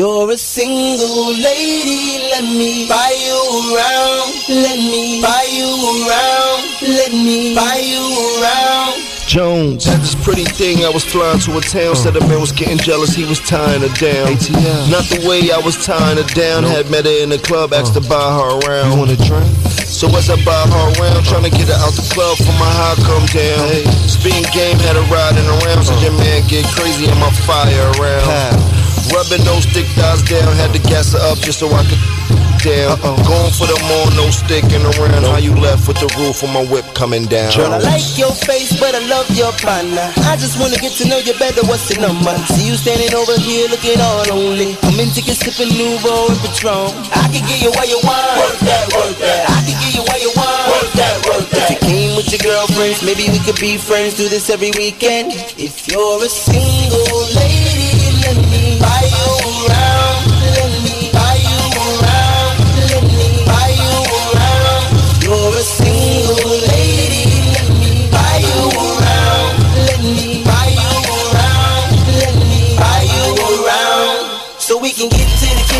You're a single lady, let me buy you around, let me buy you around, let me buy you around. Jones. Had this pretty thing, I was flying to a town. Said a man was getting jealous, he was tying her down. ATL. Not the way I was tying her down. Nope. Had met her in the club, asked uh. to buy her around. You wanna drink? So as I buy her around, trying to get her out the club for my high come down. Hey. Spin game, had her riding around. Said your man get crazy and my fire around. Rubbing those thick thighs down, had to gas her up just so I could down. Uh-oh. Going for the more, no sticking around. How you left with the roof of my whip coming down? Well, I like your face, but I love your partner. I just wanna get to know you better. What's the number? See you standing over here looking all lonely. I'm into get sipping Nouveau and Patron. I can get you what you want. Work that, work that. I can get you what you want. Work that, work that. If you came with your girlfriends, maybe we could be friends. Do this every weekend. If you're a single lady.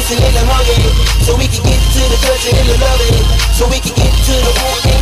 dancing in the honey, so we can get to the touching and the loving, so we can get to the whole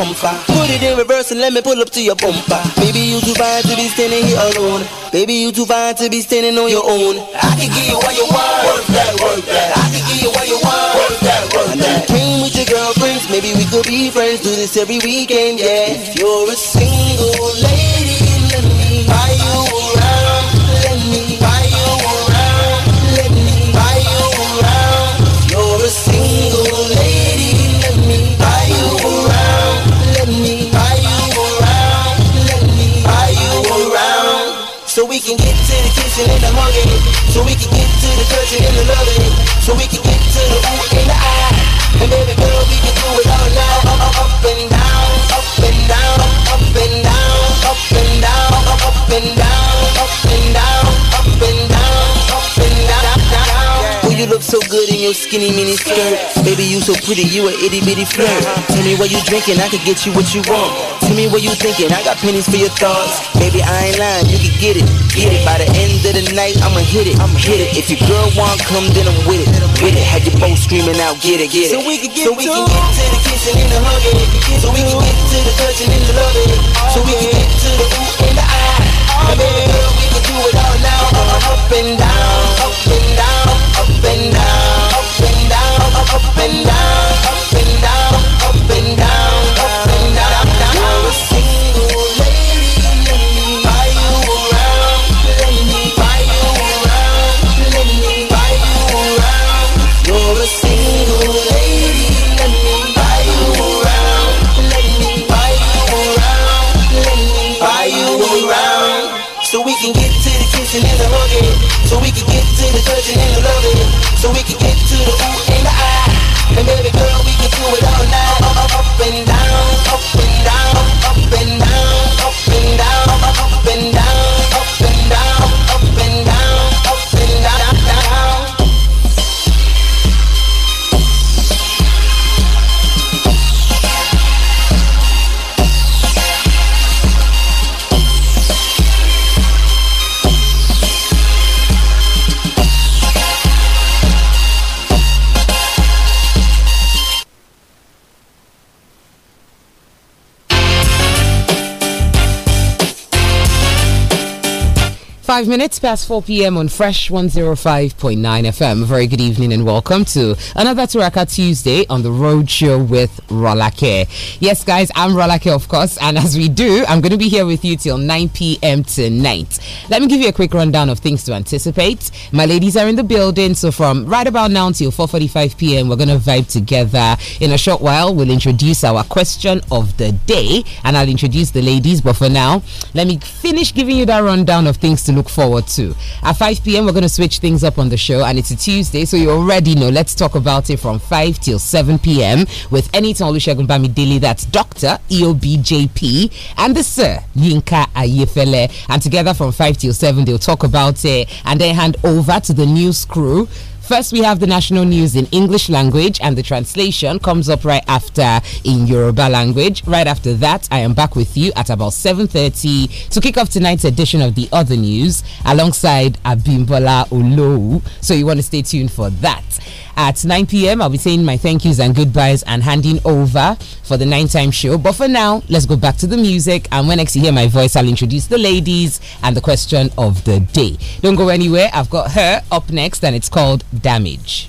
trumper. Put it in reverse and let me pull up to your bumper. Baby, you too fine to be standing here alone. Baby, you too fine to be standing on your own. I can give you what you want. Work that, work that. I can give you what you want. Work that, work that. and that. Came with your girlfriends. Maybe we could be friends. Do this every weekend, yeah. If you're a single lady. and i hungry. So we can get to the church and the loving. So we can so good in your skinny mini skirt. Baby, you so pretty, you a itty bitty flirt. Tell me what you drinking, I can get you what you want. Tell me what you thinking, I got pennies for your thoughts. Baby, I ain't lying, you can get it, get it. By the end of the night, I'ma hit it, I'ma hit it. If your girl want come, then I'm with it, with it. Have your both screaming out, get it, get it. So we can get, so we can get to the kissing and the hugging. So we can get to the touching and the loving. So we can get to the ooh and the eye. Ah. Now, baby girl, we can do it all now, up and down and down, up and down, up and down, up and down, up and down, up and down, You're a single lady, let me buy you around, let me buy you around, let me buy you around. You're a single lady, let me buy you around, let me buy you around, let me buy you around. So we can get to the kitchen and the hugging, so we can get to the touching and the loving. five minutes past 4 p.m. on Fresh 105.9 FM. Very good evening and welcome to another Turaka Tuesday on the Road Show with Rolake. Yes, guys, I'm Rolake, of course, and as we do, I'm going to be here with you till 9 p.m. tonight. Let me give you a quick rundown of things to anticipate. My ladies are in the building, so from right about now till 4.45 p.m., we're going to vibe together. In a short while, we'll introduce our question of the day, and I'll introduce the ladies, but for now, let me finish giving you that rundown of things to look forward to. At 5 p.m., we're going to switch things up on the show, and it's a Tuesday, so you already know. Let's talk about it from 5 till 7 p.m. with Anytime Olusegun Bamidele, that's Dr. EOBJP, and the Sir Yinka Ayefele. And together from 5 till 7, they'll talk about it and then hand over to the news crew First, we have the national news in English language, and the translation comes up right after in Yoruba language. Right after that, I am back with you at about 7.30 to kick off tonight's edition of The Other News alongside Abimbola Olo. So you want to stay tuned for that. At 9 p.m., I'll be saying my thank yous and goodbyes and handing over for the nine time show. But for now, let's go back to the music. And when next you hear my voice, I'll introduce the ladies and the question of the day. Don't go anywhere. I've got her up next, and it's called Damage.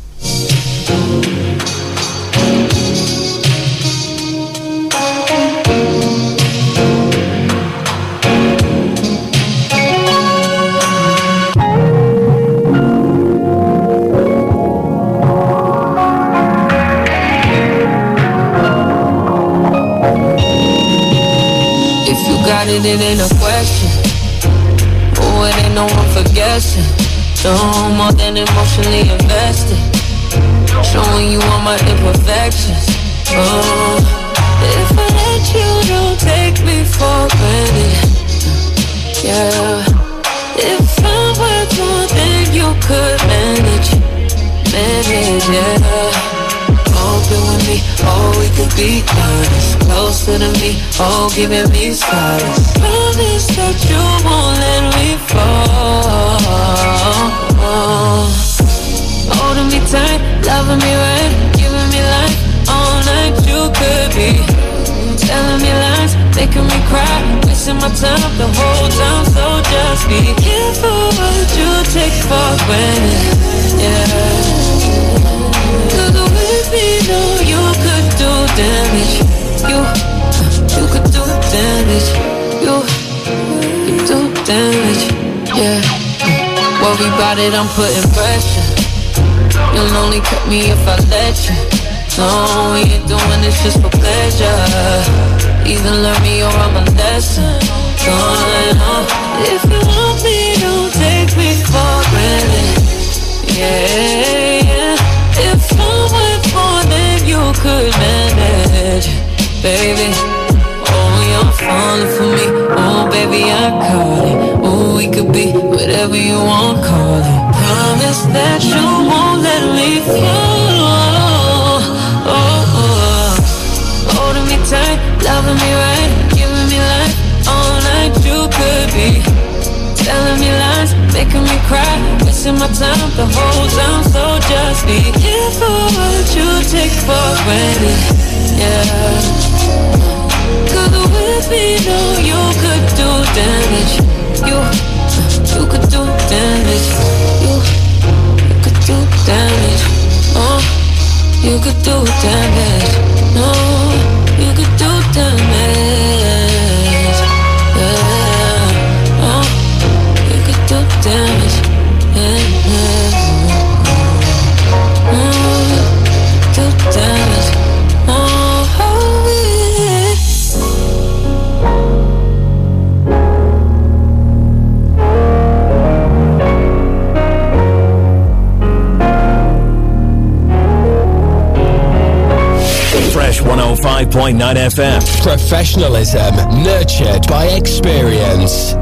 started, it ain't a question. Oh, it ain't no one for guessing. No more than emotionally invested. Showing you all my imperfections. Oh, if I let you, don't take me for granted. Yeah, if i were worth more you could manage, manage, yeah you and me, oh, we could be honest Closer to me, oh, giving me solace Promise that you won't let me fall Holding me tight, loving me right Giving me life, all night you could be Telling me lies, making me cry Wasting my time the whole time, so just be careful what you take for granted, yeah Cause with me, no, you could do damage. You, you could do damage. You, you do damage. Yeah. Worry about it, I'm putting pressure. You'll only cut me if I let you. No, we ain't doing this just for pleasure. Either learn me or I'm a lesson. Going on. If you want me, don't take me for granted. Yeah, yeah could manage, baby. Oh, you're falling for me. Oh, baby, I caught it. Oh, we could be whatever you want, call it. Promise that you won't let me fall. Oh, oh, oh. holding me tight, loving me right, giving me life all night. You could be. Telling me lies, making me cry Wasting my time the whole time So just be careful what you take for granted Yeah Cause with me, know you could do damage You, you could do damage You, you could do damage Oh, you could do damage No 105.9 FM. Professionalism nurtured by experience.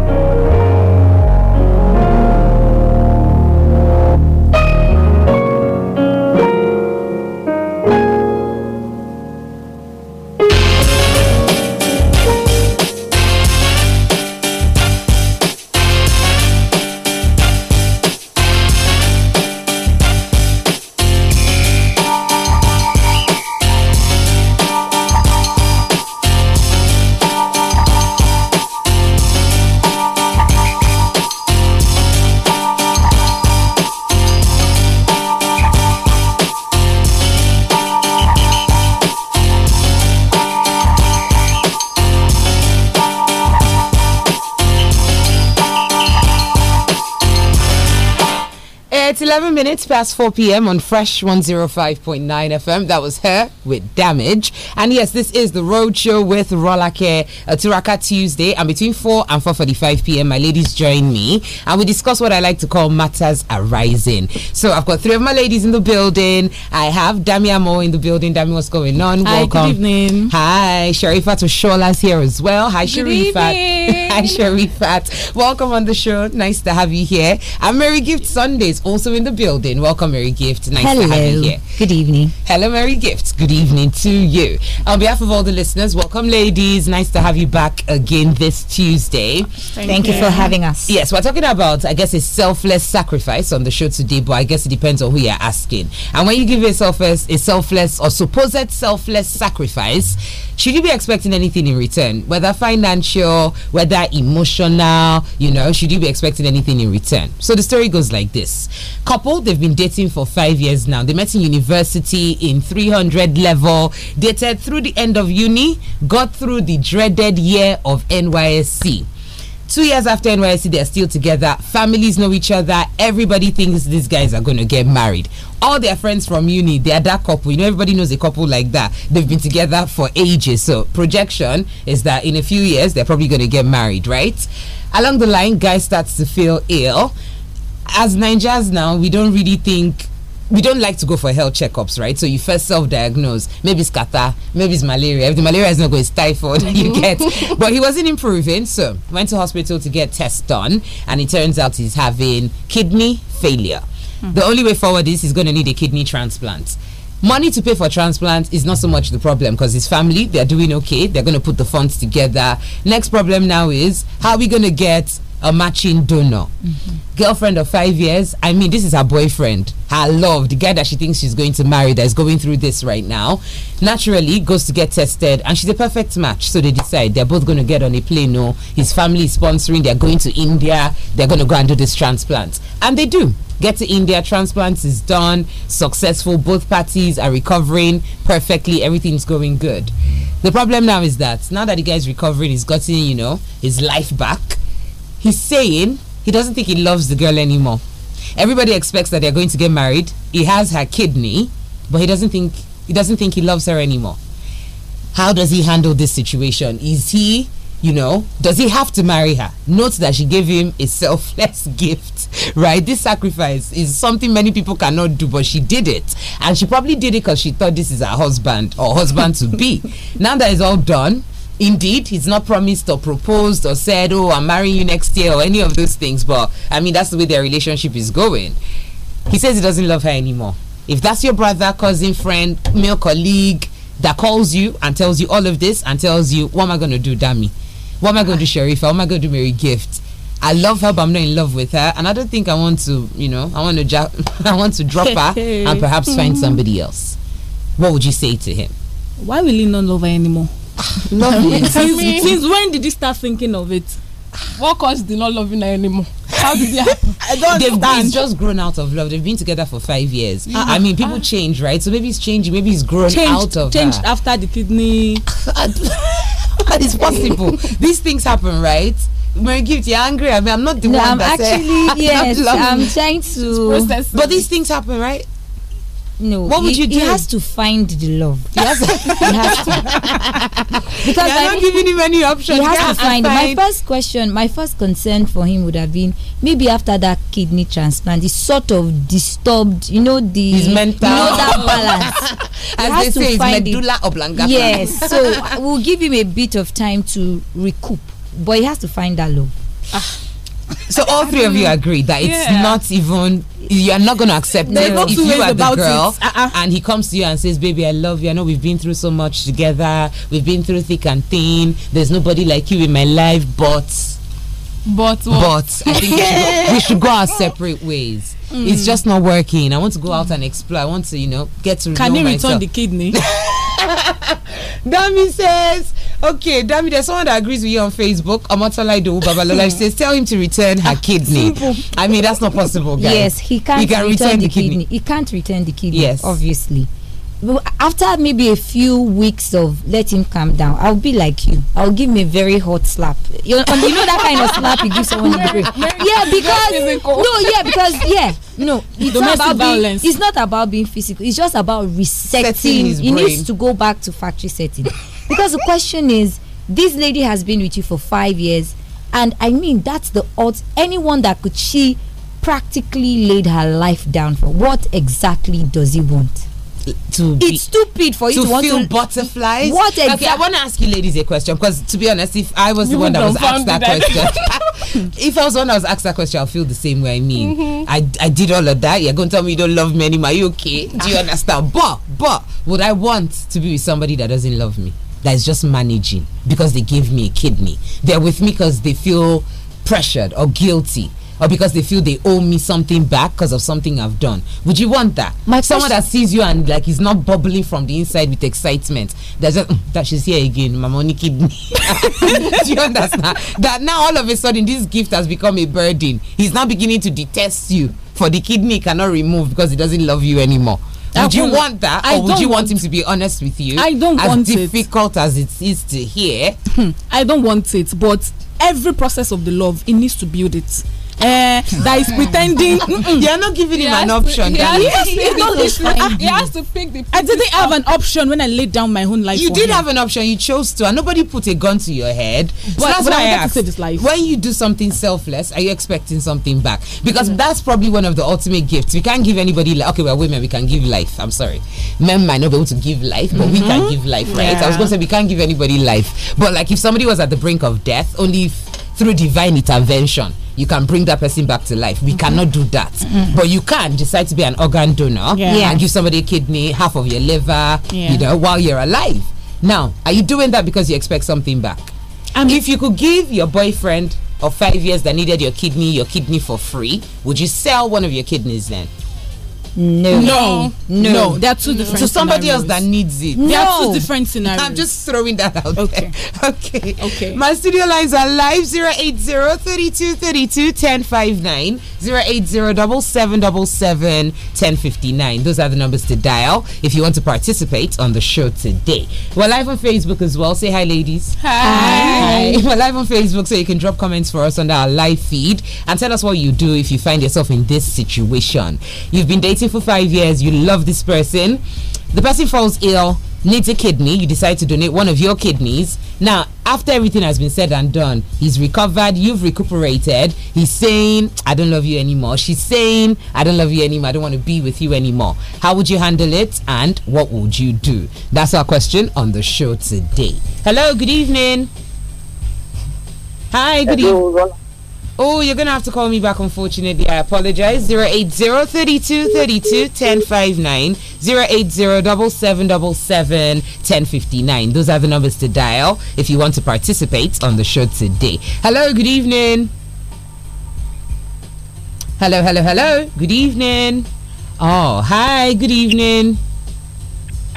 minutes past 4 p.m. on Fresh 105.9 FM. That was her with Damage. And yes, this is the Road Show with Rolake uh, Turaka Tuesday. And between 4 and 4.45 p.m., my ladies join me. And we discuss what I like to call matters arising. So I've got three of my ladies in the building. I have Dami Amo in the building. Dami, what's going on? Hi, Welcome. good evening. Hi, Sharifat Oshola's here as well. Hi, good Sharifat. Evening. Hi, Sharifat. Welcome on the show. Nice to have you here. And Mary Gift Sundays also in the building. Till then, welcome Mary Gift. Nice Hello. to have you here. Good evening. Hello, Mary Gift. Good evening to you. On behalf of all the listeners, welcome, ladies. Nice to have you back again this Tuesday. Thank, Thank you. you. for having us. Yes, we're talking about, I guess, a selfless sacrifice on the show today, but I guess it depends on who you're asking. And when you give yourself a, a selfless or supposed selfless sacrifice, should you be expecting anything in return, whether financial, whether emotional? You know, should you be expecting anything in return? So the story goes like this: couple, they've been dating for five years now. They met in university in 300 level, dated through the end of uni, got through the dreaded year of NYSC. Two years after NYC, they're still together. Families know each other. Everybody thinks these guys are going to get married. All their friends from uni, they are that couple. You know, everybody knows a couple like that. They've been together for ages. So, projection is that in a few years, they're probably going to get married, right? Along the line, guy starts to feel ill. As Nigerians now, we don't really think we don't like to go for health checkups, right? So you first self-diagnose. Maybe it's Qatar, maybe it's malaria. If the malaria is not good, it's typhoid. You mm-hmm. get. but he wasn't improving, so went to hospital to get tests done, and it turns out he's having kidney failure. Mm -hmm. The only way forward is he's going to need a kidney transplant. Money to pay for transplant is not so much the problem because his family they're doing okay. They're going to put the funds together. Next problem now is how are we going to get a matching donor. Mm -hmm. Girlfriend of five years. I mean, this is her boyfriend, her love, the guy that she thinks she's going to marry that is going through this right now. Naturally, goes to get tested, and she's a perfect match. So they decide they're both going to get on a plane. No, his family is sponsoring. They're going to India. They're going to go and do this transplant, and they do get to India, transplant is done, successful, both parties are recovering perfectly, everything's going good. The problem now is that now that the recovering, he recovering, he's gotten, you know, his life back, He's saying he doesn't think he loves the girl anymore. Everybody expects that they're going to get married. He has her kidney, but he doesn't think he doesn't think he loves her anymore. How does he handle this situation? Is he you know, does he have to marry her? Note that she gave him a selfless gift, right? This sacrifice is something many people cannot do, but she did it. And she probably did it because she thought this is her husband or husband to be. Now that is all done, Indeed, he's not promised or proposed or said, "Oh, I'm marrying you next year" or any of those things. But I mean, that's the way their relationship is going. He says he doesn't love her anymore. If that's your brother, cousin, friend, male colleague that calls you and tells you all of this and tells you, "What am I going to do, Dami? What am I going to do, Sharifa? What am I going to do, Mary Gift?" I love her, but I'm not in love with her, and I don't think I want to. You know, I want to. Ja I want to drop her and perhaps find somebody else. What would you say to him? Why will he not love her anymore? it. since, since when did you start thinking of it? What caused the not loving her anymore? How did it happen? I don't They've been, just grown out of love. They've been together for five years. I mean, people uh, change, right? So maybe he's changing. Maybe he's grown changed, out of changed her. after the kidney. it's possible. These things happen, right? Mary Gift, you're angry. I mean, I'm not the no, one. I'm actually said, yes. I'm trying to. But these things happen, right? no. What would he, you do? He has to find the love. He has, he has to. Because I'm not giving him any options. He has, to find. My first question, my first concern for him would have been maybe after that kidney transplant, he's sort of disturbed. You know the his mental. You know that balance. As they say, his medulla it. oblongata. Yes. So we'll give him a bit of time to recoup, but he has to find that love. Ah so all three of you mm. agree that it's yeah. not even you are not going to accept no. no. if you are the girl uh -uh. and he comes to you and says, "Baby, I love you. I know we've been through so much together. We've been through thick and thin. There's nobody like you in my life, but." But what? But I think we, should go, we should go our separate ways. Mm. It's just not working. I want to go out and explore. I want to, you know, get to Can know myself. return the kidney? Dami says, okay, Dami, there's someone that agrees with you on Facebook. Amatola Ido Babalola says, tell him to return her kidney. Simple. I mean, that's not possible, guys. Yes, he can't he can return, return the, the kidney. kidney. He can't return the kidney, yes. obviously after maybe a few weeks of let him calm down, I'll be like you. I'll give him a very hot slap. You know, you know that kind of slap you give someone in the brain. Yeah, because no, yeah, because yeah, no, it's Domestic not about violence. Being, it's not about being physical. It's just about resetting. He needs to go back to factory setting, because the question is, this lady has been with you for five years, and I mean that's the odds. Anyone that could she practically laid her life down for. What exactly does he want? to it's be, stupid for you to, to want to butterflies. What exactly? Okay, I want to ask you ladies a question because to be honest, if I was you the one that was asked that, that question, if I was the one that was asked that question, I will feel the same way. I mean, mm -hmm. I I did all of that. You're going to tell me you don't love me anymore. Are you okay? Do you understand? But but would I want to be with somebody that doesn't love me? That is just managing because they gave me a kidney. They're with me because they feel pressured or guilty or because they feel they owe me something back because of something I've done. Would you want that? My Someone that sees you and like is not bubbling from the inside with excitement. That's just, mm, that she's here again. My money kidney. Do you understand? That now all of a sudden this gift has become a burden. He's now beginning to detest you for the kidney he cannot remove because he doesn't love you anymore. Would you want that, I or would you want, want him to be honest with you? I don't want it. As difficult as it is to hear, hmm, I don't want it. But every process of the love, it needs to build it uh, that is pretending. You are not giving he him an option. To, he, has, he, he has to pick the. I didn't have an option when I laid down my own life. You did him. have an option. You chose to, and nobody put a gun to your head. But, so that's but why I, I asked. This life. When you do something selfless, are you expecting something back? Because mm. that's probably one of the ultimate gifts. We can't give anybody. Like, okay, we're women. We can give life. I'm sorry, men might not be able to give life, but -hmm. we can mm-hmm. give life, right? Yeah. I was going to say we can't give anybody life, but like if somebody was at the brink of death, only. If through divine intervention you can bring that person back to life. We mm -hmm. cannot do that. Mm -hmm. But you can decide to be an organ donor yeah. Yeah. and give somebody a kidney, half of your liver, yeah. you know, while you're alive. Now, are you doing that because you expect something back? I mean, if you could give your boyfriend of five years that needed your kidney, your kidney for free, would you sell one of your kidneys then? No. No. No. no. There are two no. different to somebody scenarios. else that needs it. No. There are two different scenarios. I'm just throwing that out okay. there. Okay. Okay. My studio lines are live 080 32 1059 080 7777 1059. Those are the numbers to dial if you want to participate on the show today. We're live on Facebook as well. Say hi, ladies. Hi. hi. We're live on Facebook so you can drop comments for us under our live feed and tell us what you do if you find yourself in this situation. You've been dating dating for five years, you love this person, the person falls ill, needs a kidney, you decide to donate one of your kidneys. Now, after everything has been said and done, he's recovered, you've recuperated. He's saying, I don't love you anymore. She's saying, I don't love you anymore. I don't want to be with you anymore. How would you handle it and what would you do? That's our question on the show today. Hello, good evening. Hi, good evening. Oh, you're going to have to call me back, unfortunately. I apologize. 080-3232-1059. 1059 Those are the numbers to dial if you want to participate on the show today. Hello, good evening. Hello, hello, hello. Good evening. Oh, hi. Good evening.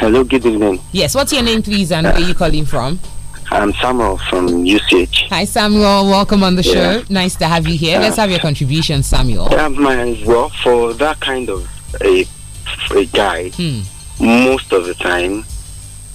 Hello, good evening. Yes, what's your name, please, and where are you calling from? I'm Samuel from UCH. Hi, Samuel. Welcome on the yeah. show. Nice to have you here. Let's have your contribution, Samuel. Yeah, man. Well, for that kind of a, a guy, hmm. most of the time,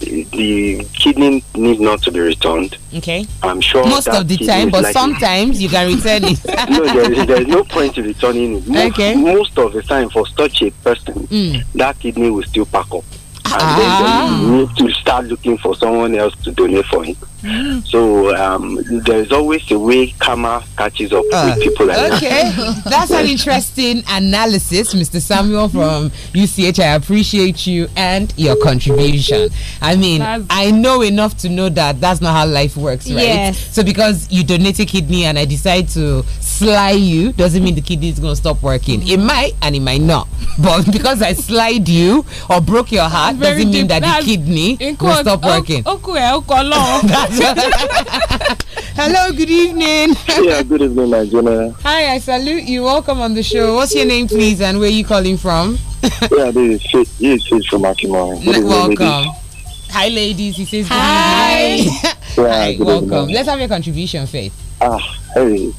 the kidney need not to be returned. Okay. I'm sure most of the time, but like sometimes you can return it. no, there is, there is, no point in returning it. Most, okay. Most of the time, for such a person, mm. that kidney will still pack up and ah. then you need to start looking for someone else to donate for him. Mm. So um, there's always a way karma catches up uh, with people like Okay, that. that's an interesting analysis, Mr. Samuel from UCH. I appreciate you and your contribution. I mean, that's I know enough to know that that's not how life works, right? Yes. So because you donate a kidney and I decide to slide you, doesn't mean the kidney is going to stop working. It might and it might not. But because I slide you or broke your heart, very doesn't mean that the kidney will stop working. Hello, good evening. yeah, good evening, Nigeria. Hi, I salute you. Welcome on the show. What's your name, please, and where are you calling from? yeah, this is this is from Akimara. Welcome. Ladies. Hi, ladies. He says hi. Hi, yeah, hi welcome. Evening. Let's have your contribution, Faith. Ah, hey,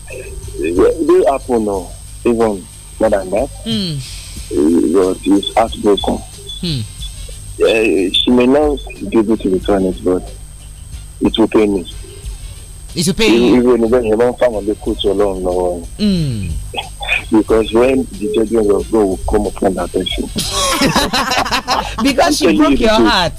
they happen now. Even more than that, mm. it was heartbroken. Hmm. Eh, she may not give it to the it, but it will pay me. It will pay you. Even when you don't find on the coach alone, no. Mm. because when the judgment of God will come upon that person. because she broke you your heart.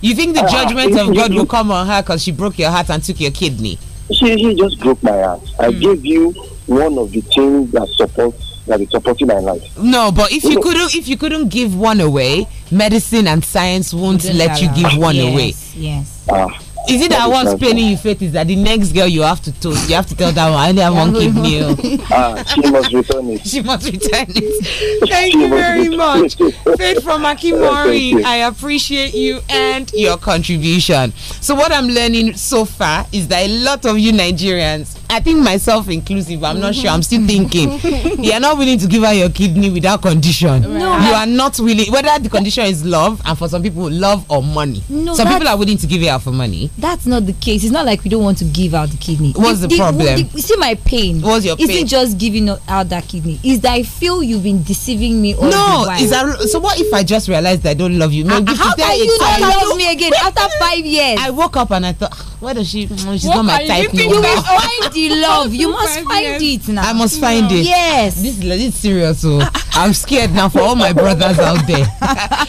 You think the ah, judgment uh, of God will come on her because she broke your heart and took your kidney? She, she just broke my heart. Mm. I hmm. gave you one of the things that supports that is supporting my life. No, but if you, you couldn't if you couldn't give one away, medicine and science won't let you give one yes, away. Yes. Ah is it that what's paying you faith is that the next girl you have to toast you have to tell that one I only have one kidney oh. ah she must return it she must return it thank she you very much faith from Akimori ah, I appreciate you and your contribution so what I'm learning so far is that a lot of you Nigerians I think myself inclusive I'm not sure I'm still mm-hmm. thinking you're not willing to give her your kidney without condition no, you are not willing whether the condition is love and for some people love or money no, some people are willing to give it out for money that's not the case. It's not like we don't want to give out the kidney. What's the, the problem? The, see my pain. What's your Isn't just giving out that kidney. Is that I feel you've been deceiving me all no, the while. No. so what if I just realized I don't love you? uh, how can you not love me again after five years? I woke up and I thought, ah, why does she? Mm, she's what not my type. You, you will find the love. You must find it now. I must find no. it. Yes. This, this is serious. So oh. I'm scared now for all my brothers out there.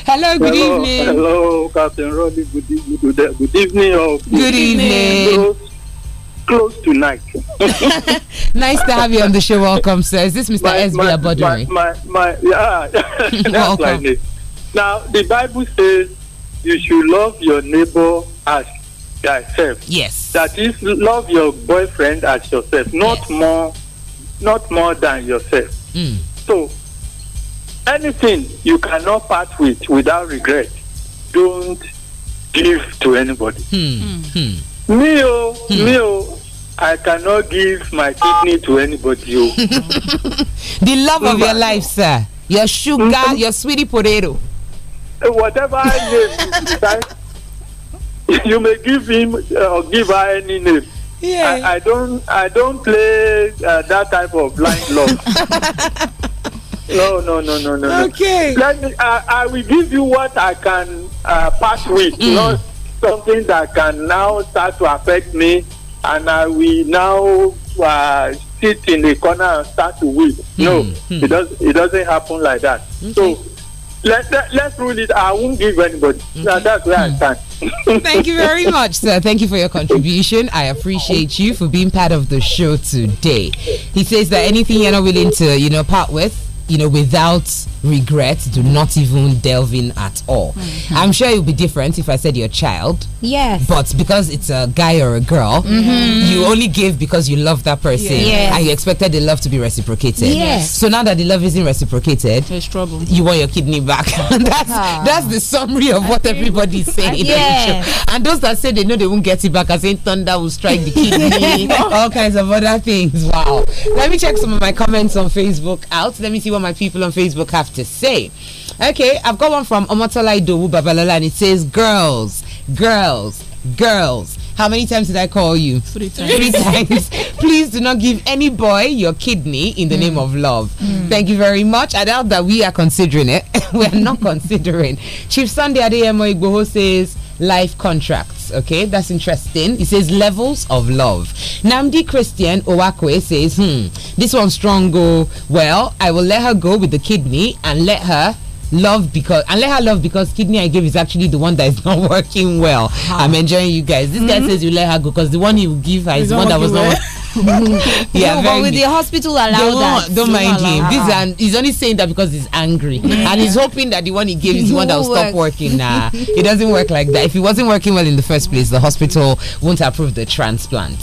Hello, good Hello. evening. Hello, Captain Roddy. Good, good, evening. Oh. Good, Good evening. Close, close to night. nice to have you on the show. Welcome, sir. Is this Mr. My, S.B. Abodori? My, my, my, yeah. Welcome. now, the Bible says you should love your neighbor as thyself. Yes. That is, love your boyfriend as yourself, not yes. more, not more than yourself. Mm. So, anything you cannot part with without regret, don't give to anybody. Hmm. hmm. Hmm. Me, oh, hmm. me, oh, I cannot give my kidney to anybody. Oh. the love of your life, sir. Your sugar, mm-hmm. your sweetie potato. Eh, whatever I name, you may give him uh, or give her any name. Yeah. I, I don't, I don't play uh, that type of blind love. No, no, no, no, no. Okay. No. Let me, uh, I will give you what I can uh, pass with, mm. not something that can now start to affect me, and I will now uh, sit in the corner and start to weep. Mm. No, mm. it mm. does. It doesn't happen like that. Okay. So let, let, let's rule it. I won't give anybody. Mm that's where I mm. stand. Thank you very much, sir. Thank you for your contribution. I appreciate you for being part of the show today. He says that anything you're not willing to, you know, part with, you know, without regret do not even delve in at all. Mm -hmm. I'm sure it would be different if I said your child. Yes. But because it's a guy or a girl, mm -hmm. you only give because you love that person yes. and you expected the love to be reciprocated. Yes. So now that the love isn't reciprocated, there's trouble. You want your kidney back. that's ah. that's the summary of what everybody saying. yes. And those that say they know they won't get it back as in thunder will strike the kidney, all kinds of other things. Wow. Let me check some of my comments on Facebook out. Let me see what my people on Facebook have have to say. Okay, I've got one from Omotola Idowu Babalola, and it says, Girls, girls, girls. How many times did I call you? Three times. Three times. Please do not give any boy your kidney in the mm. name of love. Mm. Thank you very much. I doubt that we are considering it. we are not considering. Chief Sunday Adeyemo Igboho says, Life contract okay, that's interesting. It says levels of love. Namdi Christian Owakwe says, hmm, this one's strong go. Oh. Well, I will let her go with the kidney and let her love because and let her love because kidney I gave is actually the one that is not working well. Huh. I'm enjoying you guys. This mm -hmm. guy mm-hmm. says you let her go because the one you give her is the one that was well. not. yeah, no, but with the hospital allow don't, that. Don't mind him. This and he's only saying that because he's angry and he's hoping that the one he gave is the one that will stop working. Nah, it doesn't work like that. If it wasn't working well in the first place, the hospital won't approve the transplant.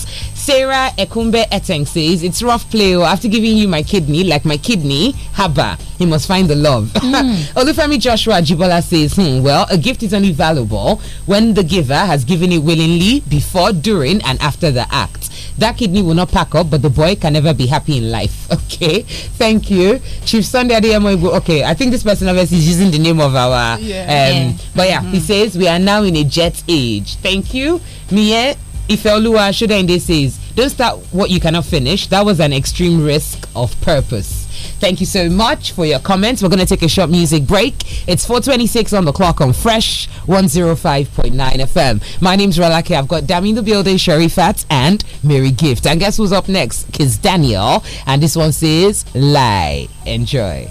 Sarah Ekumbe Eteng says, It's rough play. Oh. After giving you my kidney, like my kidney, haba, he must find the love. Mm. Olufemi Joshua Jibola says, hmm, Well, a gift is only valuable when the giver has given it willingly before, during, and after the act. That kidney will not pack up, but the boy can never be happy in life. Okay, thank you, Chief Sunday Adeyemo. Okay, I think this person us is using the name of our. Yeah. Um, yeah. But yeah, mm -hmm. he mm-hmm. says we are now in a jet age. Thank you, Mie Ifeoluwa This says, don't start what you cannot finish. That was an extreme risk of purpose. Thank you so much for your comments. We're going to take a short music break. It's 426 on the clock on Fresh 105.9 FM. My name's Rolake. I've got Dami in the building, Sherry Fat, and Mary Gift. And guess who's up next? Kids Daniel. And this one says Lie. Enjoy.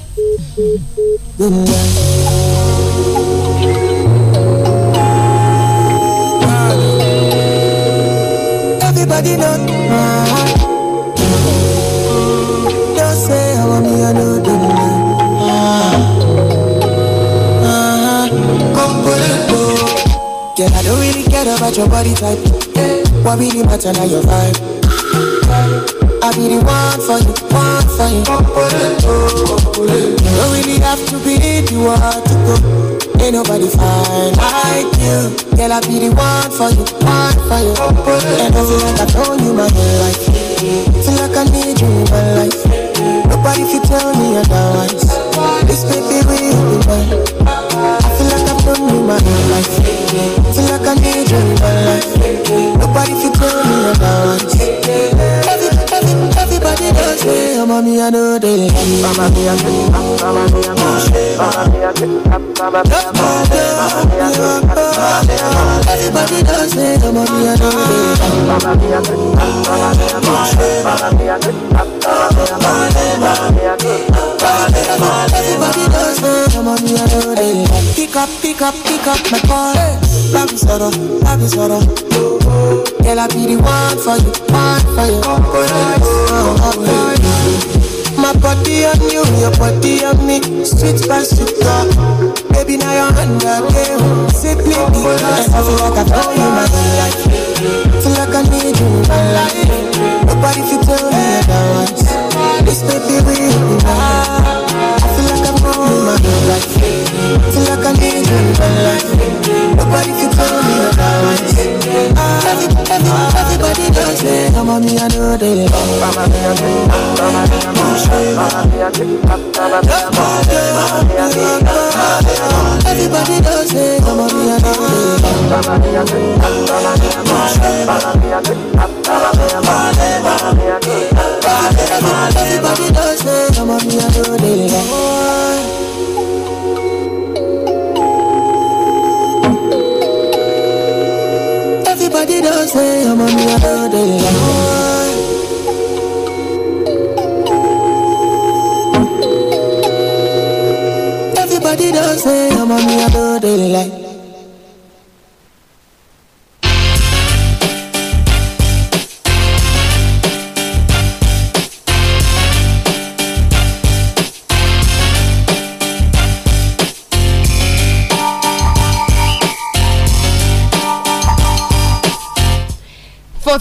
Uh. the nut. Ah. Just say how me I no the ah. ah. Come put it low. Girl, I don't really care about your body type. What really matter now your vibe. I be the one for you, one for you. You don't really have to be the one to go. Ain't nobody fine like you. Girl, I be the one for you, one for you. And I feel like I've you my whole life. Feel like I need you in my life. Nobody can tell me otherwise. This baby will be mine. I feel like I've you my whole life. Feel like I need you in my life. Nobody can tell me otherwise. Everything body does me I'm on me, I know they I'm on me, I know I'm on me, I know Everybody does me I'm on me, I know they I'm on me, I know I'm me, I know Pick up, pick up, pick up my call. Love is sorrow, love is sorrow. Girl, I be the one for you, one for you. Oh, my body on you, your body on me. Street by street talk. Baby, now your hand again. Sit me, I feel like I found you my life. Feel like I need you in my life. Nobody fit tell me that one I feel like I'm on my own life. Feel like I need another life. Nobody can tell me otherwise. Ah, every, everybody knows me. Come on, me I know they Everybody knows me. Come on, me I know they Everybody don't say on, me, I know Everybody don't say I'm on me, other day Everybody don't say I'm on me, I know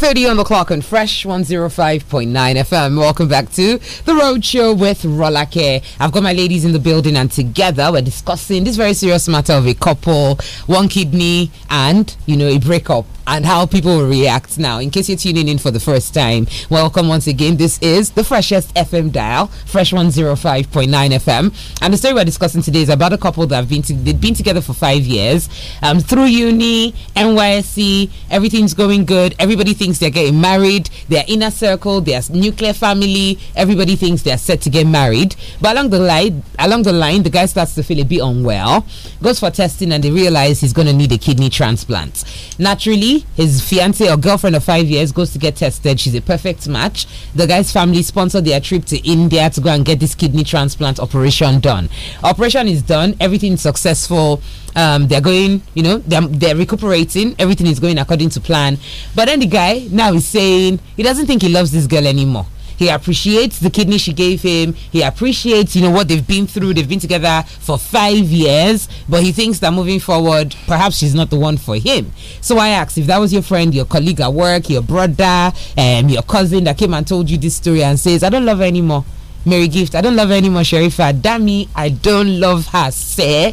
Thirty on the clock on Fresh 105.9 FM. Welcome back to The Road Show with Rolake. I've got my ladies in the building and together we're discussing this very serious matter of a couple, one kidney and, you know, a breakup and how people will react now. In case you're tuning in for the first time, welcome once again. This is the freshest FM dial, Fresh 105.9 FM. And the story we're discussing today is about a couple that have been, to, they've been together for five years um, through uni, NYSC, everything's going good. Everybody thinks thinks they're getting married, their inner circle, their nuclear family, everybody thinks they're set to get married. But along the line, along the line, the guy starts to feel a bit unwell, goes for testing, and they realize he's going to need a kidney transplant. Naturally, his fiance or girlfriend of five years goes to get tested. She's a perfect match. The guy's family sponsored their trip to India to go and get this kidney transplant operation done. Operation is done. Everything's successful um, they're going, you know, they're, they're recuperating. Everything is going according to plan. But then the guy now is saying he doesn't think he loves this girl anymore. He appreciates the kidney she gave him. He appreciates, you know, what they've been through. They've been together for five years, but he thinks that moving forward, perhaps she's not the one for him. So I asked if that was your friend, your colleague at work, your brother, um, your cousin that came and told you this story and says, "I don't love her anymore." Mary Gift, I don't love her anymore, Sharifa. Dami, I don't love her, sir.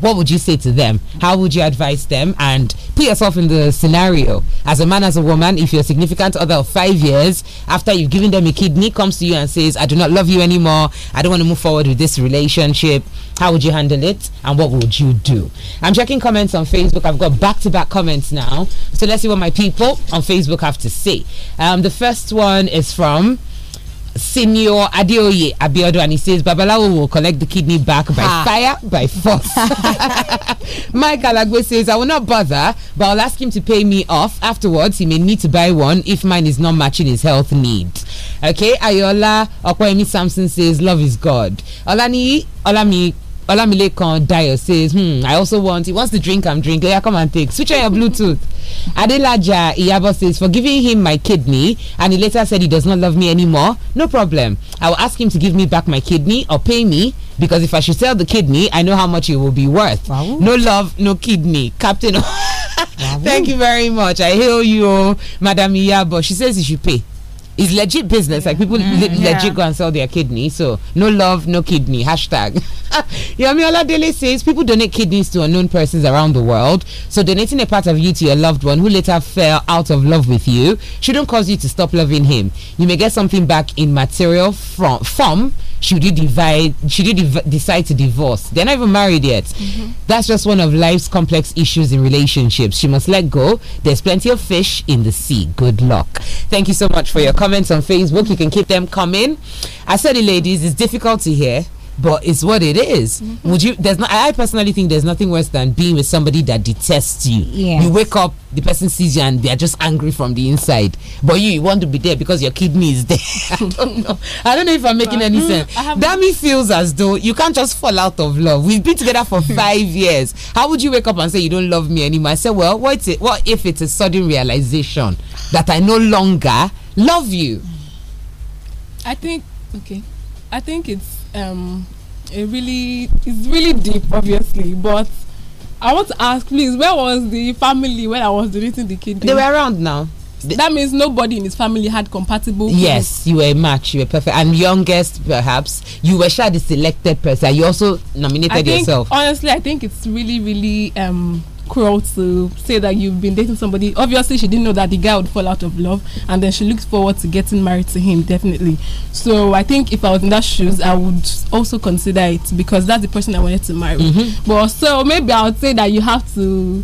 What would you say to them? How would you advise them? And put yourself in the scenario. As a man, as a woman, if your significant other of five years, after you've given them a kidney, comes to you and says, I do not love you anymore. I don't want to move forward with this relationship. How would you handle it? And what would you do? I'm checking comments on Facebook. I've got back to back comments now. So let's see what my people on Facebook have to say. Um, the first one is from Senior Adeoye Abiodun, and he says Babalawo will collect the kidney back by fire, by force. Mike Alagwe says, I will not bother, but I'll ask him to pay me off. Afterwards, he may need to buy one if mine is not matching his health need. Okay, Ayola Okwemi Samson says, Love is God. Olani, Olami Olamilekan Dio says, hmm, I also want, he wants to drink, I'm drinking. Yeah, come and take. Switch on your Bluetooth. Adelaja Iyabo says, for giving him my kidney, and he later said he does not love me anymore. No problem. I will ask him to give me back my kidney or pay me because if I should sell the kidney, I know how much it will be worth. Wow. No love, no kidney. Captain, wow. thank you very much. I hail you, Madam Iyabo. She says he should pay it's legit business. Yeah. Like people mm, le yeah. legit go and sell their kidney. So no love, no kidney. Hashtag. Yamiola Dele says people donate kidneys to unknown persons around the world. So donating a part of you to your loved one who later fell out of love with you shouldn't cause you to stop loving him. You may get something back in material from from should you divide should you decide to divorce they're not even married yet mm -hmm. that's just one of life's complex issues in relationships she must let go there's plenty of fish in the sea good luck thank you so much for your comments on facebook you can keep them coming i said ladies it's difficult to hear but it's what it is. Mm -hmm. Would you? There's not. I personally think there's nothing worse than being with somebody that detests you. Yes. You wake up, the person sees you, and they are just angry from the inside. But you, you want to be there because your kidney is there. I don't know. I don't know if I'm making mm, any mm, sense. Dami feels as though you can't just fall out of love. We've been together for five years. How would you wake up and say you don't love me anymore? I say, well, what, it, what if it's a sudden realization that I no longer love you? I think okay. I think it's um, a really it's really deep, obviously, but. I want to ask, please, where was the family when I was donating the kidney? They were around now. that means nobody in his family had compatible. Yes, you were a match. You were perfect. And youngest, perhaps you were sure the selected person. You also nominated I think, yourself. Honestly, I think it's really, really um, cruel to say that you've been dating somebody. Obviously, she didn't know that the guy would fall out of love, and then she looks forward to getting married to him, definitely. So, I think if I was in that shoes, I would also consider it because that's the person I wanted to marry. Mm -hmm. But so maybe I would say that you have to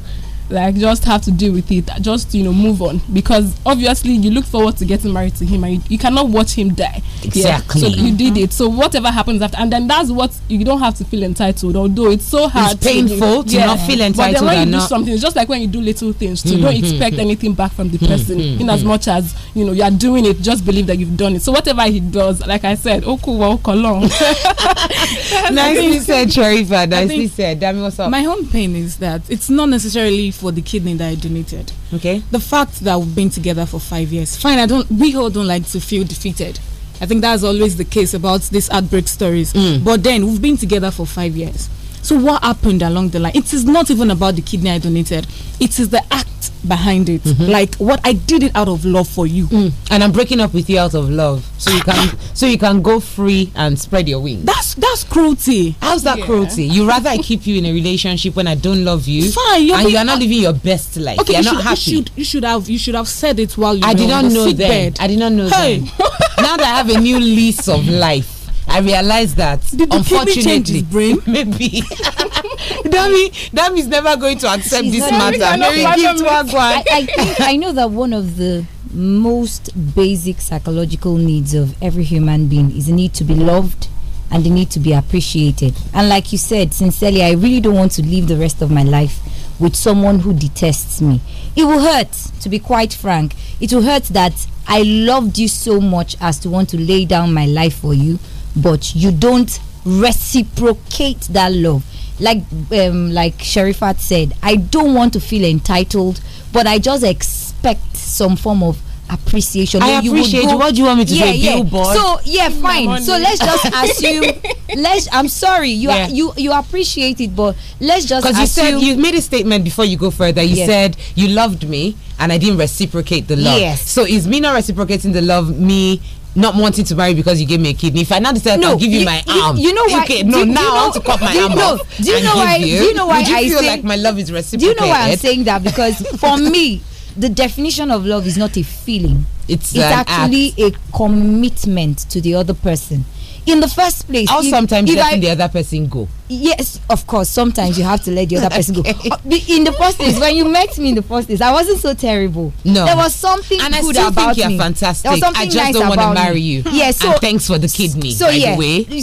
like just have to deal with it just you know move on because obviously you look forward to getting married to him and you, you cannot watch him die exactly yeah. so you did it mm-hmm. so whatever happens after and then that's what you don't have to feel entitled although it's so hard it's painful to, to yeah. not feel entitled but then when you do something it's just like when you do little things to mm -hmm. don't mm-hmm. expect anything back from the mm-hmm. person mm -hmm. in as much as you know you're doing it just believe that you've done it so whatever he does like I said oku wa along nicely said Sharifa nicely said Dami what's up my home pain is that it's not necessarily for the kidney that I donated. Okay. The fact that we've been together for five years. Fine, I don't. We all don't like to feel defeated. I think that's always the case about these outbreak stories. Mm. But then we've been together for five years. So what happened along the line? It is not even about the kidney I donated. It is the act behind it. Mm -hmm. Like what I did it out of love for you. Mm. And I'm breaking up with you out of love. So you can so you can go free and spread your wings. That's that's cruelty. How's that yeah. cruelty? You rather I keep you in a relationship when I don't love you. Fine, you're and you're not living your best life. Okay, you're you not should, happy. You should, you should have you should have said it while you I were did not know that. I did not know hey. that. now that I have a new lease of life I realized that. Did unfortunately, brain? maybe. Dami, Dami is never going to accept She's this matter. Maybe give to I, I, I know that one of the most basic psychological needs of every human being is the need to be loved and the need to be appreciated. And like you said, sincerely, I really don't want to live the rest of my life with someone who detests me. It will hurt, to be quite frank. It will hurt that I loved you so much as to want to lay down my life for you but you don't reciprocate that love like um, like Sherifat said, I don't want to feel entitled, but I just expect some form of appreciation. I appreciate you. Go, what do you want me to yeah, say? Yeah. So yeah, fine. So let's just assume. let's. I'm sorry. You yeah. are, you you appreciate it, but let's just because you said you made a statement before you go further. You said you loved me and I didn't reciprocate the love. Yes. So is me not reciprocating the love me not wanting to marry because you gave me a kidney. If I now decide no, I'll give you, you my arm, you, know why? Okay, no, now you know, I want to cut my arm off. Do you know why? You, do you know why Would you I feel like my love is reciprocated? Do you know why I'm saying that? Because for me, the definition of love is not a feeling. It's, it's actually act. a commitment to the other person in the first place. How if, sometimes if letting I, the other person go? Yes, of course. Sometimes you have to let the other person go. Uh, in the first place, when you met me in the first place, I wasn't so terrible. No, there was something and I still think you're me. fantastic. I just nice don't want to marry you. Yes. Yeah, so and thanks for the kidney. So yeah.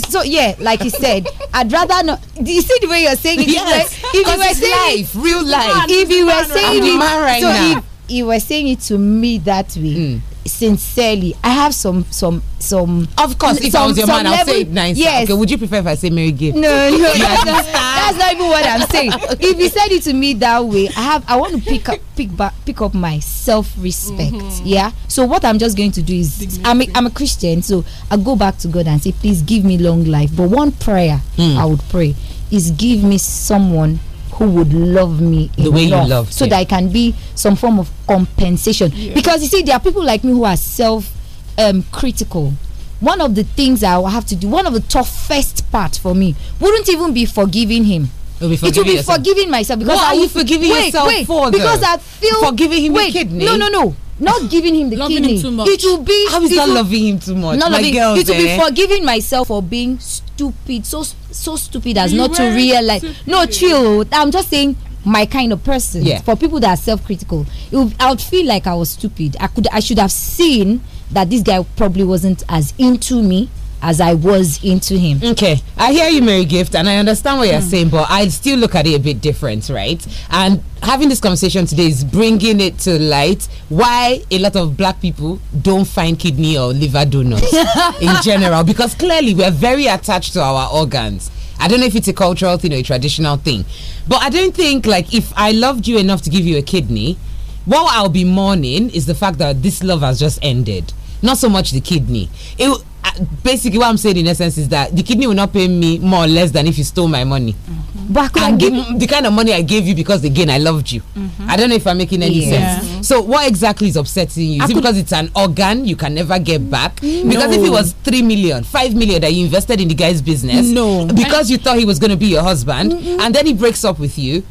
So yeah, like you said, I'd rather not. Do you see the way you're saying it? Yes. If if you were saying life, real life. If you were saying it, right so now. if you were saying it to me that way. Mm sincerely i have some some some of course if some, i was your man i would say nice yes okay would you prefer if i say mary gay no no that's, not, that's not even what i'm saying if you said it to me that way i have i want to pick up pick back pick up my self-respect mm -hmm. yeah so what i'm just going to do is I'm a, I'm a christian so i go back to god and say please give me long life but one prayer mm. i would pray is give me someone who would love me the way you love so that I can be some form of compensation yeah. because you see there are people like me who are self um, critical one of the things I will have to do one of the toughest part for me wouldn't even be forgiving him be it will be yourself. forgiving myself because what I will, you forgiving wait, yourself wait, for? Because though? I feel for giving him wait, kidney. No, no, no. Not giving him the loving kidney. Him too much. It will be. How is that loving him too much? Not loving. Girls, it will eh? be forgiving myself for being stupid, so so stupid as you not to realize. Stupid. No, chill. I'm just saying my kind of person yeah. for people that are self-critical would, i would feel like i was stupid i could i should have seen that this guy probably wasn't as into me as I was into him. Okay, I hear you, Mary Gift, and I understand what you're mm. saying, but I still look at it a bit different, right? And having this conversation today is bringing it to light why a lot of black people don't find kidney or liver donors in general, because clearly we're very attached to our organs. I don't know if it's a cultural thing or a traditional thing, but I don't think like if I loved you enough to give you a kidney, what I'll be mourning is the fact that this love has just ended not so much the kidney. It, basically what i'm saying in essence is that the kidney will not pay me more or less than if you stole my money mm -hmm. but give the kind of money i gave you because again i loved you mm -hmm. i don't know if i'm making any yeah. sense so what exactly is upsetting you is it because it's an organ you can never get back no. because if it was three million five million that you invested in the guy's business no because you thought he was going to be your husband and then he breaks up with you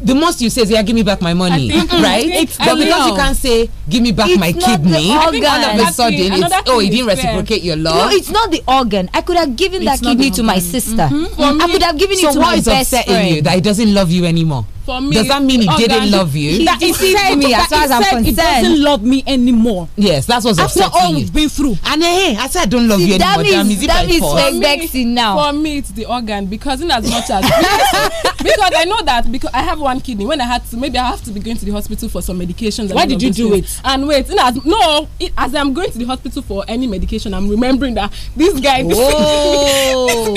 the most you say is yeah give me back my money right mm-hmm. but because you can't say give me back it's my kidney all of a sudden it's, oh he didn't reciprocate your love no it's not the organ i could have given it's that kidney to my sister mm -hmm. i could have given so it to my best friend so what is upsetting you that he doesn't love you anymore for me. Does that mean he organic. didn't love you? He that he said me as far as I'm concerned. He doesn't love me anymore. Yes, that's what's upsetting After all we've been through. And hey, I said I don't love See, you that anymore. Means, that means vexing now. For me, it's the organ because in as much as because I know that because I have one kidney. When I had to, maybe I have to be going to the hospital for some medications. Why did you do it? And wait, in as no, it, as I'm going to the hospital for any medication, I'm remembering that this guy. Whoa!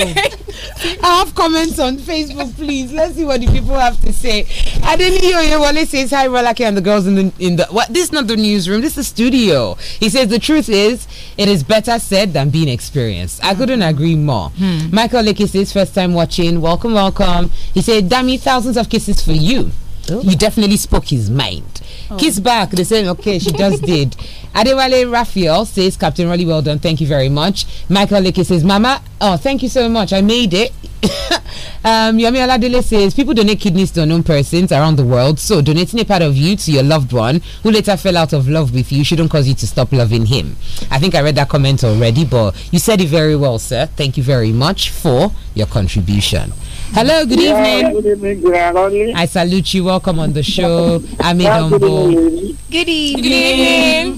I have comments on Facebook. Please let's see what the people have to say right. Adeniyi he says hi, Rolake and the girls in the in the what? This is not the newsroom. This is the studio. He says the truth is it is better said than being experienced. I couldn't hmm. agree more. Hmm. Michael Leke says first time watching. Welcome, welcome. He said, "Damn thousands of kisses for you. Ooh. You definitely spoke his mind." Oh. Kiss back. They say okay, she just did. Adewale Raphael says, Captain Rolly, well done. Thank you very much. Michael Licky says, Mama, oh, thank you so much. I made it. um, Yomi Oladele says, people donate kidneys to unknown persons around the world. So donating a part of you to your loved one who later fell out of love with you shouldn't cause you to stop loving him. I think I read that comment already, but you said it very well, sir. Thank you very much for your contribution. Hello, good yeah, evening. Good evening, I salute you. Welcome on the show. I'm yeah, good, evening. good evening.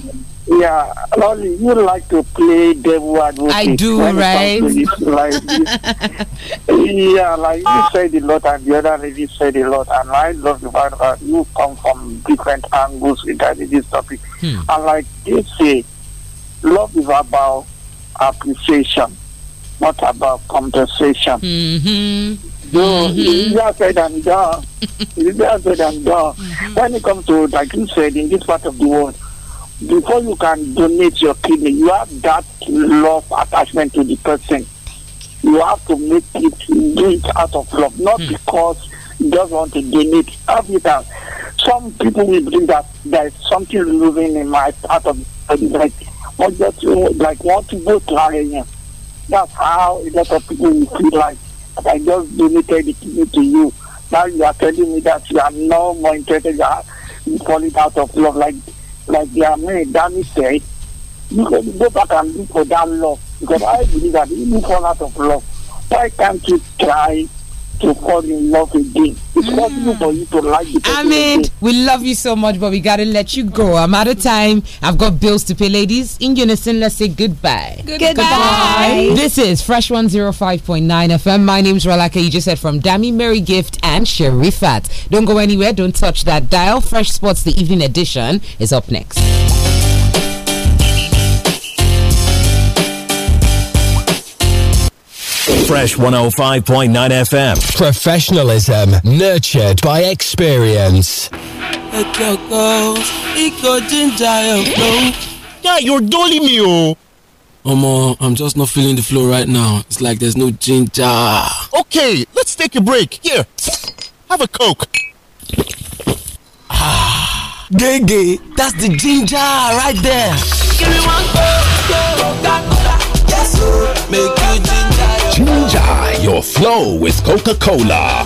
Good evening. Yeah, Lolly, you like to play devil advocate. I do, right? like yeah, like you said a lot, and the other lady said a lot, and I love the fact that you come from different angles regarding this topic. Hmm. And like you say, love is about appreciation, not about compensation. Mm -hmm no, mm-hmm. it's easier said than done. it's easier said than done. Mm-hmm. When it comes to, like you said, in this part of the world, before you can donate your kidney, you have that love attachment to the person. You have to make it do it out of love, not mm-hmm. because you just want to donate. Have it Some people will believe that there is something living in my part of the like, want just, like want to go to That's how a lot of people will feel like and I just donated it to, to you. Now you are telling me that you are no more interested in falling out of love like like the Amen Danny said. You can go back and look for that love because I believe that if you fall out of love, why can't you try to fall in love again. It's mm. possible for you to like the person. I mean, we love you so much, but we gotta let you go. I'm out of time. I've got bills to pay, ladies. In unison, let's say goodbye. goodbye. goodbye. This is Fresh 105.9 FM. My name's Rolaka. You just said from Dami Mary Gift and Sherifat. Don't go anywhere. Don't touch that dial. Fresh Sports, the evening edition, is up next. Fresh 105.9 FM. Professionalism nurtured by experience. Yeah, you're dolly me, oh. Omo, I'm just not feeling the flow right now. It's like there's no ginger. Okay, let's take a break. Here, have a Coke. Ah, Gege, that's the ginger right there. Give me one Coke, Coke, Coke, Yes, make you ginger. Ginger, your flow is Coca Cola.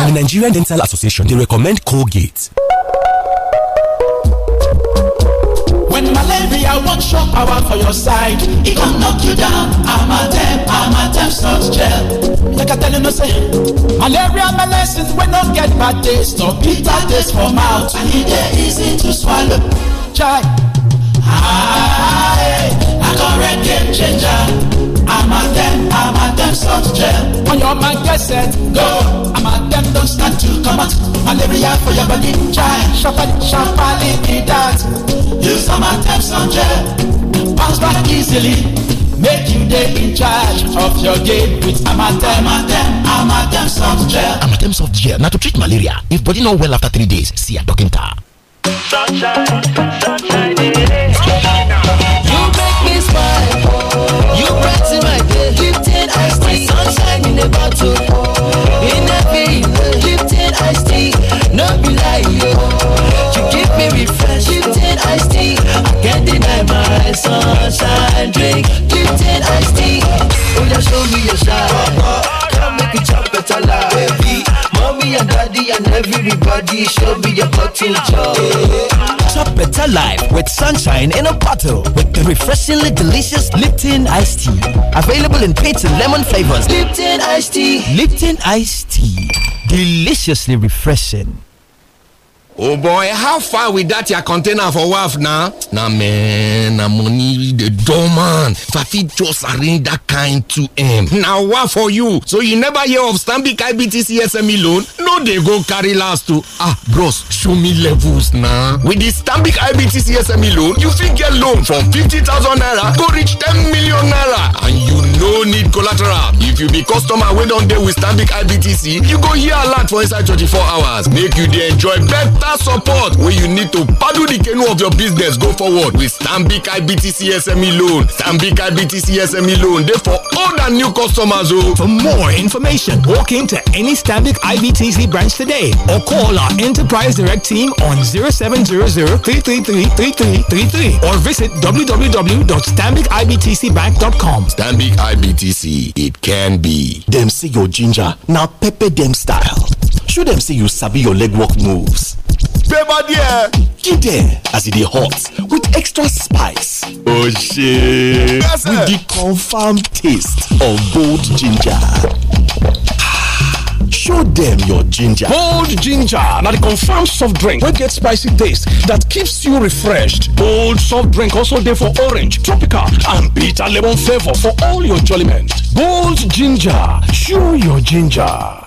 Now, the Nigerian Dental Association, they recommend Colgate. When malaria wan show power for your side, e come knock you down, Amatem, Amatem salt gel. Like I tell you no say, malaria medicine wey no get bad taste, no bitter taste for mouth, and e dey easy to swallow. Chai! Aye na correct game changer a amatem soft gel on your man get set go I'm a don't stand to come out. malaria for your body try sharply sharply be that use amatem soft gel bounce back easily make you dey in charge of your game with amatem amatem amatem soft gel. amatem soft gel Now to treat malaria if body not well after three days see a doctor. sunshine sunshine dey dey. tea, sunshine in a bottle. In a vein, Lipton iced tea, no be like you. You give me refresh, Lipton iced tea. I can't deny my sunshine drink, Lipton iced tea. Oh yeah, show me your shine. Come make it chop better life me your daddy and everybody should be your bottle job. Chop better life with sunshine in a bottle with the refreshingly delicious Lipton iced tea. Available in peach and lemon flavors. Lipton iced tea. Lipton iced tea. Deliciously refreshing. oh boy how far with that your container for wharf na na man na money the don man if i fit just arrange that kind to m na wharf for you so you never hear of stanbic ibtc sme loan no dey go carry last o ah bros show me levels na with the stanbic ibtc sme loan you fit get loan from fifty thousand naira go reach ten million naira and you no need collateral if you be customer wey don dey with stanbic ibtc you go hear alert for inside twenty four hours make you dey enjoy better. financial support wey you need to paddle the canoe of your business go forward with stanbic ibtc sme loan stanbic ibtc sme loan dey for old and new customers o. Oh. for more information walk into any stanbic ibtc branch today or call our enterprise direct team on 0700 or visit www.stambicibtcbank.com. stanbic ibtc it can be. dem say your ginger na pepper dem style show dem say you sabi your legwork moves pepper there as e dey hot with extra spice oh shit! with the confirmed taste of bold ginger show them your ginger bold ginger now the confirmed soft drink We get spicy taste that keeps you refreshed bold soft drink also there for orange tropical and bitter lemon flavour for all your jolly bold ginger show your ginger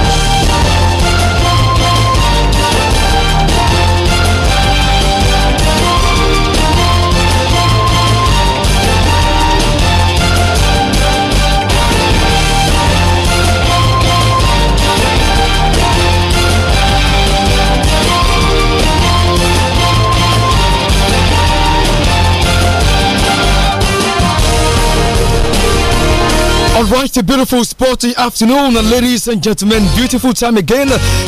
All right, a beautiful sporty afternoon, ladies and gentlemen. Beautiful time again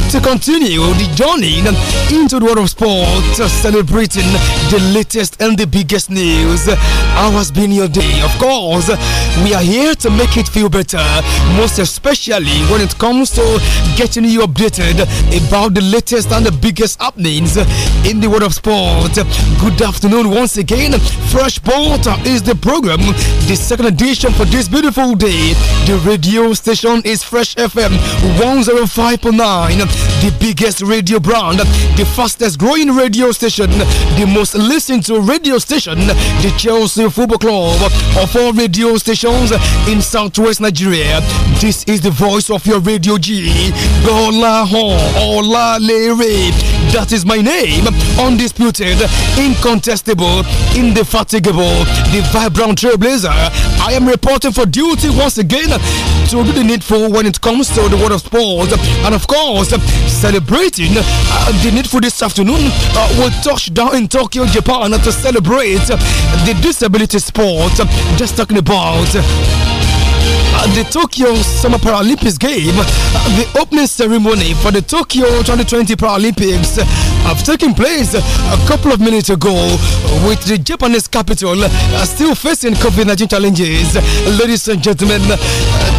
to continue the journey into the world of sport, celebrating the latest and the biggest news. How has been your day? Of course, we are here to make it feel better, most especially when it comes to getting you updated about the latest and the biggest happenings in the world of sport. Good afternoon once again. Fresh Sport is the program, the second edition for this beautiful day. The radio station is Fresh FM 105.9, the biggest radio brand, the fastest growing radio station, the most listened to radio station, the Chelsea Football Club of all radio stations in Southwest Nigeria. This is the voice of your radio G, Gola Hon, Ola Lere. That is my name. Undisputed, incontestable, indefatigable, the vibrant trailblazer. I am reporting for duty once again to do the needful when it comes to the world of sports. And of course, celebrating uh, the needful this afternoon, uh, we'll touch down in Tokyo, Japan to celebrate the disability sport. Just talking about the Tokyo Summer Paralympics game, the opening ceremony for the Tokyo 2020 Paralympics have taken place a couple of minutes ago with the Japanese capital uh, still facing COVID-19 challenges. Ladies and gentlemen, uh,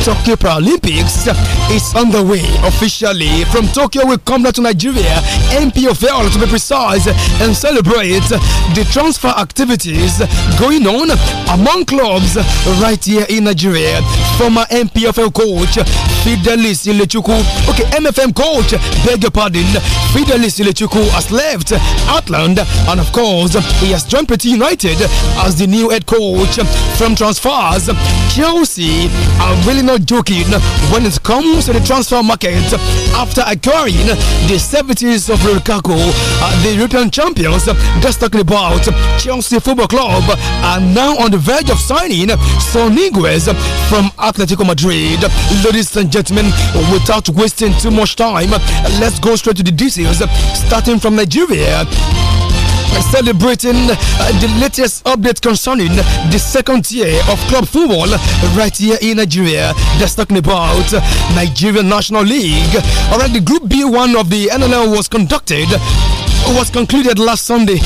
Tokyo Paralympics is underway officially. From Tokyo, we come back to Nigeria, MPFL to be precise, and celebrate the transfer activities going on among clubs right here in Nigeria. From former MPFL coach Fidelis Ilechuku. Okay, MFM coach, beg your pardon. Fidelis Ilechuku has left Atland, and of course, he has joined Pretty United as the new head coach from transfers. Chelsea are really not joking when it comes to the transfer market after acquiring the services of Lukaku, uh, the European champions. Just talking about Chelsea Football Club are now on the verge of signing Son from Atland. Atletico Madrid. Ladies and gentlemen, without wasting too much time, let's go straight to the details, starting from Nigeria celebrating uh, the latest update concerning the second year of club football right here in Nigeria. That's talking about Nigerian National League. All right, the Group B1 of the NNL was conducted, was concluded last Sunday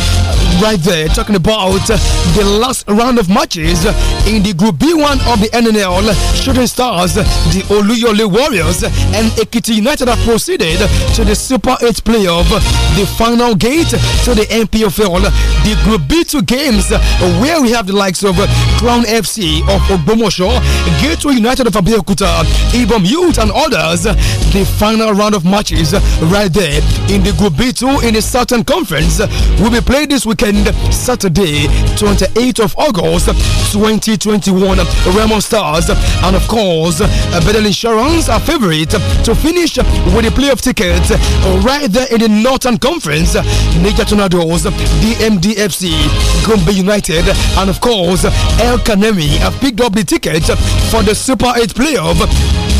right there, talking about uh, the last round of matches in the Group B1 of the NNL. Shooting Stars, the Oluyole Warriors, and Ekiti United have proceeded to the Super 8 playoff, the final gate to the NPFL. The Group B2 games, where we have the likes of Crown FC of Ogbomosho, Gateway United of Abeokuta, Ibom Youth, and others. The final round of matches right there in the Group B2 in the Southern Conference will be played this weekend Saturday, 28th of August, 2021. Remo Stars and, of course, Bedell Insurance are favorite to finish with a playoff ticket right there in the Northern Conference. Niger Tornadoes, DMDFC, Gombe United, and, of course, El Kanemi have picked up the ticket for the Super 8 playoff.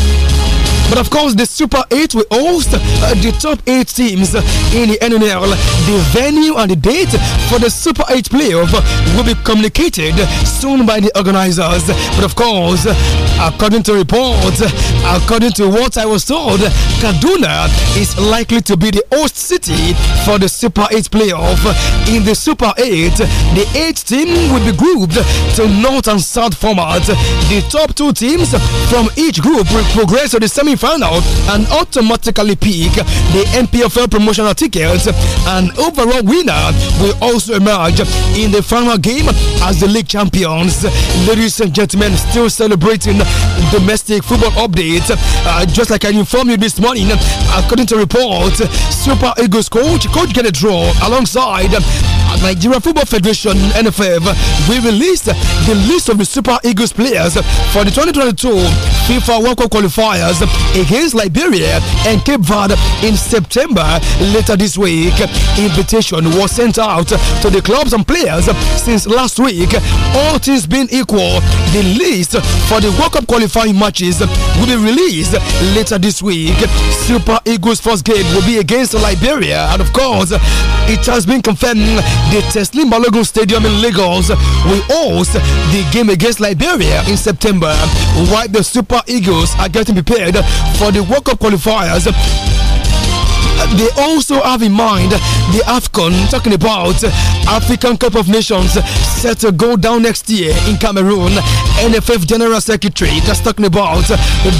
But of course, the Super 8 will host uh, the top 8 teams in the NNL. The venue and the date for the Super 8 playoff will be communicated soon by the organizers. But of course, according to reports, according to what I was told, Kaduna is likely to be the host city for the Super 8 playoff. In the Super 8, the 8 team will be grouped to North and South format. The top two teams from each group will progress to the semi Final out and automatically pick the MPFL promotional tickets. An overall winner will also emerge in the final game as the league champions. Ladies and gentlemen, still celebrating domestic football updates. Uh, just like I informed you this morning, according to report, Super Eagles coach, Coach a Draw, alongside Nigeria Football Federation NFF will release the list of the Super Eagles players for the 2022 FIFA World Cup qualifiers against Liberia and Cape Verde in September later this week. Invitation was sent out to the clubs and players since last week. All things being equal, the list for the World Cup qualifying matches will be released later this week. Super Eagles' first game will be against Liberia, and of course, it has been confirmed the Teslim Balogun Stadium in Lagos will host the game against Liberia in September, while the Super Eagles are getting prepared for the World Cup qualifiers they also have in mind the AFCON, talking about African Cup of Nations set to go down next year in Cameroon. NFF General Secretary, just talking about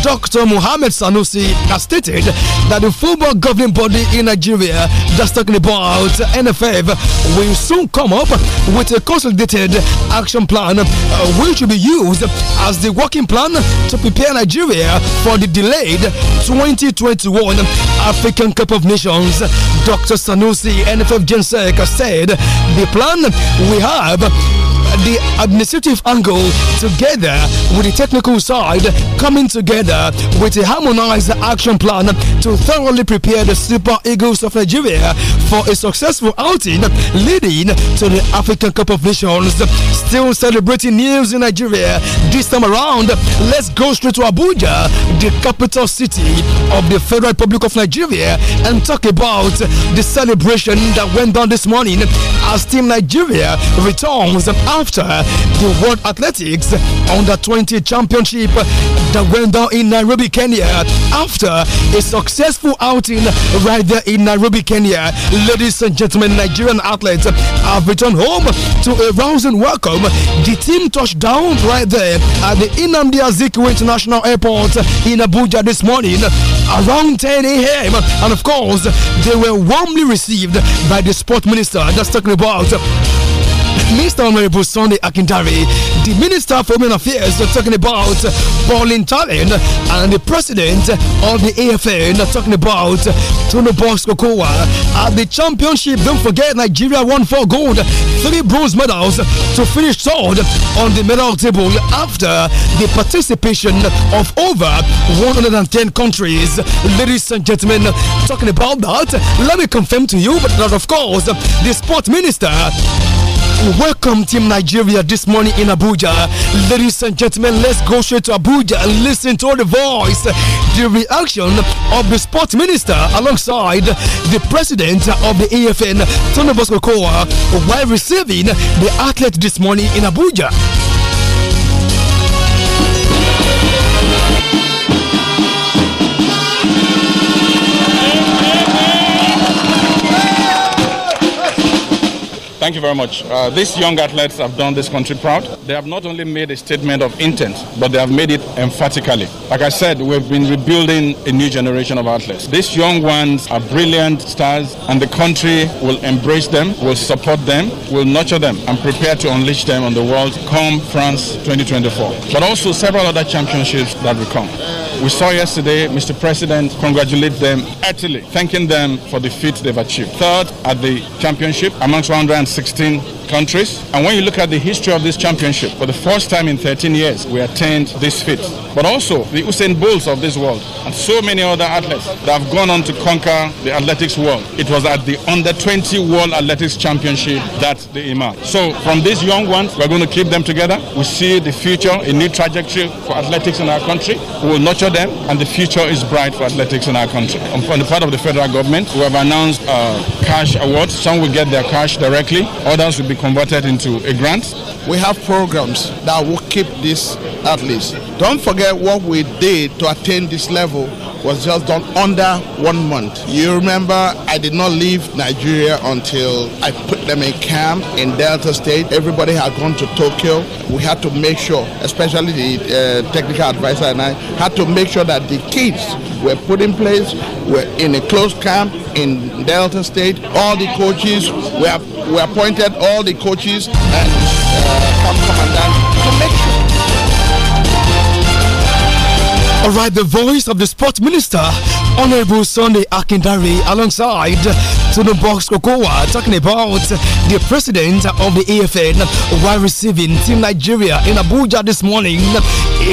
Dr. Mohamed Sanusi, has stated that the football governing body in Nigeria, just talking about NFF, will soon come up with a consolidated action plan uh, which will be used as the working plan to prepare Nigeria for the delayed 2021 African Cup of Nations, Dr. Sanusi NFF Jensek, said the plan we have the administrative angle together with the technical side coming together with a harmonized action plan to thoroughly prepare the Super Eagles of Nigeria for a successful outing leading to the African Cup of Nations. Still celebrating news in Nigeria this time around. Let's go straight to Abuja, the capital city of the Federal Republic of Nigeria, and talk about the celebration that went down this morning as Team Nigeria returns after after the World Athletics Under 20 Championship that went down in Nairobi, Kenya. After a successful outing right there in Nairobi, Kenya, ladies and gentlemen, Nigerian athletes have returned home to a rousing welcome. The team touched down right there at the Inamdi Azikiwe International Airport in Abuja this morning around 10 a.m. And of course, they were warmly received by the sport minister. That's talking about Mr. Honorable Sunday Akindari, the Minister for Women Affairs, talking about Pauline talent, and the President of the AFN, talking about Tono Box Kokoa. At the championship, don't forget Nigeria won four gold, three bronze medals to finish third on the medal table after the participation of over 110 countries. Ladies and gentlemen, talking about that, let me confirm to you but that, of course, the sport minister Welcome, Team Nigeria, this morning in Abuja. Ladies and gentlemen, let's go straight to Abuja and listen to the voice, the reaction of the sports minister alongside the president of the AFN, Tony Bosco while receiving the athlete this morning in Abuja. Thank you very much. Uh, these young athletes have done this country proud. They have not only made a statement of intent, but they have made it emphatically. Like I said, we've been rebuilding a new generation of athletes. These young ones are brilliant stars, and the country will embrace them, will support them, will nurture them, and prepare to unleash them on the world come France 2024. But also several other championships that will come. We saw yesterday Mr. President congratulate them heartily, thanking them for the feat they've achieved. Third at the championship amongst 160 16 countries. And when you look at the history of this championship, for the first time in 13 years, we attained this feat. But also the Usain Bolts of this world and so many other athletes that have gone on to conquer the athletics world. It was at the Under 20 World Athletics Championship that the emerged. So from these young ones, we're going to keep them together. We see the future, a new trajectory for athletics in our country. We will nurture them, and the future is bright for athletics in our country. On the part of the federal government, we have announced uh, cash awards. Some will get their cash directly, others will be converted into a grant. We have programs that will keep at athletes. Don't forget what we did to attain this level was just done under one month. You remember, I did not leave Nigeria until I put them in camp in Delta State. Everybody had gone to Tokyo. We had to make sure, especially the uh, technical advisor and I, had to make sure that the kids were put in place, were in a closed camp in Delta State. All the coaches were we appointed all the coaches and uh, camp commandants to make sure. All right, the voice of the sports minister, Honorable Sunday Akindari, alongside Tunu Box Kokowa, talking about the president of the AFN while receiving Team Nigeria in Abuja this morning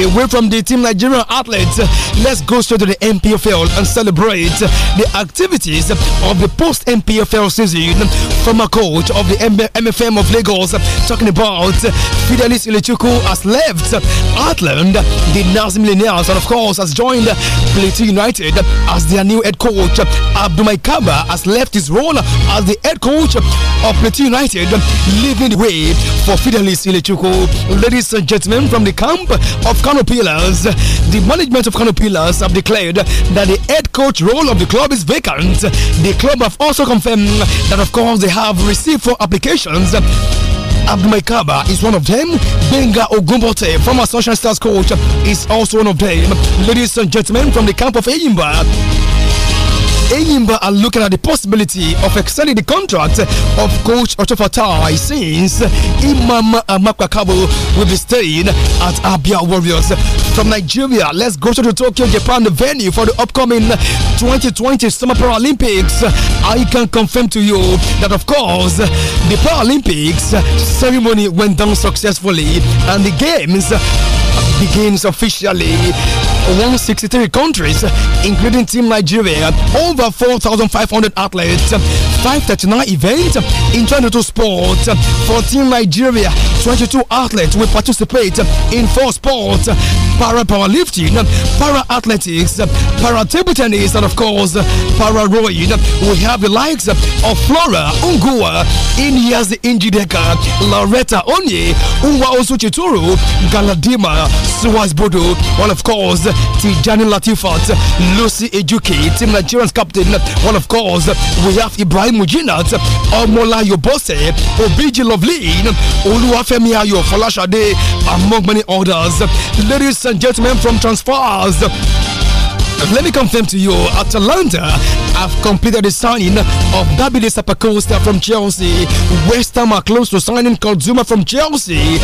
away from the Team Nigerian athletes, let's go straight to the MPFL and celebrate the activities of the post MPFL season from a coach of the MFM of Lagos, talking about Fidelis Ilechuku has left Atland, the Nazi Millionaires, and of course has joined Plateau United as their new head coach. Abdumai Kaba has left his role as the head coach of Plateau United, leaving the way for Fidelis Ilechuku. Ladies and gentlemen, from the camp of Kano Pillars, the management of Kano Pillars have declared that the head coach role of the club is vacant. The club have also confirmed that, of course, they have received four applications. Abdulmaikaba is one of them. Benga Ogumbote, former Sunshine Stars coach, is also one of them. Ladies and gentlemen, from the camp of Eyimba, Eimba are looking at the possibility of extending the contract of coach Ochofatai since Imam Amakwakabo will be staying at Abia Warriors. From Nigeria, let's go to the Tokyo, Japan the venue for the upcoming 2020 Summer Paralympics. I can confirm to you that, of course, the Paralympics ceremony went down successfully and the games begins officially. 163 countries, including Team Nigeria, over 4,500 athletes, 539 events in 22 sports. For Team Nigeria, 22 athletes will participate in four sports para powerlifting, para athletics, para table tennis, and of course, para rowing. We have the likes of Flora Ungua, Inyas Injideka, Loretta Onye, Uwa Osuchituru, Galadima. Suwa's Bodo, well, of course, Tijani Latifat, Lucy Ejuki, Team Nigerian's captain, well, of course, we have Ibrahim Mujinat, Omola Yobose, Obiji Lovelin, Oluwafemi Ayo Folashade, among many others. Ladies and gentlemen from Transfers, let me confirm to you, Atalanta have completed the signing of Davide Sapacosta from Chelsea. West Ham are close to signing Kozuma from Chelsea.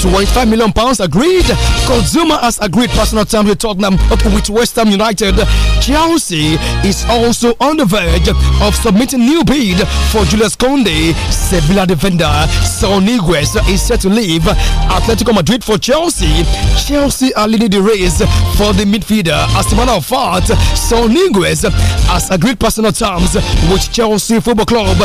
25 million pounds agreed. Kozuma has agreed personal terms with Tottenham with West Ham United. Chelsea is also on the verge of submitting new bid for Julius Conde, Sevilla defender. Soniguez is set to leave Atletico Madrid for Chelsea. Chelsea are leading the race for the midfielder. As a matter of fact, but Soninguez has agreed personal terms with Chelsea Football Club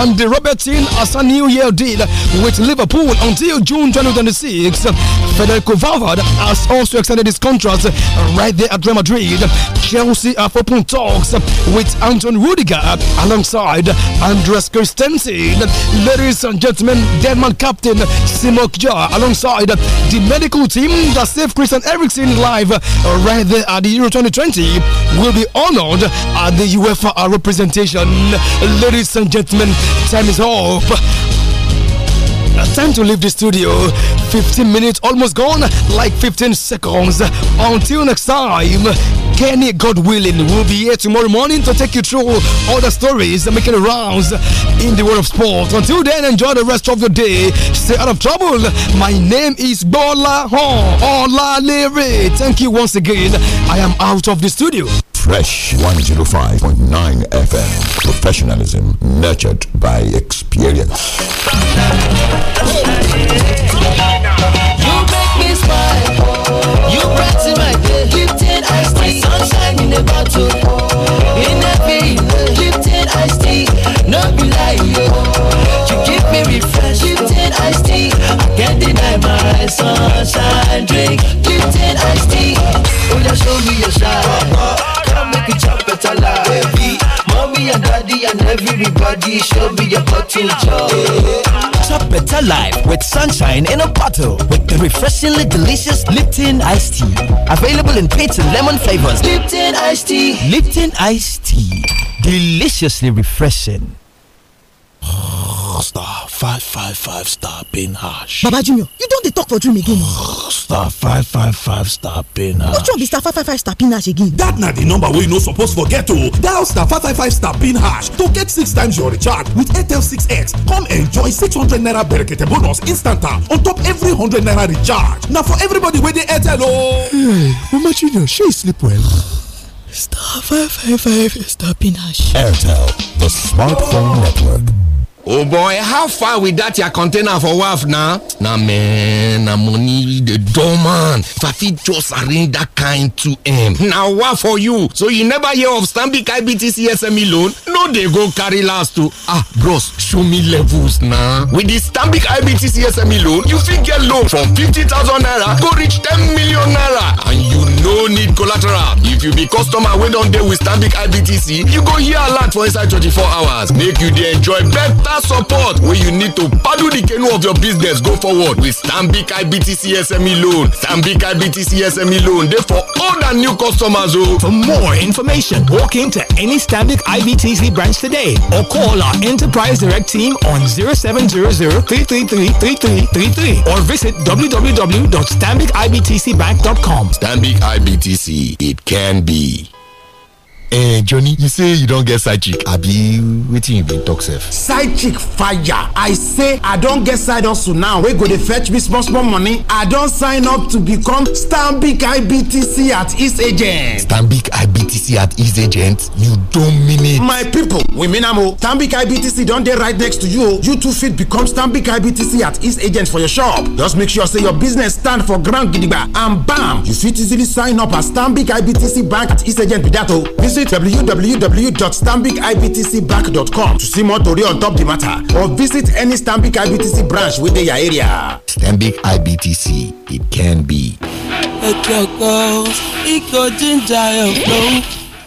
and the Robertson has a new year deal with Liverpool until June 2026. Federico Valverde has also extended his contract right there at Real Madrid. Chelsea have opened talks with Anton Rudiger alongside Andres Christensen. Ladies and gentlemen, Denmark captain Simok Jar alongside the medical team that saved Christian Eriksen live right there at the Euro 2020 will be honored at the UEFA representation. Ladies and gentlemen, time is up. Time to leave the studio. 15 minutes almost gone, like 15 seconds. Until next time, Kenny, God willing, will be here tomorrow morning to take you through all the stories making rounds in the world of sport. Until then, enjoy the rest of your day. Stay out of trouble. My name is Bola Hon Ola Lere. Thank you once again. I am out of the studio. Fresh 105.9 FM. Professionalism nurtured by experience. You make me smile. You brought to my day. Lipton iced tea. Sunshine in a bottle. In a vein. Lipton iced tea. No be lie. You keep me refreshed. Lipton iced tea. I can't deny my sunshine drink. Lipton iced tea. Oh yeah, show me your shine mommy and daddy and everybody show me your bottle job. Chop better life with sunshine in a bottle with the refreshingly delicious Lipton iced tea. Available in peach and lemon flavors. Lipton iced tea. Lipton iced tea. Deliciously refreshing. star five five five star pin hash. baba jr you don dey talk for dream again star five five five star pin hash. which one be star five five five star pin hash again. That na the number wey you no suppose forget o oh. dial star five five five star pin hash to get six times your recharge with airtel 6x come enjoy six hundred naira berekete bonus instanta ah, on top every hundred naira recharge na for everybody wey dey airtel o. Oh. Hey, mama junior she sleep well. Star 555 is the pinash. Airtel, the smartphone network. Oh boy, how far with that your container for WAF now? Nah? man, na money the doorman. If I fit just arrange that kind to him. Now what for you? So you never hear of Stambik IBTC SME loan? No, they go carry last to. Ah, bros, show me levels now. With the Stambik IBTC SME loan, you fit get loan from 50,000 naira go reach 10 million naira. And you no need collateral. If you be customer wait on day with Stambik IBTC, you go here a lot for inside 24 hours. Make you they enjoy better that support wey you need to paddle the canoe of your business go forward with stanbic ibtc sme loan stanbic ibtc sme loan dey for old and new customers o. Oh. for more information walk into any stanbic ibtc branch today or call our enterprise direct team on 0700-333-3333 or visit www.stanbicibtcbank.com. stanbic ibtc it can be. eh johnny you say you don't get side chick abi wetin you been talk self? side chick fire i say i don't get side hustle now we go to fetch me small small money i don't sign up to become stanbic ibtc at east agent. stanbic ibtc at east agent you don't mean it. my people we mean am o stanbic ibtc don't dey right next to you you two fit become stanbic ibtc at east agent for your shop just make sure say your business stand for ground gidigba and bam you fit easily sign up as stanbic ibtc bank at east agent be that o visit visit www.stambicibtcbank.com to see more tori on top the matter or visit any Stanbic IBTC branch within your area. Stanbic IBTC, it can be.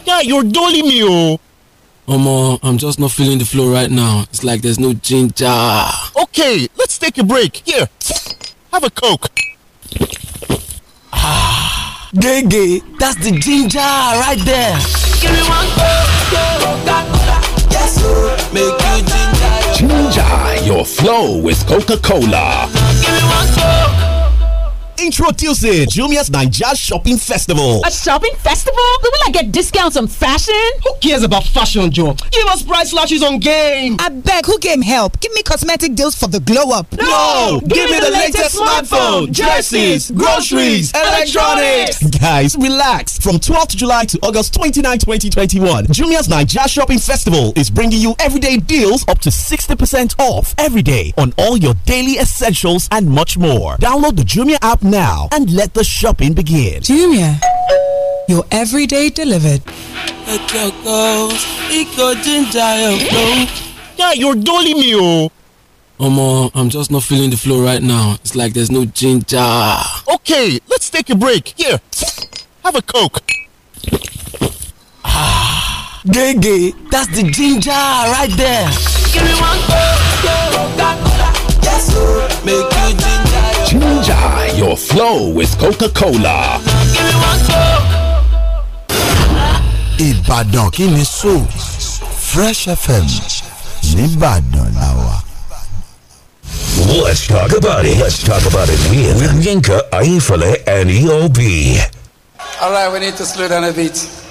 Yeah, you're dolly me, oh. Omo, I'm just not feeling the flow right now. It's like there's no ginger. Okay, let's take a break. Here, have a coke. Ah, gay, that's the ginger right there making Coca-Cola. ginger. your flow is Coca-Cola. Intro Tuesday, Jumia's Niger Shopping Festival. A shopping festival? But will I get discounts on fashion? Who cares about fashion, Joe? Give us price slashes on game. I beg, who game help? Give me cosmetic deals for the glow up. No! no give, give, me, me the, the, latest, latest smartphone, jerseys, groceries, electronics. Guys, relax. From 12th July to August 29, 2021, Jumia's Niger Shopping Festival is bringing you everyday deals up to 60% off every day on all your daily essentials and much more. Download the Jumia app now and let the shopping begin. Junior, your everyday delivered. Yeah, you're dolly me, oh. Omo, I'm just not feeling the flow right now. It's like there's no ginger. Okay, let's take a break. Here, have a Coke. Ah, Gege, that's the ginger right there. Give me one Coke, Coca-Cola. Yes, make you ginger. Ginger your flow with Coca Cola. Ìbàdàn kí ni so Fresh FM nìbàdàn la wà. Let's talk about it. Let's talk about it with, with Yinka Ayefele and EOB. All right, we need to slow down a bit.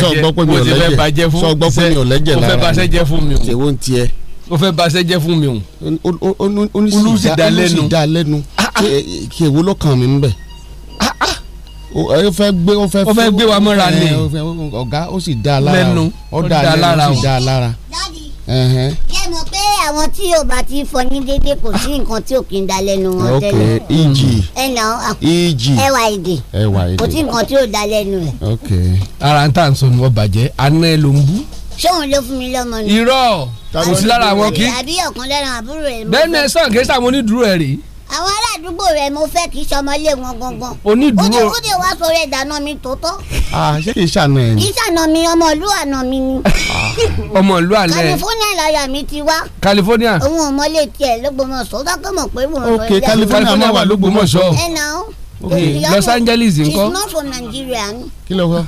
sọgbọ́ pé mi ò lẹ́jẹ̀ sọgbọ́ pé mi ò lẹ́jẹ̀ lára o fẹ́ basẹ́ jẹ́ fún mi o tèwo ń tiẹ̀ o fẹ́ basẹ́ jẹ́ fún mi o olùsì dalẹ́nu olùsì dalẹ́nu kí èwo lọ́kàn mi ń bẹ̀ ó fẹ́ gbé ó fẹ́ ó fẹ́ gbé wa mọ́ra ni ọ̀gá ó sì dá lára lẹ́nu ó dá lára ó sì dá a lára. mo pé àwọn tí yóò bá ti fọ ní déédéé kò sí nǹkan tí ò kí ń da lẹ́nu wọn tẹ́lẹ̀ ok eg eg lyd kò sí nǹkan tí ò da lẹ́nu rẹ̀. ok ara ń tà ń sọ ni wọ́n aná ẹ ló ń bú sóun ló fún mi lọ́mọ ni. irọ́ kò sí lára àwọn kí. àbí ọ̀kan lára àbúrò ẹ̀. bẹ́ẹ̀ ni ẹ sàn kí sàmúnídùúró ẹ̀ rèé àwọn ará àdúgbò rẹ mo fẹ́ kí sọmọlé wọn gangan. onídùúró ó ní wàá sọ̀rọ̀ ìdáná mi tó ṣé kì í ṣàna ẹ̀ kì í ṣàna mi ọmọ ìlú àná mi ni. ọmọ ìlú àlẹ́. California láyà mi ti wá. California. òun ò mọlé tiẹ̀ lÓgbómọ̀ṣọ́ dákẹ́ mọ̀ pé wọ́n ok California máa wà lÓgbómọ̀ṣọ́. ẹ na o. ok Los Angeles ńkọ́. she's not from Nigeria ni. kí ló wá.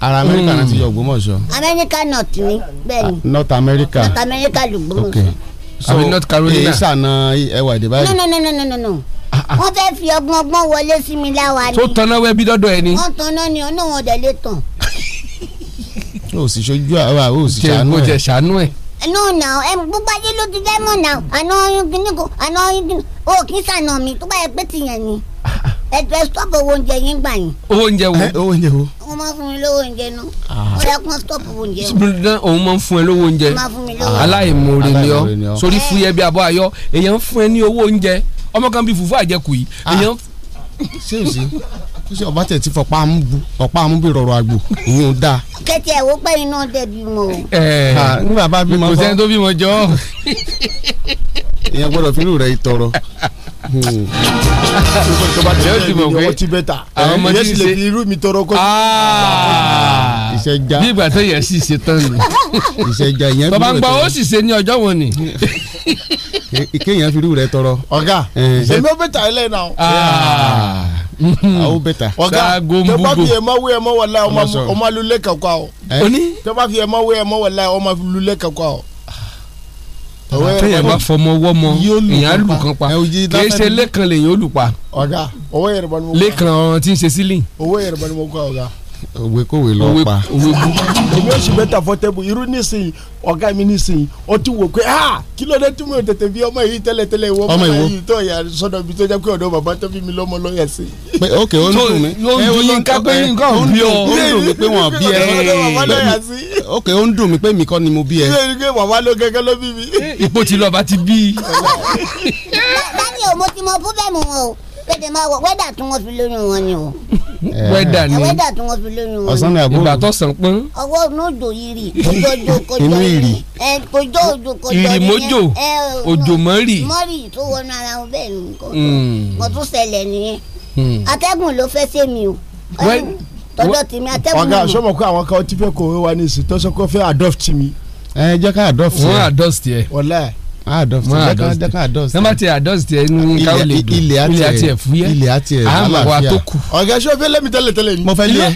ara Amẹ́ríkà náà ti yọ Ògbómọ̀ṣọ́. Hmm. Amẹ́ríkà náà ti ní bẹ́ẹ̀ ni. Ah, North America. North America lògbómọ̀ṣọ́. so àbí north carolina èyí sànà ẹwà èdè báyìí. no no no no no no ah, ah. wọ́n fẹ́ fi ọgbọ́n ọgbọ́n wọlé sí mi láwa ni. tó tanná wẹ́ bí dọ́dọ̀ ẹ ni. wọ́n tanná ni ọ̀nà wọn dẹ̀ lè tàn. o sì ṣojú àwa o sì ṣàánú ẹ. jẹ́ ìgbọ́jẹ̀ ṣàánú ẹ no now ẹ gbogbo ayé ló ti demo mọ̀ now àná ọyún gínígò àná ọyún gínígò ó kì í sànà mi tó bá yẹ pé ti yàn ni. Ah, ẹjọ stop owó oúnjẹ yín gbà yín. owó oúnjẹ wo. owó oúnjẹ wo. wọ́n máa fún mi lówó oúnjẹ nu. Ah. wọ́n yẹ kó stop owó oúnjẹ. ṣùgbọ́n òun máa ń fún ẹ lówó oúnjẹ. wọ́n máa fún mi lówó. aláìmoore ni ọ sórí fúyẹ́ bí abọ́ ayọ́ èèyàn fún ẹ ní owó oúnjẹ ọmọ kan bí fùfú àjẹkù yìí ah. èèyàn. ṣé o ṣe kó ṣe ọba tẹ̀ ti fọ̀pá amú bu ọ̀pá amú bí rọrọ̀ àgbò ìyẹn ò dáa. kẹ́tì ẹ̀ wó pẹ́ iná dẹ̀ bímọ. ẹ̀ẹ́ nígbà bá bímọ kọ́ kò sẹ́ni tó bímọ jọ. ìyẹn gbọ́dọ̀ fílù rẹ̀ ìtọ̀rọ̀ yóò sì mọ̀ pé ọtí bẹ́ẹ̀ ta àwọn ọmọ tí ń ṣe irú mi tọrọ kọ́. Ah! ìṣẹ̀já bí ìgbà tó yẹ sì ṣe tán ni. ìṣẹ̀já yẹn bí wọ́n tọrọ. bàbá ń gbọ́ ó sì ṣe ní ọjọ́ wọn ni. kéèyàn fi irú rẹ tọrọ. ọ̀gá èmi ò bẹ́ẹ̀ ta ilé náà. àwọn ah! bẹ́ẹ̀ ta. ọ̀gá tó bá fi ẹ̀mọ́ wé ẹ̀mọ́ wọlé ọmọ lulẹ̀ kankan o. tó bá fi ẹ̀mọ́ wé ẹ̀mọ́ wọlé ọmọ lulẹ̀ kankan o. àtẹ̀yẹ̀ bá fọmọ wọ́mọ èèyàn lù kan pa kìí ṣe lẹ́kan lèèyàn ó lù pa lẹ́kan ọ̀ràn tí ń ṣe sílẹ̀. owó yẹrẹ bá ní mo kọ́ ọ̀gá. òwe kòwe lọ pa. èmi ò sì bẹ́tà fọ́tẹ́bù irú nísìnyí ọ̀gá mi nísìnyí ó ti wò pé kí ló dé tí mo tètè bí ọmọ yìí tẹ́lẹ̀tẹ́lẹ̀ ìwọ ọmọ yìí tó yà sọ́dọ̀ mi tó jẹ́ pé ọ̀dọ̀ bàbá tó fi mi lọ́mọ lọ́yà sí. ok ó ń mí ẹ ó ń pé nǹkan ò mí pé wọn bí ẹ ok ó ń mí pé mi kọ́ ni mo bí ẹ. bàbá ló gẹ́gẹ́ ló bí mi. ipò tí lọ́ba ti bí. báyìí ò pété máa wọ wẹ́dà tí wọ́n fi lóyún wọn ni o. Eh. wẹ́dà ni wẹ́dà tí wọ́n fi lóyún wọn ni. ọ̀sán ni àbúrò ìgbà tó sàn pọ́n. ọwọ́ onójò yìí kojó ojo kojó inú ìrì kojó ojo kojó ìrì mojò eh, òjò mọ́rì. mọ́rì tó wọnú ara wọn bẹ́ẹ̀ ni mo hmm. tún ṣẹlẹ̀ nìyẹn hmm. atẹ́gùn ló fẹ́ sẹ́mi o tọ́jọ́ tèmi atẹ́gùn mi. ọ̀gá sọ́mọ̀ kó àwọn kan tí fẹ́ kó wa ní ìsìn tó sọ pé fẹ́ adopt mi. ẹ eh, jẹ́ ká adopt yẹ. wọ́n adopt yẹ. wọ́n láyà. adọs mọ adọs tẹ nígbà tí adọs tẹ inú yín káwọn lè dùn ilẹ̀ àti ẹ̀ fúyẹ́ ilẹ̀ àti ẹ̀ àmàwà tó kù. ọ̀gá ṣé o fẹ́ lẹ́mi tẹ́lẹ̀ tẹ́lẹ̀ ni. mo fẹ́ lé ẹ.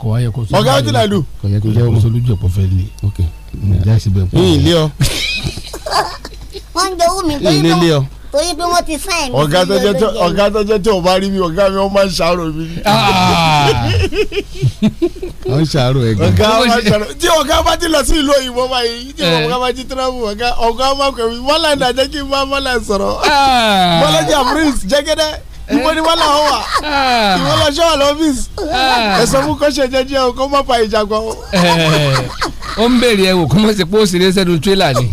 kò wáyé kó sọ ọ̀gá ọdún náà lù. kò yẹ kó jẹ́ ọmọ sọlójú ọ̀pọ̀ fẹ́ lé. ok ǹjẹ́ àṣìbẹ̀ pọ̀. ìyìn lé ọ. wọ́n ń jẹ́ wù mí pé torí pé wọ́n ti sáìn mi. ọ̀gá tó jẹ́ tó ọ̀gá tó jẹ́ tó bá rí mi ọ̀gá mi wọ́n máa ń ṣàárò mi. Ah. wọ́n ń ṣàárò ẹ̀gbẹ́. ọ̀gá wọ́n máa ń ṣàárò tí ọ̀gá bá ti lọ sí ìlú òyìnbó báyìí tí eh. ọ̀gá bá ti travel ọ̀gá ọ̀gá máa pè mí mọ́lá ìdájẹ́ kí n bá mọ́lá sọ̀rọ̀ mọ́lá jà prince jẹ́gẹ́dẹ́ níbo ni wàhálà wọn ah. wà ìwọ lọ ṣọwà lọfíìsì ah. ẹsọ fún kọṣẹ jẹ́jẹ́ o kó má pa ìjàgbá o. ó ń bèrè ẹ̀wò kó mọ̀ sí pé ó sì lé sẹ́nu tírélà ni.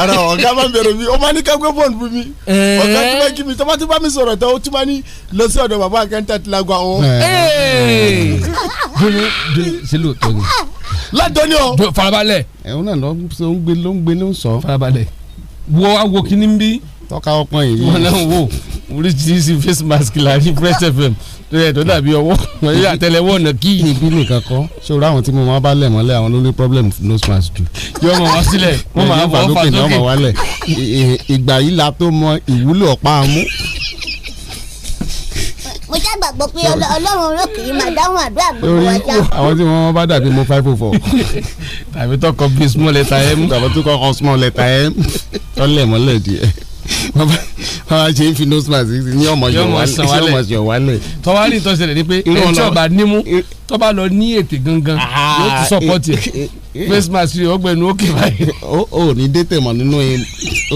ara ọ̀gá máa ń bèrè mi ó máa ní kágbé bọ́ọ̀lù fún mi eh. ọ̀gá tó bá kí mi tó bá ti bá mi sọ̀rọ̀ tó tí máa ní lọ sí ọ̀dọ̀ bàbá akẹ́ńtà ti lágbá eh. eh. o. dunu dunu sílùú tó ní. ládọ́ni o. farabalẹ̀. ẹ̀hún náà ló ń gbé ló ń gbé ló ń sọ. farabalẹ̀ wo awo kí ni ń bí. tọ́ka ọpọ́n yìí. wọn náà wò oríṣiríṣi face mask la ní Fresh FM tó yẹ tó dàbí ọwọ́ wọn yóò àtẹ́lẹwọ́ ọ̀nà kí. níbí nìkan kọ́ ṣòro àwọn tí mo máa bá lẹ̀ mọ́lẹ̀ àwọn ló ní problem nose mask jù. yóò mọ̀ wá sílẹ̀ wọ́n máa fà lókè náà mọ̀ wálẹ̀ ìgbà yìí la tó mọ ìwúlò ọ̀pá amú. mo ṣàgbàgbọ́ pé ọlọ́run olókè yìí máa dáhùn àdúrà gbogbo wa já. àwọn tí wọ́n bá dàbí mo five oh four. tàbí tọkọ bí small letter m tàbí tọkọ small letter m tọ́lẹ̀ mọ́lẹ̀ díẹ̀ bàbá ṣe ń fi nose mask ní ọmọ yọ wálẹ̀. tọ́wárì tó ṣẹlẹ̀ ni pé ẹni tí nímú tó lọ ní ètè gangan yóò ti sọpọ́tì ẹ̀ face mask yóò gbẹnu òkè báyìí. o ní dẹ́tẹ̀ mọ́ nínú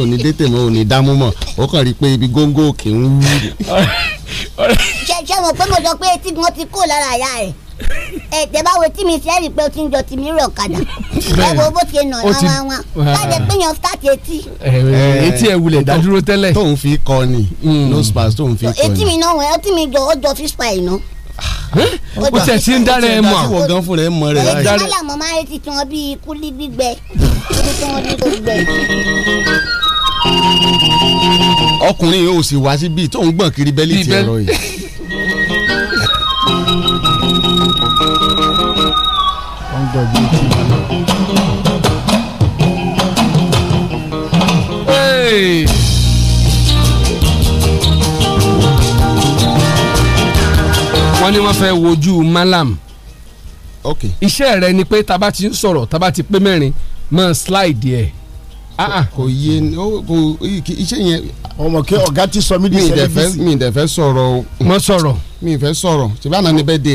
o ní dẹ́tẹ̀ mọ́ o ní dámú mọ́ o kàn rí i pé ibi góńgó òkè ń wú. ṣé ṣé mo pé mo sọ pé etí wọn ti kó lára àyà rẹ̀ ẹ tẹ bá wo tí mi ṣe rí pé o ti ń jọ ti mi rí ọ̀kadà ẹ wo bó ṣe nà wọn wọn wọn láti pé yan start etí. etí ẹ wulẹ̀ dádúró tẹ́lẹ̀. tóun fi kọ ni hmm. nose pass tóun fi kọ ni. etí mi náà wọn ọtí mi jọ ó jọ fish pie náà. o tẹ̀ sí ń dára ẹ mọ̀. o tẹ̀ sí ń fún rẹ mọ̀ rẹ. èyí tí wọ́n mọ̀ máa ń retí tí wọ́n bí kúlí gbígbẹ kúlí tí wọ́n bí gbígbẹ ọkùnrin yóò sì wá síbi tóun gbọ̀n kiri bẹ́lí ti ẹ̀rọ yìí Hey! wọ́n ní wọ́n fẹ́ wojú malam okay. iṣẹ́ rẹ ni pé tá a bá ti ń sọ̀rọ̀ tá ti pé mẹ́rin mọ́ slide yẹ. Ah, ah. kò yé kò iṣẹ́ yẹn. ọmọ kí ọ̀gá ti sọ mí di sẹ́lẹ̀bìsì. mi ìdẹ̀fẹ́ sọ̀rọ̀ o. mo sọ̀rọ̀ mi fẹ́ sọ̀rọ̀ ṣèbí àná ni bẹ́ẹ̀ di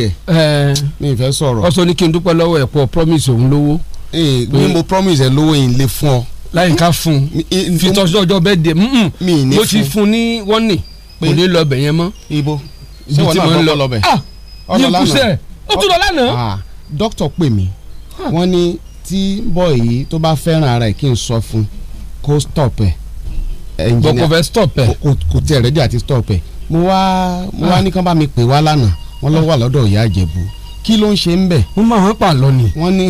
mi fẹ́ sọ̀rọ̀. ọsọ ni kí n dúpẹ́ lọ́wọ́ ẹ̀ pọ̀ promise òun lówó. ee mi mo promise ẹ lówó yìí lè fún ọ. láyìnká fún un fi tọ́jú ọjọ́ bẹ́ẹ̀ di ẹ̀ mo ti fún ní wọ́nì kò ní lọ bẹ̀ yẹn mọ́. ibo ṣé wọn náà lọ́kọ́ lọ bẹ̀. yín ah! kúṣẹ́ ó tún lọ lánàá. Ah, dókítà pè mí ah. wọ́n ní tí bọ́ọ̀ yìí tó bá fẹ́ràn ara ẹ̀ kí n sọ fún kó stop ẹ̀. bọ̀ kò stop ẹ̀. kò tẹ̀ rẹ́dí àti stop ẹ̀ mo wá mo wá ah. ní kán bá mi pè wá lánàá wọ́n lọ ah. wà lọ́dọ̀ ìyá ìjẹ̀bù kí ló ń ṣe ń bẹ̀. wọ́n máa ń pàlọ́ ni. wọ́n ní.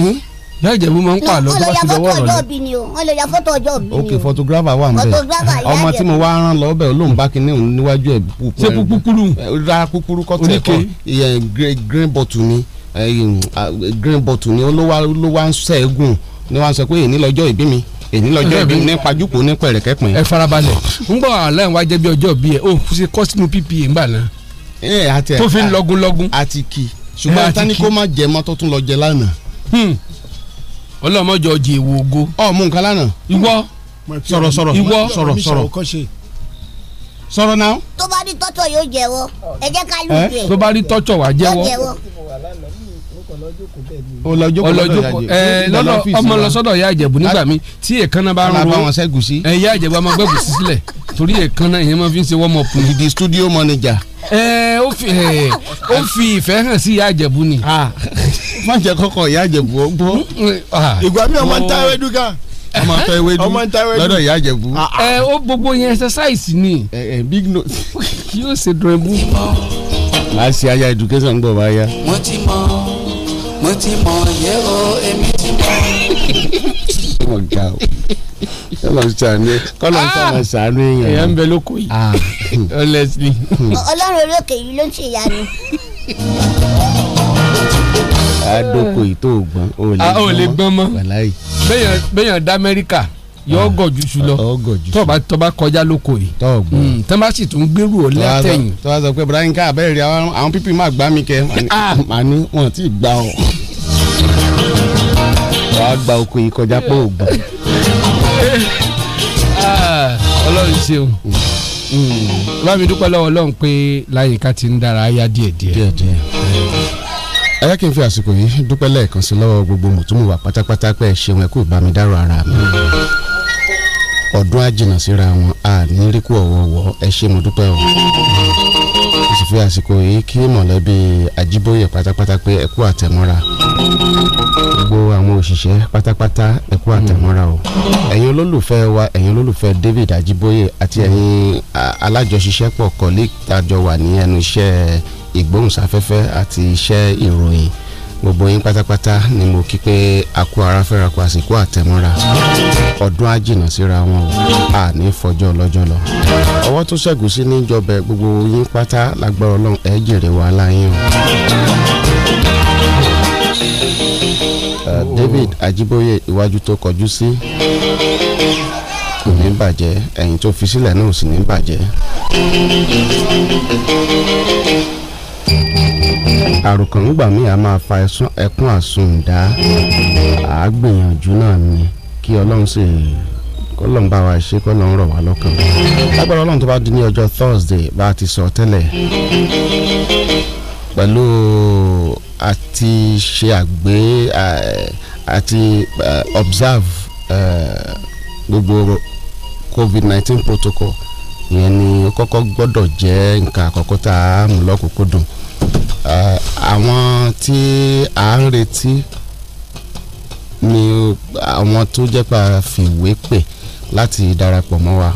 ìyá ìjẹ̀bù máa ń pàlọ́ tó bá ti ya fọ́tò ọjọ́ bí ni o wọ́n lọ ya fọ́tò ọjọ́ bí ni o. ok photographer wà nbẹ ọmọ tí mo wá rán lọ bẹ olóhùn bá kinní níwájú ẹ. ṣé kúkúrú. ra eh, kúkúrú kọ́ tẹ̀ kọ́ green bottle ni eh, ah, green bottle ni ó ló wá ń sẹ́ẹ̀gùn ni wọ́n á sọ pé èyí ní lọ́jọ́ ìbí mi èyí lọ́jọ́ ìbí ní pajúkò ní pẹ̀rẹ̀kẹ́pin. ẹ farabalẹ̀ ń gbọ́ aláìní wá jẹ́ bí ọjọ́ bí ẹ o ṣe kọ́ sínú ppa ńgbà náà. ẹ àti ẹ tó fi ń lọgun lọgun. àti kì ṣùgbọ́n tani kó má jẹ mọ́tò tún lọ jẹ lánàá. Hmm. ọlọ́mọjọ jẹ èwo ogo. ọ mú nǹkan lánàá. ìwọ sọ̀rọ̀ sọ̀rọ̀ ìwọ sọ̀rọ̀ sọ̀rọ̀ sọ̀rọ̀ náà. tó bá rí tọ́tọ̀ yóò jẹ́wọ́ ẹ jẹ́ ká lù ọlọjọkọ ẹ lọ́dọ̀ eh, ọmọ lọsọdọ ya ìjẹ̀bù nígbà mi tí èékánná bá ń ro ẹ ya ìjẹ̀bù ọmọ gbẹgùsí sílẹ̀ torí èékánná máa fi ń ṣe the studio manager. ẹ eh, ó fi ẹ eh, ó fi ìfẹ́ hàn sí ìyá àjẹ̀bù ni. Ah, má jẹ kọkọ ìyá àjẹ̀bù ó gbọ́. Ah. ìgbà mi oh. ọmọ ń ta ewédú gan ọmọ ń ta ewédú lọ́dọ̀ ìyá àjẹ̀bù. ẹ ah, ó gbogbo yẹn exercise ni. ẹ ẹ big note. yóò ṣe dùn ẹ bú. láti aya education gbọ̀ bá yá. wọ́n ti mọ̀ mo ti mọ̀ yẹ́ o èmi ti mọ̀. ó mọ̀ ga o kọ́lọ̀ ń sànú kọ́lọ̀ ń sànú sànú èèyàn. èèyàn ń bẹ lóko yìí honestly. ọlọ́run olókè yìí ló ń ṣe ìyanu. adóko yìí tó gbọ́n o lè gbọ́n mọ́ bẹ́yàn dá amẹ́ríkà. yọ ọgọ ju su lọ tọba tọba kọjá lóko yìí tọba hmm, sì tún gbèrú ọ lẹ́tẹ̀yìn. tọba sọ pé Ibrahim ká abẹ́rẹ́ rí àwọn pípín máa gbá mi kẹ ah! màá ní wọn ti gbà ọ. wàá gba oko yìí kọjá pé oògùn. Ah, ọlọ́run ṣeun hmm, bá mi dúpẹ́ lọ́wọ́ ọlọ́run pé láyìíká ti ń dára ayá díẹ̀díẹ̀ ẹ jẹ́ kí n fi àsìkò yìí dúpẹ́ lẹ́ẹ̀kan sí lọ́wọ́ gbogbo mùtúmùwà pátápátá pé ẹ ṣeun ẹ kú bá mi dárò ara mi ọdún àjìnà síra wọn a ní ríkú ọ̀wọ̀ọ̀wọ̀ ẹ ṣé mo dúpẹ́ o mo sì fi àsìkò yìí kí mọ̀lẹ́bí Ajíbóyè pátápátá pé ẹ kú àtẹ̀mọ́ra gbogbo àwọn òṣìṣẹ́ pátápátá ẹ kú àtẹ̀mọ́ra o ẹ̀yin olólùfẹ́ wa ẹ̀yin olólùfẹ́ David Ajíbóyè àti ẹ̀yin alájọṣiṣẹ́pọ̀ colleague àjọ wà ní ẹnu iṣẹ́ ìgbóhùnsáfẹ́fẹ́ àti iṣẹ́ ìròyìn gbogbo yín pátápátá ni mo kí pé akú ara fẹ́ra kó àsìkò àtẹ̀mọ́ra ọdún àjìnà síra wọn o àní fọjọ́ lọ́jọ́ lọ ọwọ́ tó ṣẹ́gun sí níjọba gbogbo yín pátá lágbára ọlọ́run ẹ̀ jèrè wàhálà yín o. David Ajiboye iwájú tó kọjú sí kò ní bàjẹ́ ẹ̀yìn tó fi sílẹ̀ náà ò sì ní bàjẹ́ àròkàn ńgbà míì a máa fa ẹkún àsundá àgbìyànjú náà ni kí ọlọ́run sì kọlọ́n bá wa ṣe kọlọ́n rọ̀ wá lọ́kàn lágbára ọlọ́run tó bá di ní ọjọ́ Thursday bá a ti sọ tẹ́lẹ̀ pẹ̀lú àti ṣe àgbé àti observe gbogbo covid nineteen protocol ìyẹn ni ó kọ́kọ́ gbọ́dọ̀ jẹ́ nǹkan àkọ́kọ́ tá a mú lọ́kùnkúndùn àwọn tí à ń retí ni àwọn tó jẹ́ pa fìwé pè láti darapọ̀ mọ́ wa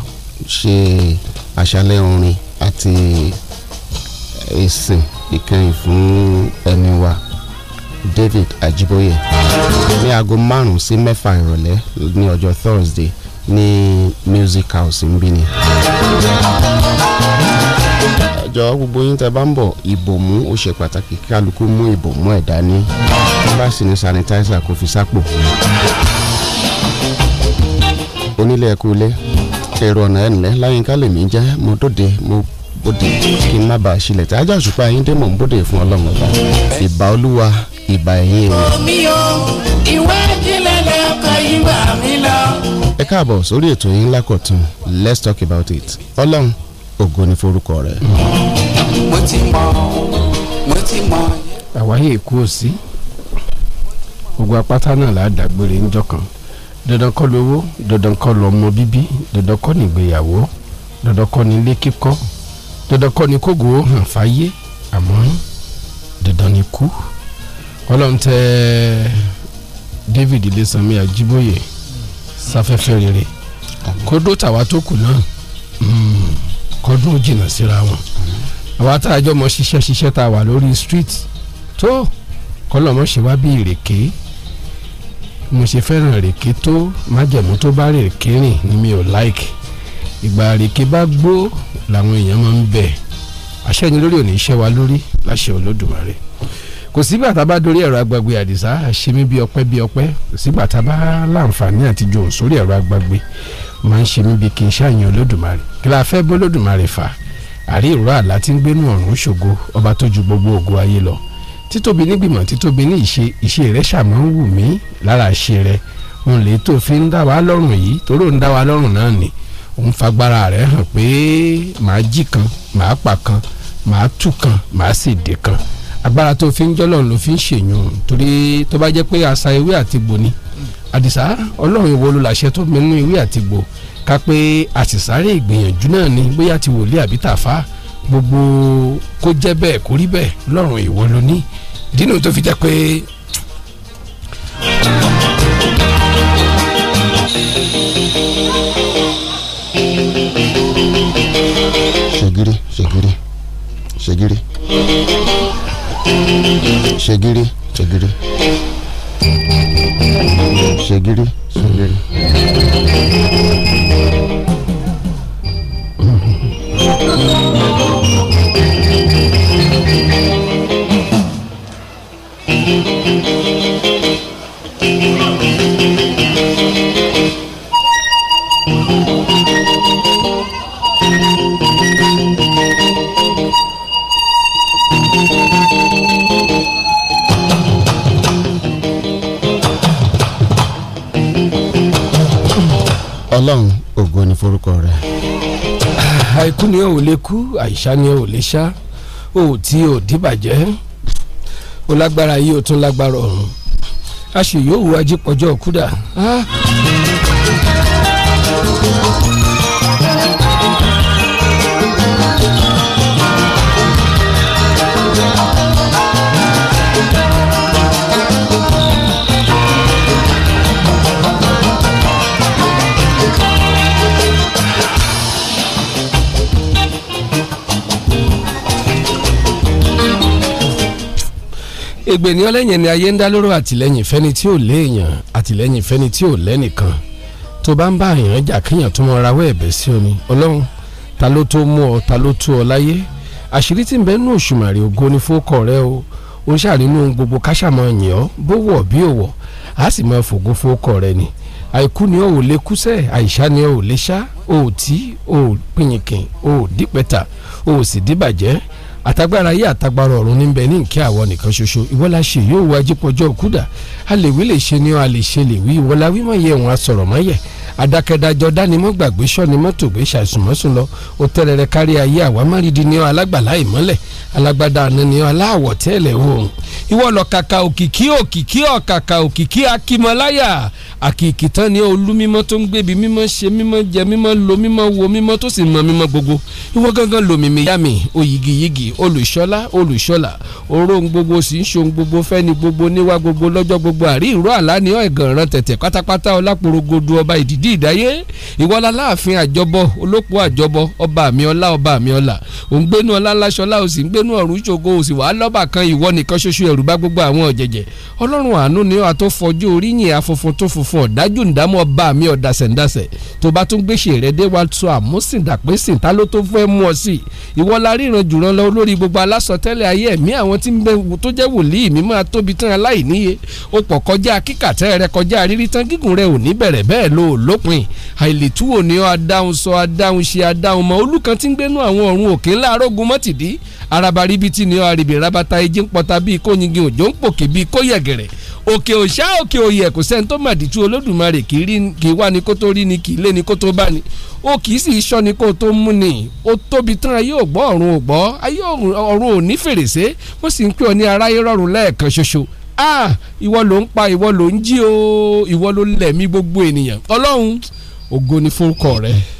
ṣe àṣálẹ́ orin àti ìsìn ìkẹyìn fún ẹni wa David Ajiboye ní aago márùn sí mẹ́fà ìrọ̀lẹ́ ní ọjọ́ Thursday ní music house ń bí ni àjọ gbogbo yín tẹ́ bá ń bọ̀ ìbòmú ó ṣe pàtàkì kálukú mú ìbòmú ẹ̀ dání bá sì ní sanitizer kó fi sápò onílé ẹ̀kú ilé èrò ọ̀nà ẹ̀ ńlẹ́ láyínká lèmi jẹ́ mo dòde mo bòde kí n má bàa ṣílẹ̀ tí ajá òṣùpá yín dé mò ń bòde fún ọlọ́run ọba ìbà olúwa ìbà ẹ̀yìn rẹ̀. omi o ìwé ìjìnlẹ̀ lẹ́kọ̀ọ́ yìí gbà lọ. ẹ káàbọ̀ sórí ètò yín lákọ̀tún let's talk about it ọlọ́run ògo ni forúkọ rẹ. mo ti mọ mo ti mọ. àwa yìí kú òsí gbogbo apáta náà là á dàgbére ńjọ́ kan dandan kọ́ lówó dandan kọ́ lọ́mọ bíbí dandan kọ́ nígbéyàwó dandan kọ́ ní ilé kíkọ́ dandan kọ́ ní kógo hàn fáyé àmọ́ dandan ni kú ọlọ́run tẹ David Ilésanmí Ajíbóyè sáfẹ́fẹ́ rere kó dó tàwa tó kù náà. Mm kọdún jìnnà síra wọn àwa tá a jọ mọ ṣiṣẹ́ ṣiṣẹ́ tá a wà lórí street tó kọlọ́mọ ṣe wá bí ìrèké mo ṣe fẹ́ràn ìrèké tó májẹ̀mú tó bá ìrèké rìn ni mi ò like ìgbà ìrèké bá gbó làwọn èèyàn máa ń bẹ̀ àṣẹ ni lórí òní iṣẹ́ wa lórí láṣẹ olódùmarè kò sígbà tá a bá dorí ẹ̀rọ agbagbe àdìsá àṣemí bí ọpẹ́ bí ọpẹ́ kò sígbà tá a bá láǹfààní àtijọ́ sórí ẹ̀rọ agbagbe máa ń ṣe mí bí kí n ṣàyàn olódùmarè kí la fẹ́ bó olódùmarè fà àrí ìró àlá tí ń gbénu ọ̀run ṣògo ọba tó ju gbogbo ògo ayé lọ títóbi nígbìmọ̀ títóbi ní ìṣe ìṣe rẹ ṣàmọ́ ń wù mí lára ṣe rẹ òun lè tó fi ń dá wa lọ́rùn yìí torí òun dá wa lọ́rùn náà ni òun fagbára rẹ hàn pé màá jí kan màá pa kan màá tú kan màá sì dé kan agbára tó fi ń jọ́lọ́run ló fi ń ṣèyàn torí tó bá jẹ́ pé àṣà ewé àti gbòni àdìsá ọlọ́run ìwọ olùlàṣẹ tó mi ìwé àtìgbò ká pé àṣìṣàrè ìgbìyànjú náà ni bóyá ti wòlíì àbí tàfà gbogbo kó jẹ́ bẹ́ẹ̀ kó rí bẹ́ẹ̀ lọ́rùn ìwọ ló ní dínú tó fi jẹ́ pé. ṣègiri ṣègiri ṣègiri ṣègiri ṣègiri ṣègiri ṣègiri. Mm-hmm. lorúkọ rẹ. àìkú ni ò lè kú àìsá ni ò lè sá o tí ò dìbàjẹ́ o lágbára yìí o tún lágbára ọ̀run a sì yóò wájú pọ̀jọ́ kúdà. Ah! ègbè ní ọlẹ́yìn ni ayé ń dá lóró àtìlẹ́yìn fẹ́ni tí ò léèyàn àtìlẹ́yìn fẹ́ni tí ò lẹ́nìkan tó bá ń bá àyàn jà kíyàn tó mọ rawọ́ ẹ̀bẹ̀ sí omi ọlọ́run ta ló tó mú ọ ta ló tú ọ láyé àṣírí tí ń bẹ nínú òṣùmàrè ògo ni fókọ rẹ o ó ń ṣàrínú ohun gbogbo káṣàmọ yìn ọ bó wọ bí ò wọ a sì máa fògo fókọ rẹ ni àìkú ni ó ò lè kúsẹ̀ àìsá ni ó ò lè ṣá ó ò tí ó ò àtagbára ya àtagbára ọ̀run níbẹ̀ ní ìkẹ́ àwọ̀ nìkan ṣoṣo ìwọ́lá ṣe yóò wá jípọ̀jọ́ òkúdà a lè wí lè ṣe ni a lè ṣe lè wí ìwọ́lá wímọ̀ yẹ òun asọ̀rọ̀ mọ́ yẹ àdàkẹ́dàjọ dánimọ̀ gbàgbé sọ́ni mọ́tò gbé ṣàìsùnmọ́sùn lọ ó tẹ́rẹ̀rẹ̀ kárí ayé àwa márìdí ni ọ alágbàlá ìmọ́lẹ̀ alágbádá àná ni ọ aláwọ̀ tẹ́lẹ̀ oòrùn ìwọ kàkà òkìkí òkìkí ọ̀kàkà òkìkí akímọláyà àkìkì tán ni olú mímọ́ tó ń gbébi mímọ́ ṣe mímọ́ jẹ mímọ́ lo mímọ́ wo mímọ́ tó sì mọ mímọ́ gbogbo ìwọ gángan lòmìmì yàmì oyigiyigi olùṣọ́lá olùṣọ́lá orón gbogbo sì ń ṣohun gbogbo fẹ́ni gbogbo níwá gbogbo lọ́jọ́ gbogbo àrí ìró àlàníọ́ ẹ̀gànràn tẹ̀tẹ̀ pátápátá ọlápòrogodo ọba ìdìdí ìdáyé ìwọlá láàfin àjọbọ olóko àjọbọ ọba àmì ọlá ọba àmì ọlá òun gbénu ọlá ńláṣọlá òsì ń gbénu ọ̀run ṣògo òsì wàá lọ́bà kan ìwọ nìkan ṣoṣo ẹ̀rù bá gbogbo àwọn ọ̀jẹ̀jẹ̀ ọlọ́run àánú ni ó àtọ́fọjú oríyìn afọ̀fọ̀ fún ọ̀dájú ǹdámọ́ ọba mi ọ̀dàsẹ̀ǹdàsẹ̀ tó bá tún gbèsè rẹ dé wa sọ àmúsìndàpẹ́sìn ta ló tó fẹ́ mú ọ sí i ìwọ la ríran jùlọ lọ lórí gbogbo alásọtẹ́lẹ̀ ayé ẹ̀mí àwọn tí ń bẹ tó jẹ́ wòlíì mi máa tóbi tán aláìníye ó pọ̀ kọjá kíkàtẹ́ rẹ kọjá rírí tán gígùn rẹ ò ní bẹ̀rẹ̀ bẹ́ẹ̀ ló lópin àìlètúwò ni ọ adáhùn sọ adáhùn ṣe adáhùn mọ olùkan tí ń gbénú àwọn ọ̀run òkè ńlá arógun mọ́tìdí araba ríbi ni ọ àrìbì rabata ẹjí bíi kóyingin òjò ń pòkè bíi kóyẹ̀gẹ̀rẹ̀ òkè òṣà òkè òyẹ kò sẹ́ni tó màdí tú olódùmarè kì í wá ni kó tó rí ni kì í lé ni kó tó bá ni ó kì í sì í ṣọ́ ni kó tó mú ni ó tóbi tán ayé ò ọ̀run ò ayé ọ̀run ò fèrèsé wọ́n sì ń pè ọ́ ní aráyé rọ̀rùn lẹ́ẹ̀kan ṣoṣo ah ìwọ ló ń pa ìwọ ló ń jí o ìwọ ló lẹ̀mí gbogbo ènìyàn ọlọ́run ògo ni fórúkọ rẹ̀.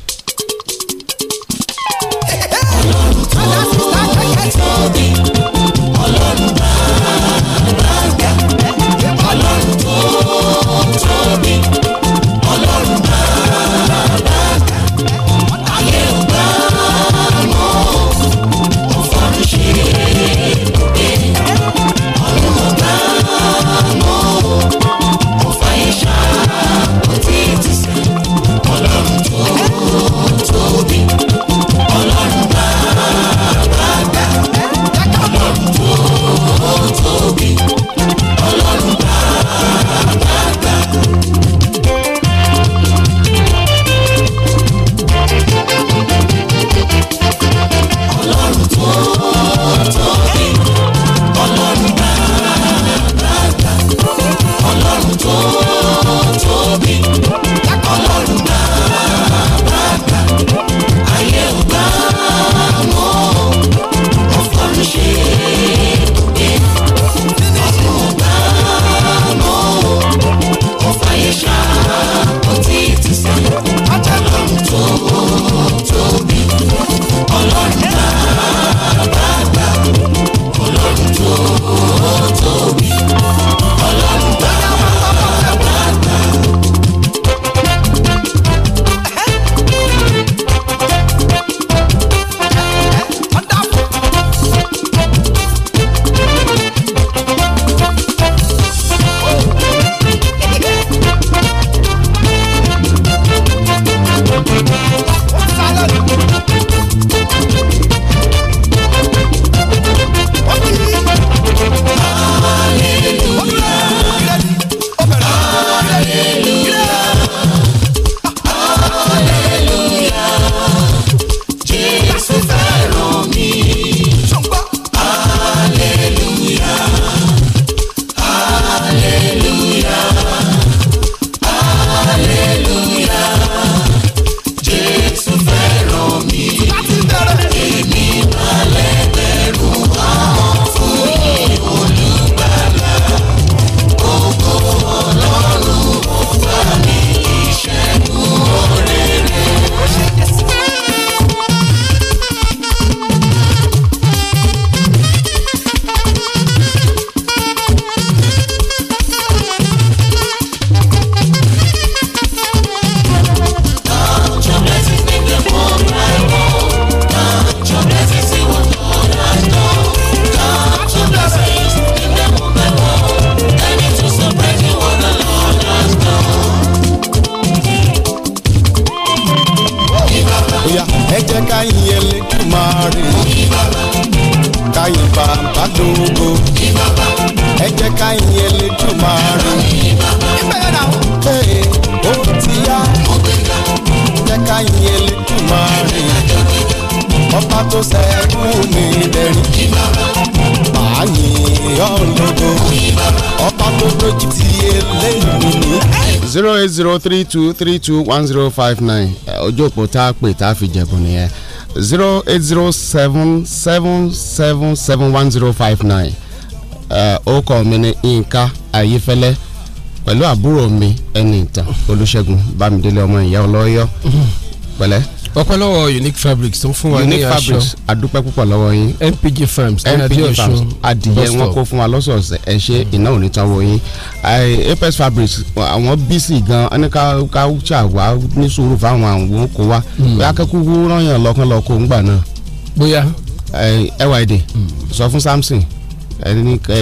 three two one zero five nine eh, ojú òpó tá a pè tá a fi jẹ̀bù nìyẹn zero eight zero seven seven seven seven one zero five nine eh, orúkọ mi ni Yínká Ayéfẹ́lẹ́ pẹ̀lú àbúrò mi ẹni ìtàn Olúṣẹ́gun Bámidélé ọmọ ìyá ọlọ́yọ́ pẹ̀lẹ́. ọpẹ́ lọ́wọ́ unique fabrics tó fún wa ní aṣọ unique fabrics adúpẹ́ púpọ̀ lọ́wọ́ yín MPG farms ní mpg farms adìyẹ wọn kó fún wa lọ́sọ̀ọ̀sẹ̀ ẹ ṣe iná ò ní tán yín apex fabrics àwọn bísí gan ẹni ká ká ṣàwá ní sùúrù fáwọn àwọn kó wá hmm. bóyá kẹ́kọ̀ọ́ rányàn lọ́kàn lọ́kọ̀ ńgbà náà. bóyá. ẹwà èdè hmm. sọ fún samson.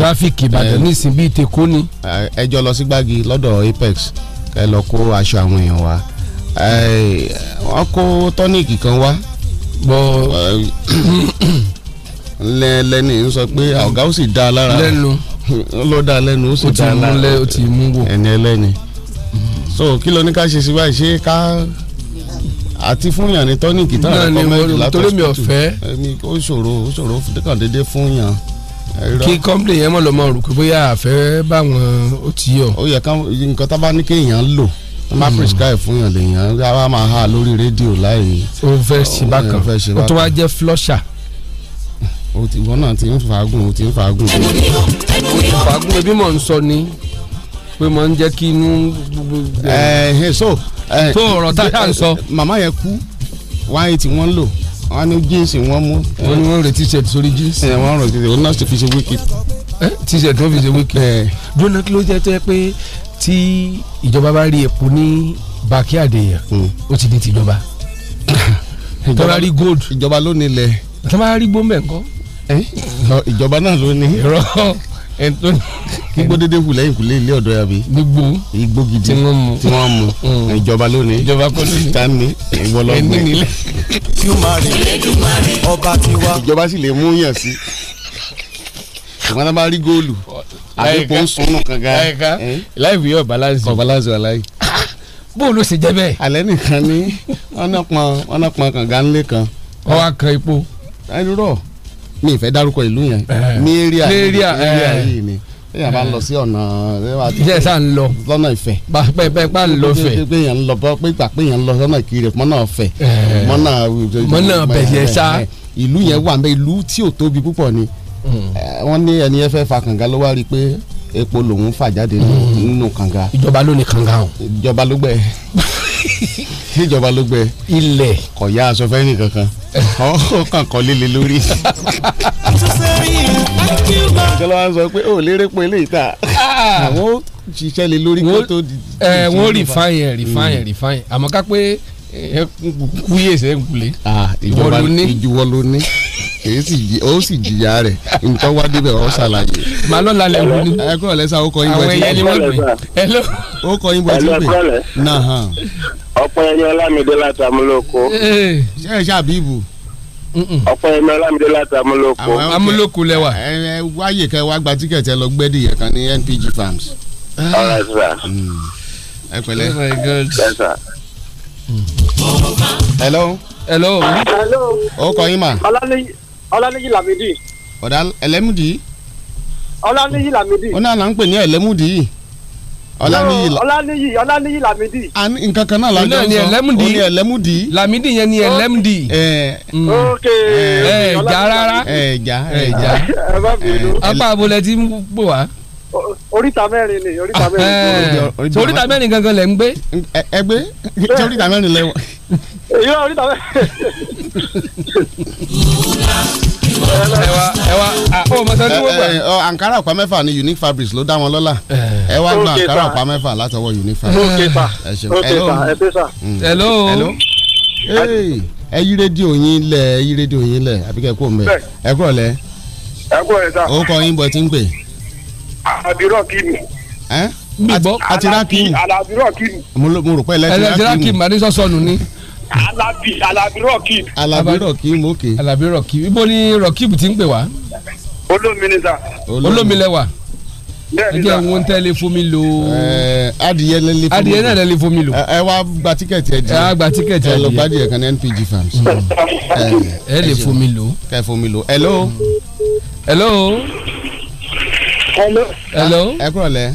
tráfíkì ìbàdàn nísìnyí bíi tèkó ni. ẹjọ́ lọ sí gbági lọ́dọ̀ apex kẹ́ lọ kó aṣọ àwọn èèyàn wá wọ́n kó tọ́níìkì kan wá. bọ́ lẹ́ni ń sọ pé ọ̀gá ó sì dá a lára. lẹ́nu lọ́dà lẹ́nu ó sì dá ńlá ó ti mú wò ẹni ẹlẹ́ni so kí ló ní ká ṣe sí báyìí ṣé ká àti fún yàn ní tọ́níìkì tán àti kọ́mẹ́tì látọ̀ torí mi ò fẹ́ ó ṣòro ó ṣòro kàn déédéé fún yàn kí kọ́mpìnì yẹn mọ̀ lọ́ mọ̀ rò pé bóyá àfẹ́ báwọn ó ti yọ. ó yẹ ká nǹkan tá bá ní kéèyàn lò wọ́n máa hmm. prescribe fún yàn lèèyàn á máa ha lórí rédíò láì. ó fẹ́ ṣe bákan ó tó wá jẹ́ flusher ìwọ náà ti ń fàágùn ti ń fàágùn. fàágùn ebi mọ̀ ń sọ ni pé mọ̀ ń jẹ́ kí inú. ẹ so. tó ọ̀rọ̀ tá a sọ. màmá yẹn kú wáyé tí wọ́n lò wọ́n ní jíǹsì wọ́n mú. wọ́n ní wọ́n rè t-shirt sórí jíǹsì. ẹ wọ́n rè t-shirt wọ́n náà fi ṣe wíkì. ẹ t-shirt wọ́n fi ṣe wíkì. dúró kí ló jẹ́ tó yẹ pé tí ìjọba bá rí epo ní backyard yẹn hmm. ó ti di tìjọba. tọ́lá rí gold. ìjọba ló nílẹ̀. tọ́lá rí gbọ́mbẹ̀ Eh? ìjọba náà ló ní. irọ́ ẹni tó ní. gbogbo dédé wù lẹ́yìn kùlé ilé ọ̀dọ́ yàbí. gbogbo igbó gidi tí wọ́n mu tí wọ́n mu mm. ìjọba lónìí. ìjọba kọ́ lónìí. ta ni ìwọ lọ gbẹ. ẹni nílẹ̀. jùmọ̀rì ọba tiwa. ìjọba sì lè mú yàn sí. ìwọ́n náà bá rí góòlù. àdìpọ̀ ń sunnù kankan. àyíká láì balance. ọ̀ balance wà láyé bóun ló jẹ bẹ́ẹ̀. alẹ́ nìkan ni ọ̀nà pọn ọ̀nà pọn kànga ńlẹ̀ kan. ọwọ́ kan epo. ẹ mi ìfẹ́ dárúkọ ìlú yẹn eh. ní area eh. yìí ni èèyàn bá ń lọ sí ọ̀nà jẹ́ sá ń lọ lọ́nà ìfẹ́ bẹ́ẹ̀ bẹ́ẹ̀ bá ń lọ fẹ́ pé èèyàn ń lọ bọ́ pé ìgbà pé èèyàn ń lọ lọ́nà ìkiri mọ́nà ọ̀fẹ́ eh. mọ́nà mọ́nà bẹ̀yẹ sá ìlú yẹn wà mẹ́ ìlú tí ò tóbi púpọ̀ ni hmm. wọ́n ní ẹni ẹ fẹ́ fa kànga ló wá rí i pé epo lòun fà jáde nínú hmm. kànga ìjọba ló ní kànga o ìjọba ló gbẹ níjọba ló gbẹ ilẹ̀ kò yá aṣọ fẹ́ẹ́nì kankan ọkọ̀ kan kọ́ líle lórí. ìjọba wa sọ pé ó lérè pé eléyìí ta ah. àwọn ó ṣiṣẹ́ lé lórí kó tó di. ẹ eh, wọ́n refine ẹ̀ refine ẹ̀ refine àmọ́ ká pé eh, ẹ kúyèsí ẹ̀ ń kulè. Ah, ìjọba ìjọba ló ní ó sì jìyà rẹ̀ nǹkan wá débẹ̀ ọ̀ ṣàlàyé. màlọ́ lálẹ́ mú ni. ẹ kúrò lẹ́sà ó kọ yín bọ̀ ẹ ti pè. ó kọ yín bọ̀ ẹ ti pè. ọ̀pẹ̀yẹmí ọlámídé láti amúlòkó. ṣé ẹ ṣàbíbù. ọ̀pẹ̀yẹmí ọlámídé láti amúlòkó. amúlòkó lẹ́wà. ẹ wáyè kẹ wá gba tíkẹ̀tì ẹ lọ gbẹ́dì yẹn kan ní NPG Farms. ọ̀rẹ́ ah. sà. Mm. ẹ pẹ̀lẹ́. oh my god. hello. hello. hello. ó kọ yín mà. ọlọ́lẹ́yìn ọlánìyí làmídì. ọ̀dà ẹlẹ́mùdì. ọlánìyí làmídì. ó náà là ń pè ní ẹlẹ́mùdì yìí ọlánìyí ọlánìyí ọlánìyí lamidi. a ní nǹkan kan náà lajọ sọ o ní ẹlẹ́mùdí. lamidi yẹn ni ẹlẹ́mùdí. ok ẹ ẹ ja rárá. ẹ ẹ ja ẹ ẹ ja. ẹ bá mi lò. apá abolẹ ti ń pò wá oríta mẹ́rin ni ah, eh, oríta mẹ́rin. oríta mẹ́rin gangan lẹ ń gbé. ẹ gbé tí oríta mẹ́rin lẹ wọ. èyí wà oríta mẹ́rin. ẹ wá ẹ wá ó mọ̀tọ́ ní wọ́pọ̀. ankara ọ̀pá mẹ́fà ni unique fabrics ló dá wọn lọ́lá eh. ẹ wá gba ankara ọ̀pá mẹ́fà látọwọ́ unique fabrics. ok sir ok sir ẹ pé sir. Mm. hello. hello. Hey ẹ yí rédíò yín lẹ ẹ yí rédíò yín lẹ àbíkẹ́ kó mẹ ẹ kúrọ̀ lẹ. ẹ kúrọ̀ lẹ sá. ó kọ yín bọ̀ tí ń pè àbírọ̀ kìmù. ẹ gbọ́ àti rákìmù. àlàbírọ̀ kìmù. mo rò pé ẹlẹ́tì rákìmù àti sọ́sọ́nù ni. alábì alábírọ̀ kìmù. alábírọ̀ kìmù ok. alábírọ̀ kìmù ibo ni rọ̀kìmù ti ń pè wá. olómi ni sà. olómi lẹ́wà ẹ jẹ́ wọn tẹ́lẹ̀ fún mi lò. adìyẹ lẹ́lẹ̀ fún mi lò. adìyẹ náà lẹ́lẹ̀ fún mi lò. ẹ wá gba tíkẹ̀tì ẹ jẹ. ẹ wá gba tíkẹ̀tì ẹ jẹ. ẹ lọ gbádìí ẹ kan ní NPG farms. ẹ lè fún mi lò. kẹ fún mi lò. hello. hello hello. hello. Ah, ẹ kúrọ̀ lẹ́.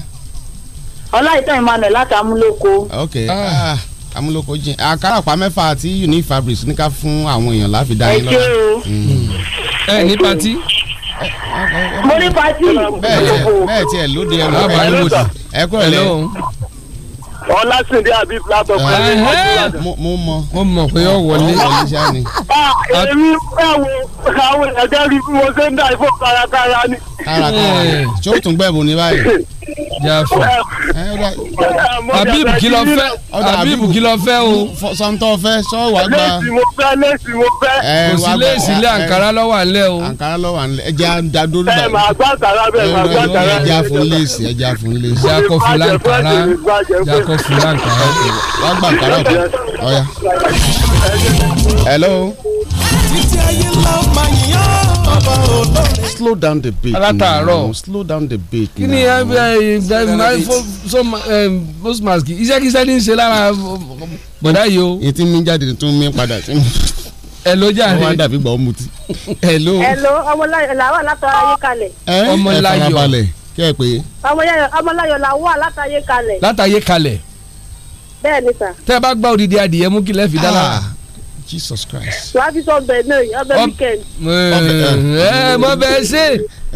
ọláìtàn emmanuel láti amúlòkó. ok ah. Ah, amúlòkó jìn àkàrà pa mẹ́fà àti unique fabrics ní ká fún àwọn èèyàn láfi dá yín lọ́la. Mm. ẹ ní patí. mo ní patí. bẹ́ẹ̀ tiẹ̀ lóde ẹ lọ bá yín wò sí ẹ kúrọ̀ lẹ́ ọlásìndé àbí platọ pẹ̀lú ọdún mo mọ mo mọ pé ó wọlé ọlẹsà ni. Ah, èmi báwo àwọn ẹgbẹ́ rí bí mo ṣe ń dà ìfọ̀ kárakára ni. kárakára tí eh. ó tún gbẹ̀bùn ní báyìí. jáfọ eh, abib kí ló fẹ́ abib kí ló o. sọ́ńtọ́ fẹ́ sọ́ wà gbà. léèsì mo fẹ́ léèsì mo fẹ́. Eh, kò sí léèsì lé àǹkárá lọ́wọ́ àlẹ́ o. àǹkárá lọ́wọ́ àlẹ́ ẹ jẹ́ àdádó a ẹ máa gbàtàrà bẹ́ẹ̀ máa gbàtàrà. ẹ jẹ́ ẹ jẹ́ àfún fẹ́ fi nǹkan rẹ. wá gbà nǹkan rẹ ọ̀ya. hello. títí ayé la ó máa yàn ọba slow down the beat alátàárọ̀ slow down the beat. kí ni post mask iṣẹ́ kí iṣẹ́ ní ṣe lára bọ̀dá yìí o. etí mi jáde tún mi padà sí mi hello jàre wọn dàbí gbọ́ mutí. hello. hello ọmọláyọ̀ làwọn látara yé kalẹ̀. ọmọláyọ̀ ẹ làwọn látara yé kalẹ̀. látara yé kalẹ̀ bẹ́ẹ̀ ni sà. ẹ bá gbá odidi adìyẹ mú kí lẹ́ fi dára. Jesus Christ. wàá fi sọ bẹ́ẹ̀ náà ọbẹ̀ weekend. ẹ mọ bẹ́ẹ̀ ṣe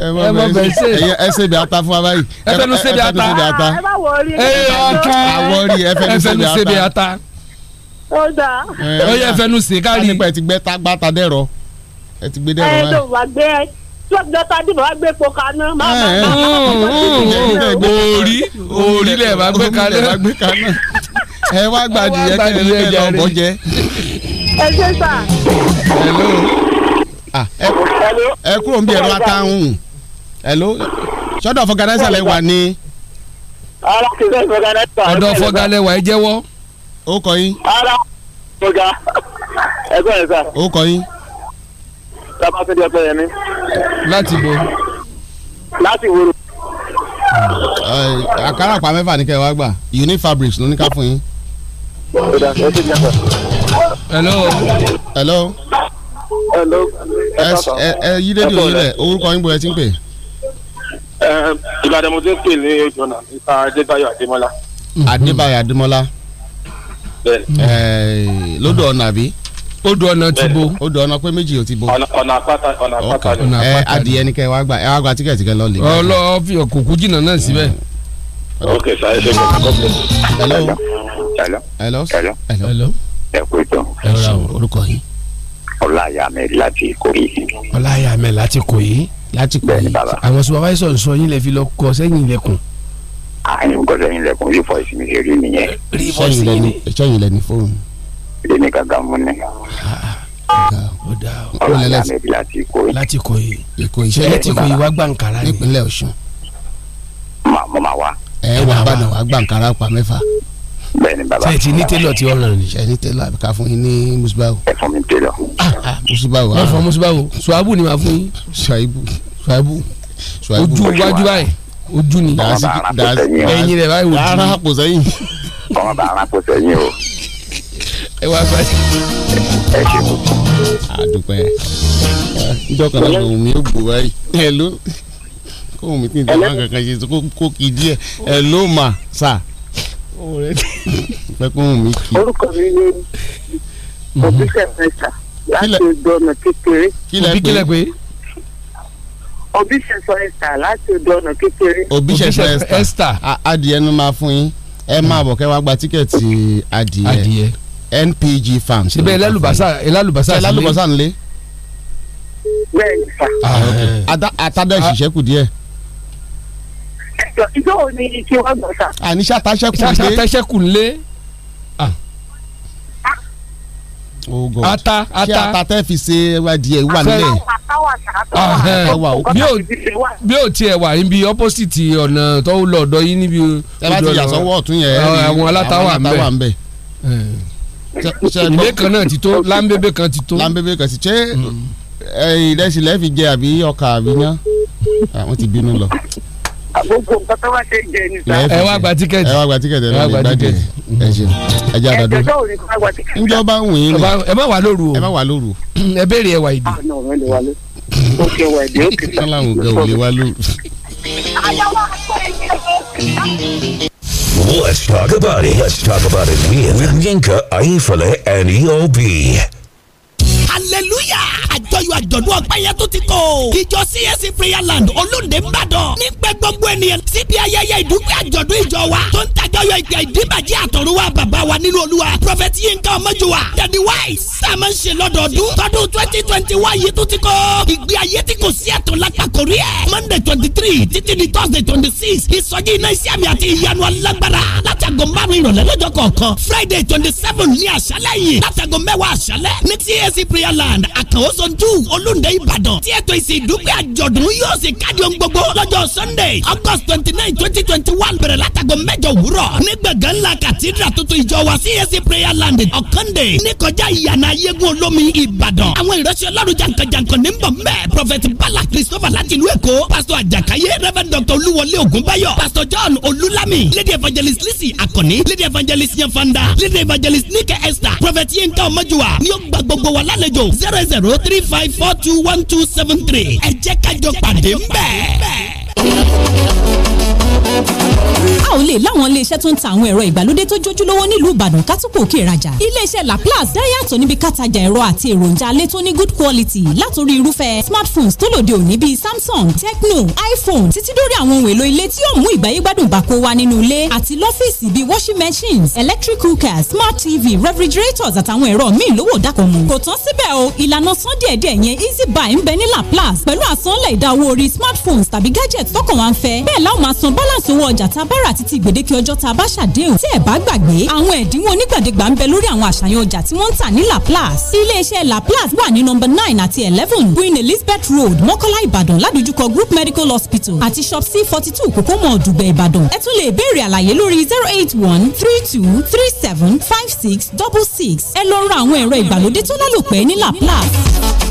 ẹ mọ bẹ́ẹ̀ ṣe. ẹ ṣe bí ata fún wa báyìí. ẹ fẹ́ ṣe bí ata. ẹ bá wọrí. ẹ ọkàn ẹ fẹ́ ṣe bí ata. ó dáa. ó yẹ fẹ́ ṣe kárí. kánípa ẹ ti gbẹ gbàtà dẹ̀rọ ẹ ti gbé dẹ̀rọ báyìí. ẹ ló wà gbé tí wọ́n ti dọ́ta dì wá gbé epo kaná. orí orí lẹ̀ bá gbé kaná ẹ wá gbàdìyẹ kí ẹ lọ bọ́ jẹ. ẹ ṣe sà. hello ẹ kúrò ń bí ẹ̀rọ atáhùn hello sọ́dọ̀ fọgànẹ́sà lẹ wà ní. ọ̀dọ̀ fọgànẹ́ wà ẹ jẹ́wọ́. ó kọ yín. ara fọgà ẹgbẹ́ rẹ̀ sà. ó kọ yín. Babátúndé Ọpẹ́yẹmí. láti bo. láti wúro àkàrà pa mẹ́fà ní kẹ́ ẹ wá gbà unique fabrics ló ní ká fún yín. hello. hello. hello. ẹ ẹ yí rédíò yín lẹ orúkọ yín bó ẹ ti ń pè. ìbàdàn mo ti ń pè ní ìjọba nípa adébáyọ̀ adémọ́lá. Mm-hmm. adébáyọ̀ adémọ́lá. lódò ọ̀nà àbí. odò ọ̀nà ti bo. odò ọ̀nà pé méjì ò ti bo. ọ̀nà àpáta ọ̀nà àpáta ni. ẹ adìyẹ ni kẹ gba tíkẹ̀tì kẹ lọ lè. ọlọ́ọ̀ fi òkùnkùn jìnnà náà síbẹ̀. Okay, sir, ẹ ṣe gbọ́dọ̀. hello. hello. hello. hello. hello. ẹ kú ìtàn. ẹ rọra orúkọ yìí. ọláyàmẹ láti Ìkòyí. ọláyàmẹ láti Ìkòyí láti Ìkòyí àwọn supervisor ń sọ yín lè fi lọ kọ sẹ́yìn ilẹ̀kùn. àyìn ń kọ sẹ́yìn ilẹ̀kùn rí voice mi rí nìyẹn. rí voice yìí ni sẹ́yìn lẹni fóònù. èmi gàgà mu ni. ọláyàmẹ láti Ìkòyí. láti Ìkòyí. Ìkòyí sẹ́yìn láti Ìkòyí wá gbàǹkàrà ni. nípínlẹ̀ Ọ̀ṣun. mo máa wá ẹ wà àbàdàn wà gbàǹkárà pa mẹ́fà. bẹ́ẹ̀ni bàbá ṣe ti ní télọ̀ tí ọ̀ràn ni. ṣe ní télọ̀ àbíká fún yín ní musibawo. ẹ fún mi télọ̀. Ah, ah, musibawo. wọ́n fọ musibawo suwabu ni màá fún yín. suwabu suwabu. ojú wájú báyìí ojú ni. ẹyin rẹ báyìí ojú ni. ara kò sẹ́yìn. ọmọ bàrà kò sẹ́yìn o. ẹ wá fẹ́. ẹ ṣe kò. àdùpẹ́ ìjọkànlá lòun mi ò gbò báyìí kóhùn mi tí n tẹ̀wọ́n kankan ṣe kó kí díẹ̀ ẹ ló mà sà pẹ́ kóhùn mi kí. orúkọ mi ni mhm. obìsẹ̀ mẹ́ta láti odò ọ̀nà kékeré. kí lẹ pé obìsẹ̀ sọ ẹ̀sà láti odò ọ̀nà kékeré. obìsẹ̀ sọ ẹ̀sà adìẹ ni máa fún yín ẹ máa mhm. bọ̀ kẹ́ wá gba tíkẹ́ẹ̀tì adìẹ npg farms. ibẹ̀ ẹlẹ́lùbásà ẹlẹ́lùbásà sílé. ẹlẹ́lùbásà nílé. bẹ́ẹ̀ ni sà. àtàdá ah, ìṣiṣẹ́ kù díẹ̀ ìjọ ò ní ti wọ́n gbọ̀ sá. àníṣe àtàṣẹ́kù lé. ata oh ata ṣé ata tẹ́ fi ṣe ẹ̀wádìí ẹ̀ wà nílẹ̀. bí o tiẹ̀ wà níbi opposite ọ̀nà tó lọ ọ̀dọ̀ yín níbi ojú ọ̀nà. ẹ bá ti yà sọ́wọ́ ọ̀tún yẹn. àwọn aláta wà ń bẹ̀ ilé kan náà ti tó lámbébé kan ti tó. lámbébé kan ti tó ṣé mm. ìrẹsì lẹ́ẹ̀fi jẹ àbí ọkà àbí yán àwọn ah, ti bínú lọ ẹ wá gba tíkẹ́ẹ̀tì ẹ wá gba tíkẹ́ẹ̀tì ẹ lọ́ọ́ lè gbá ẹ ṣe ẹ jẹ́ àdàdo. ẹ̀jẹ̀ bá ń wìn ín ẹ má wà lóru o ẹ má wà lóru. ẹ béèrè ẹwà ah, wà ìdè ó kì ò lè wá lóru. Let's talk about it. Let's talk about it with, with Yinka Ayifale and EOB. Hallelujah! àjọyọ̀ àjọ̀dún ọ̀pá yẹn tó ti tó. ìjọ CAC e prayer land olóńdè ńbàdàn nípẹ́ gbogbo ènìyàn síbi ayẹyẹ ìdúpẹ́ àjọ̀dún ìjọ wa tó ń tàjọyọ̀ ìgbà ìdíbàjẹ́ àtọ̀run bàbá wa nínú olúwa prophet yinka ọmọjúwa dadi wise sàmà ń ṣe lọ́dọọdún tọdún twenty twenty one yìí tó ti kọ́. ìgbé ayé tí kò sí ẹ̀tọ́ lápàkórí ẹ̀. monday june olóńdè ìbàdàn tí ètò ìsìn ìdúpẹ́ àjọ̀dún yóò sì káàdì gbogbo lọ́jọ́ sunday august twenty nine twenty twenty one bẹ̀rẹ̀ látago mẹ́jọ wúrọ̀ ní gbẹ̀gàn ńlá kàtídà tuntun ìjọ wa cac prayer land ọ̀kàndé níkọjá ìyànà ayégun olómi ìbàdàn àwọn ìránṣẹ́ ọlọ́run jankan ní bọ̀ prophet bala christopher láti ìlú èkó pastor àjàkáyé reverend dr olúwọlé ògúnbáyọ̀ pastor john olúlámì lady evangelist lisi Akoni, lady evangelist yanfanda lady evangelist nike esther prophet yinka ọmọjúwa ni ó gba five four two one two seven three ẹ jẹ́ kájọ pàdé ń bẹ̀ a ò lè láwọn iléeṣẹ́ tó ń ta àwọn ẹ̀rọ ìgbàlódé tó jójúlówó nílùú Ìbàdàn kátúpò kí ìrajà. iléeṣẹ́ Laplace dá yàtọ̀ níbi kátajà ẹ̀rọ àti èròjà alẹ́ tó ní good quality látòrí irúfẹ́ smartphones tó lòde òní bíi Samsung Tecno iPhone títí dórí àwọn ohun èlò ilé tí yóò mú ìgbáyégbádùn bá kó wa nínú ilé àti lọ́fíìsì bíi washing machines electric cookers smart TV refrigerators àtàwọn ẹ̀rọ míì lówó dàpọ̀ mọ́. kò tán síbẹ̀ o ìlànà san friday yẹn easy buy ń bẹ ní laplace pẹ̀lú àsanlẹ̀ ìdáwó orí smartphones tàbí gadget tọkàn wa ń fẹ́ bẹ́ẹ̀ láwọn máa san balance owó ọjà tá a bá rà títí gbèdéke ọjọ́ tá a bá ṣàdéhùn tí ẹ bá gbàgbé àwọn ẹ̀dínwó onígbàdégbà ń bẹ lórí àwọn àṣàyàn ọjà tí wọ́n ń tà ní laplace iléeṣẹ́ laplace wà ní number nine àti eleven queen elizabeth road mọ́kọ́lá ìbàdàn ládojúkọ group medical hospital àti shop c forty two kókó mọ́ ọ̀dùgbẹ̀ ìbàdàn ẹ tún lè béèrè àlàyé lórí zero eight one three two three seven five six double six ẹ lọ ra àwọn ẹ̀rọ ìgbàlódé tó lálòpẹ́ ní laplace.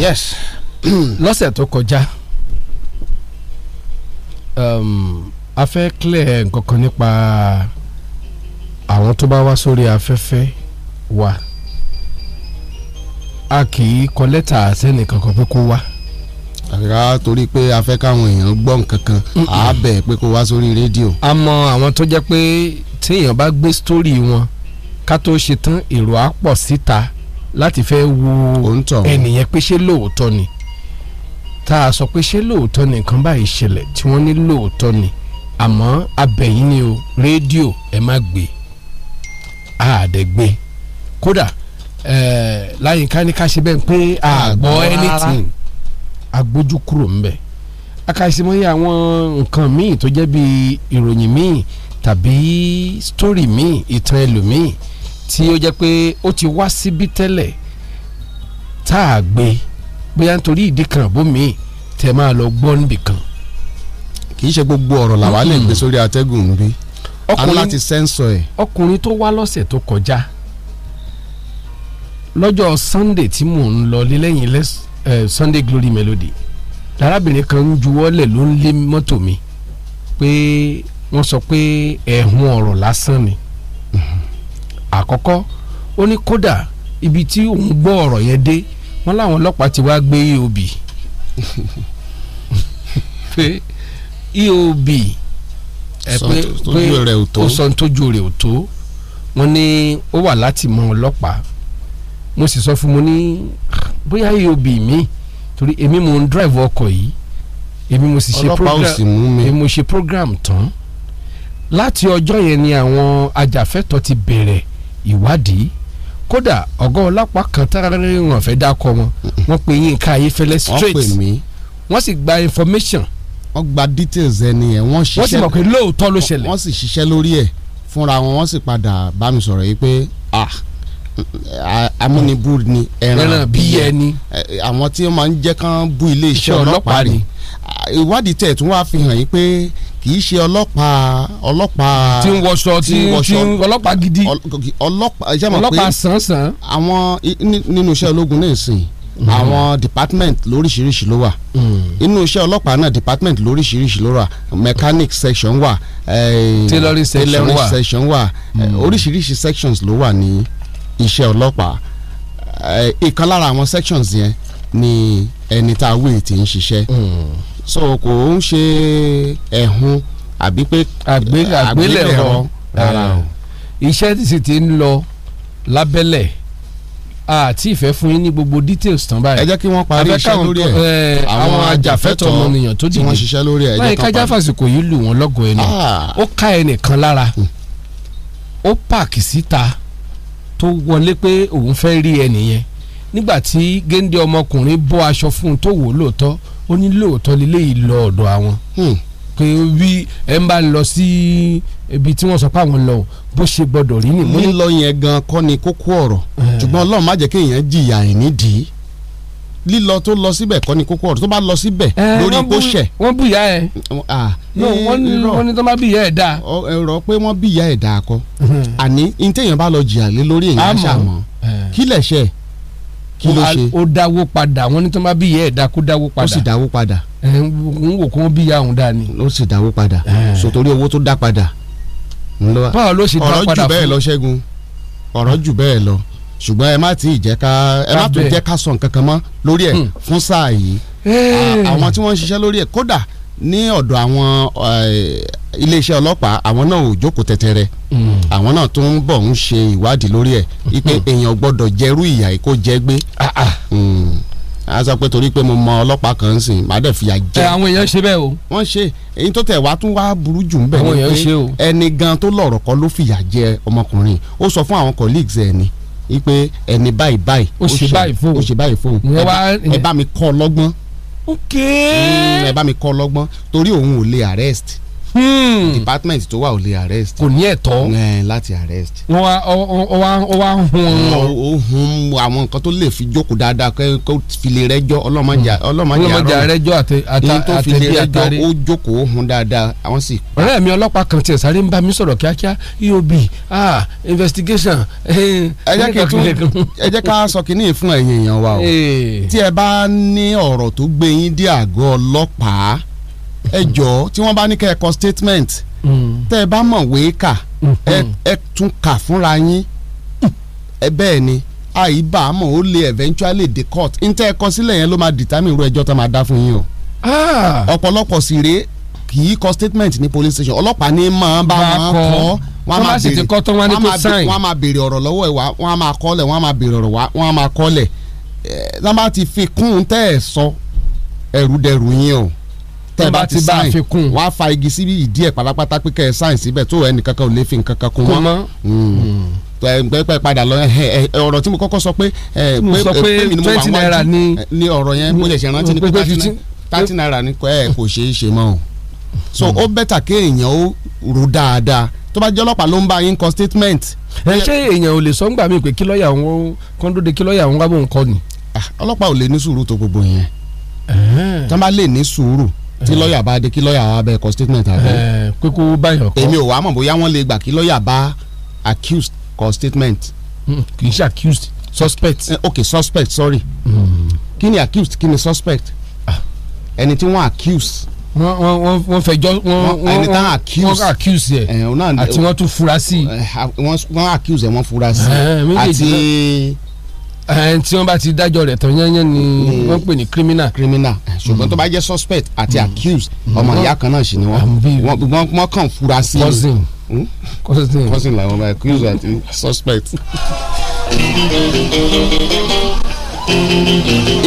yes lọ́sẹ̀ tó kọjá um, a fẹ́ clear nǹkan kan nípa àwọn tó bá wá sórí afẹ́fẹ́ wa a kì í kọ lẹ́tà sẹ́nì kankan pé kó wá. àgbà torí pé a fẹ́ káwọn èèyàn gbọ́ nǹkan kan àá bẹ̀ pé kó wá sórí rédíò. a mọ àwọn tó jẹ́ pé téèyàn bá gbé sítórì wọn ká tó ṣe tán èrò á pọ̀ síta. Si láti fẹ́ wo ẹnìyẹn pé ṣé lóòótọ́ ni tá a sọ pé ṣé lóòótọ́ ni nǹkan báyìí ṣẹlẹ̀ tí wọ́n ní lóòótọ́ ni àmọ́ abẹ̀yìn ni o rédíò ẹ má gbé àdẹ́gbé kódà láyìnká ní ká ṣe bẹ́ẹ̀ pé àgbọ̀ anything agbójú kúrò ńbẹ̀ akásímọ́yé àwọn nǹkan míì tó jẹ́ bíi ìròyìn míì tàbí sítórì míì ìtàn ẹlòmíì tí ó jẹ́ pé ó ti wá síbí tẹ́lẹ̀ tá a gbé bóyá nítorí ìdí kan àbómi tẹ máa lọ gbọ́ níbì kan. kì í ṣe gbogbo ọ̀rọ̀ làwa lè gbé sórí atẹ́gùn ń bí láti sẹ́ńsọ̀ ẹ̀. ọkùnrin tó wá lọ́sẹ̀ tó kọjá lọ́jọ́ sunday tí mò ń lọ lẹ́yìn sunday glory melody lárábìnrin kan ń juwọ́lẹ̀ ló ń lé mọ́tò mi pé wọ́n sọ pé ẹ̀hún ọ̀rọ̀ lásán ni. Mhm àkọ́kọ́ ó ní kódà ibi tí òun gbọ́ ọ̀rọ̀ yẹn dé wọ́n láwọn ọlọ́pàá ti wá gbé eob pé eob ẹ pé pé ó sọ tójú rẹ̀ ò tó wọ́n ní ó wà láti mọ ọlọ́pàá mo sì sọ fún mo ní ah, bóyá eob mi torí èmi mo ń drive ọkọ̀ yìí èmi mo sì ṣe program èmi mo ṣe program tán láti ọjọ́ yẹn ni àwọn ajàfẹ́tọ̀ ti bẹ̀rẹ̀ ìwádìí kódà ọgọ ọlọ́pàá kan tárárẹ wọn fẹẹ dákọ wọn wọn pe Yínká Ayéfẹ́lẹ́ straight wọn sì gba information. wọn gba details ẹni ẹ wọn ṣiṣẹ́ wọn sì mọ̀ pé lóòótọ́ ló ṣẹlẹ̀ wọn sì ṣiṣẹ́ lórí ẹ̀ fúnra wọn wọn sì padà bá mi sọ̀rọ̀ yìí pé ah, amúnibú ni ẹran bí ẹni àwọn tí wọn máa ń jẹ́ kán bú ilé iṣẹ́ ọlọ́pàá ni ah, ìwádìí tẹ̀ tún wá fi hàn yín pé kì í ṣe ọlọ́pàá ọlọ́pàá. tí ń wọṣọ tí ń ọlọ́pàá gidi. ọlọ́pàá iṣẹ́ mọ̀ pé ọlọ́pàá sàn-sàn. àwọn nínú iṣẹ́ ológun náà sìn hmm. àwọn department lóríṣiríṣi ló wà hmm. inú iṣẹ́ ọlọ́pàá náà department lóríṣiríṣi ló wà mechanic section wà tailoring section wà hmm. oríṣiríṣi sections ló wà ní iṣẹ́ ọlọ́pàá ìkan lára àwọn sections yẹn ni ẹni tá a wéè ti ń ṣiṣẹ́ so kò ń ṣe ẹ̀hún àbí pé àgbélẹ̀rọ rárá o. iṣẹ́ tí sì ti ń lọ lábẹ́lẹ̀ àti ìfẹ́ fún yín ní gbogbo details tán báyìí. ẹ jẹ́ kí wọ́n parí iṣẹ́ eh, lórí ẹ̀ àwọn ajàfẹ́tọ̀ ọmọnìyàn tó dìde báyìí kájá fàsìkò yìí lù wọ́n lọ́gọ̀ọ́ ẹnu ah. ó ká ẹnìkan lára hmm. ó pààkì síta tó wọlé pé òun fẹ́ rí ẹnìyẹn nígbà tí géńdé ọmọkùnrin bọ́ aṣọ fún un tó wò ó lóòótọ́ ó ní lóòótọ́ lílé yìí lọ ọ̀dọ̀ àwọn hmm. pé bí ẹ ń bá ń lọ sí ibi tí wọ́n sọ pé àwọn lọ bó ṣe gbọ́dọ̀ rí nìyí. ní lọ yẹn gan kọ́ ni kókó ọ̀rọ̀ eh. ṣùgbọ́n ọlọ́run má jẹ́ kéèyàn jìyà ẹ̀ nídìí lílọ tó lọ síbẹ̀ kọ́ ni kókó ọ̀rọ̀ tó bá lọ síbẹ̀ eh, lórí ipò ṣẹ̀. wọ́n bùyà ẹ̀ eh, wọ́n ní tó bá bìyà ẹ̀ dáa. ọ̀rọ̀ pé wọ́n bìyà ẹ̀ dáa kọ́ hmm. àní ní téèyàn bá lọ jìyà lé lórí èèyàn ṣàmọ́ kílẹ̀ ṣe kí ló ṣe ó dáwó padà wọ́n ní tó má bí ìyá ẹ̀ dá kó dáwó padà ó sì dáwó padà n wò kó bí ìyá òun dá ni. ó sì dáwó padà sòtórí owó tó dá padà. báwo ló ṣe dá padà fún ọ̀rọ̀ jù bẹ́ẹ̀ lọ ṣẹ́gun ọ̀rọ̀ jù bẹ́ẹ̀ lọ ṣùgbọ́n ẹ má ti jẹ́ ká ẹ má tún jẹ́ ká sọ nǹkan kan mọ́ lórí ẹ̀ hmm. fún sáà yìí àwọn tí wọ́n ń ṣiṣẹ́ lórí ẹ̀ kódà ní ọ̀dọ̀ àwọn eh, iléeṣẹ́ ọlọ́pàá àwọn náà ò jókòó tẹ́tẹ́rẹ́ mm. àwọn náà tó ń bọ̀ ń ṣe ìwádìí lórí ẹ̀ mm. wípé èèyàn gbọ́dọ̀ jẹ́rú ìyà kó jẹ́ gbé ah, ah. Mm. a sọ pé torí pé mo mọ ọlọ́pàá kan sìn má dẹ̀ fìyà jẹ. Eh, àwọn èèyàn ṣe bẹ́ẹ̀ o. wọ́n ṣe èyí tó tẹ̀ wá tún wá burú jù ń bẹ̀ ni pé ẹni gan tó lọ̀rọ̀ kọ́ ló fìyà jẹ ọmọkùnrin ó sọ fún àwọn colleagues ẹ̀ ni wípé ẹni báyìí báyìí ó ṣe báyìí fóun ẹ bá mi kọ́ ọ lọ́gbọ́n ok. Mm, ẹ bá mi kọ́ lọ́gbọ́n torí òun ò lè arrest Hmm. department tó wà ò lè arrest. kò ní ẹ̀tọ́ láti arrest. wọ́n wá wọ́n wá hun. ó hun àwọn nǹkan tó lè fi jókòó dáadáa kó fi lè rẹ́jọ́ ọlọ́mọjà ọlọ́mọjà rẹ́jọ́ àti àtàrí. èyí tó fi lè rẹ́jọ́ ó jókòó hun dáadáa àwọn sì. ọ̀rẹ́ mi ọlọ́pàá kan tiẹ̀ sáré ń bá mi sọ̀rọ̀ kíákíá eob ah investigation. ẹ jẹ́ kí n tún ẹ jẹ́ ká sọ kínní fún ẹ̀yin èèyàn wa o tí ẹ bá ní ọ̀rọ̀ tó gbé yín àgọ́ ọlọ́pàá ẹ jọ̀ọ́ tí wọ́n bá ní kẹ́ ẹ statement mm. tẹ́ ẹ bá mọ̀ wéé kà mm-hmm. ẹ tún kà fúnra yín ẹ bẹ́ẹ̀ ni àìbámọ̀ ó lè eventually the court ntẹ́ ẹ kọ sílẹ̀ yẹn ló máa determine irú ẹjọ́ tó máa dá fún yín o ah. ọ̀pọ̀lọpọ̀ sì rèé kì kọ statement ní police station ọlọ́pàá ní máa bá wọn kọ́ wọn máa bèrè wọn máa bèrè ọ̀rọ̀ lọ́wọ́ ẹ̀ wá wọn máa kọ́lẹ̀ wọn máa bèrè ọ̀rọ̀ wá wọn máa kọ́lẹ̀ ẹ̀ lábàá ti fi kún un tẹ́ ẹ̀ sọ ẹ̀rù dẹ̀rù yín o tẹ́ ẹ bá ti sign wọ́n á fa igi síbi ìdí ẹ̀ pátápátá pé kẹ́ ẹ sign síbẹ̀ tó ẹnìkankan ò lè fi nǹkan kan kún mọ́ pẹ́ẹ́pẹ́ mm. padà lọ ọ̀rọ̀ tí mo kọ́kọ́ sọ pé pé mi ni mo wà wájú ni ọ̀rọ̀ yẹn mo ṣẹ̀ṣẹ̀ rántí ni pé thirty naira ni kò ṣeé ṣe mọ́ o so hmm. ó bẹ́tà kéèyàn ó rò dáadáa tó bá jẹ́ ọlọ́pàá ló ń bá yín kọ statement. ẹ ṣé èèyàn ò lè sọ ńgbà mí pé kí lọ́ọ̀yà òun kán dóde kí lọ́ọ̀yà òun wá bóun kọ ni. Ah, ọlọ́pàá ò lè ní sùúrù tó gbogbo yẹn tó bá lè ní sùúrù tí lọ́ọ̀yà bá dé kí lọ́ọ̀yà wa bẹ́ẹ̀ kọ statement àbí. kókó báyọ̀ kọ́ èmi ò wá mọ̀ bóyá wọ́n lè gbà kí lọ́ọ̀yà bá accused kọ statement. Hmm, kì í ṣe accused suspect. Eh, ok suspect sorry. Hmm. kí ni accused kí ni suspect. Ah. ẹni tí wọ́n accuse wọ́n wọ́n fẹjọ́ wọ́n ẹni tán accuse wọ́n accuse yẹ eh, àti wọ́n tún fura sí. Eh, wọ́n accuse ẹ̀ wọ́n fura sí àti tí wọ́n bá ti dájọ́ rẹ̀ tán yányán ni hmm. wọ́n pè ní criminal. criminal hmm. ṣùgbọ́n tó bá jẹ́ suspect àti hmm. accused ọmọ ìyá kan náà sì ni wọ́n wọ́n kàn fura sí i. cousin cousin cousin làwọn ọmọ accused àti suspect.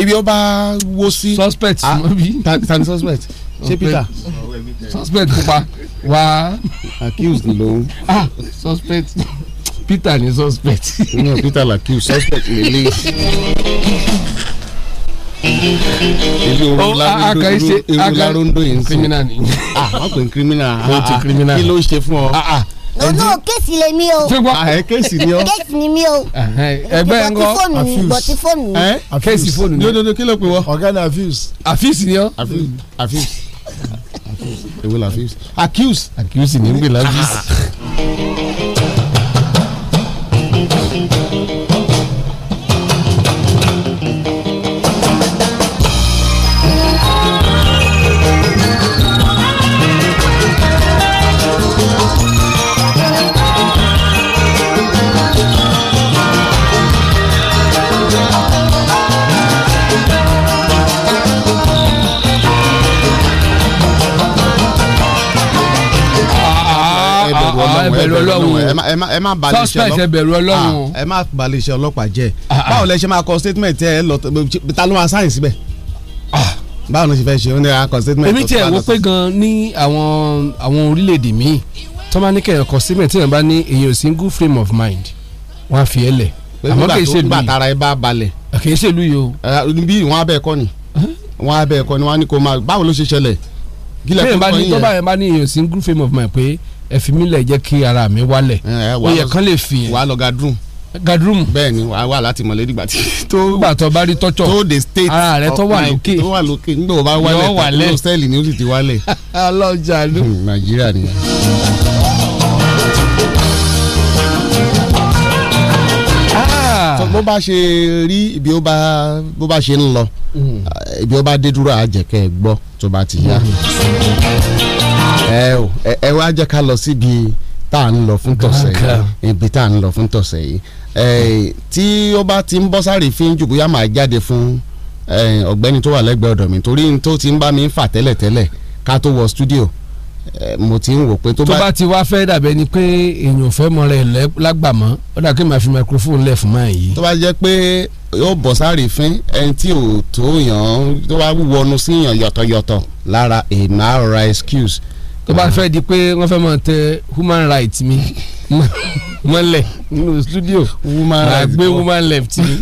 ibi ó bá wo sí. suspect ah, ta ni suspect ṣé peter suspect pupa wá. accused lòun. ah suspect. Peter ni suspect. no Peter lakiu suspect lele. ilé orun larondo irun larondo yìí ń sìn. criminal ah wọ́n pè ń criminal. ah, ti ah, criminal. kí ló ń ṣe fún ọ. nínú kéèsì lè mí o. ṣé wàá kéèsì ah, ni o. kéèsì ni mí o. ẹgbẹ́ ẹ̀ ń gọ́ afuse bọ̀tí fóònù mi. kéèsì fóònù mi. dodo kí ló pe wọ. ọ̀gá ni afuse. afuse ni o. afuse. ewu la afuse. accuse. accuse ni n gbè la afuse. ẹbẹ̀rù ọlọ́run ẹ má balẹ̀ iṣẹ́ ọlọ́pàá suspect ẹbẹ̀rù ọlọ́run ah, ẹ má balẹ̀ iṣẹ́ ọlọ́pàá jẹ́ ah, ah. báwo lẹ ṣe máa kọ statement ẹ lọ ta ló máa sáyìn síbẹ̀ báwo ló ṣe fẹ́ ṣe ó ní akọ statement. èmi tiẹ̀ wo pé gan ní àwọn àwọn orílẹ̀-èdè míì tó bá ní kẹ̀yàn kọ statement tí yàn bá ní èyàn single frame of mind wọ́n á fi ẹ lẹ̀ àmọ́ kì í ṣe bí tara ẹ bá balẹ̀. kì í ṣe lu yìí o. ẹ fi mí lẹ̀ jẹ́ kí ara mi wálẹ̀ ó yẹ kán lè fi yẹn. wàá lọ gadrum. gadrum. bẹ́ẹ̀ni wàá wà láti mọ̀lẹ́ dìgbà tí. tó gbà tó bá rí tọ́jọ́ tó de state ara rẹ tó wà lókè tó wà lókè nígbà tó bá wálẹ̀ tó lọ sẹ́ẹ̀lì ni ó sì ti wálẹ̀. ọlọ́jà ló. nàìjíríà nìyẹn. bó bá ṣe rí ibi ó bá bó bá ṣe ń lọ mm. ibi ó bá dé dúró àjẹkẹ́ gbọ́ tó bá ti yá ẹ ẹ wá jẹ́ ká lọ síbi tá à ń lọ fún tọ̀sẹ̀ yìí ibi tá à ń lọ fún tọ̀sẹ̀ yìí tí ó bá ti ń bọ́ sáré fi ń jù bóyá màá jáde fún ọ̀gbẹ́ni tó wà lẹ́gbẹ̀ẹ́ ọ̀dọ̀ mi torí tó ti ń bá mi fà tẹ́lẹ̀tẹ́lẹ̀ ká tó wọ stúdíò Eh, mo ti ń wò pé tó bá. tó bá ti wá fẹ́ dàbẹ́ ni pé èèyàn fẹ́ mọ rẹ̀ lágbàmọ́ ó dà kí màá fi microphone lẹ̀ fún máa yìí. tó bá jẹ́ pé yóò bọ̀ sáré fín ẹni tí ò tó yàn tó bá wọnú sí yàn yọ̀tọ̀yọ̀tọ̀ lára èèmà ọ̀ra excuse. tó bá fẹ́ di pé wọ́n fẹ́ máa tẹ human rights mi mọ́lẹ̀ nínú studio màá gbé woman left mi.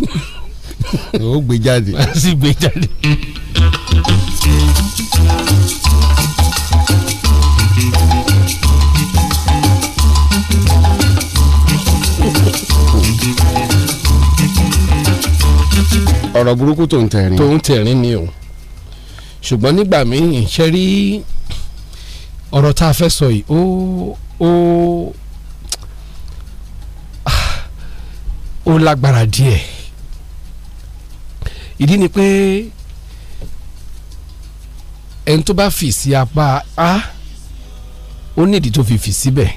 ó gbé jáde. màá sì gbé jáde. ọ̀rọ̀ burúkú tó ń tẹ̀rín. tó ń tẹ̀rín ni o ṣùgbọ́n nígbà míì ṣe rí ọ̀rọ̀ tá a fẹ́ sọ yìí ó ó ó lágbára díẹ̀ ìdí ni pé ẹni tó bá fì sí apá a ó nídìí tó fi fì síbẹ̀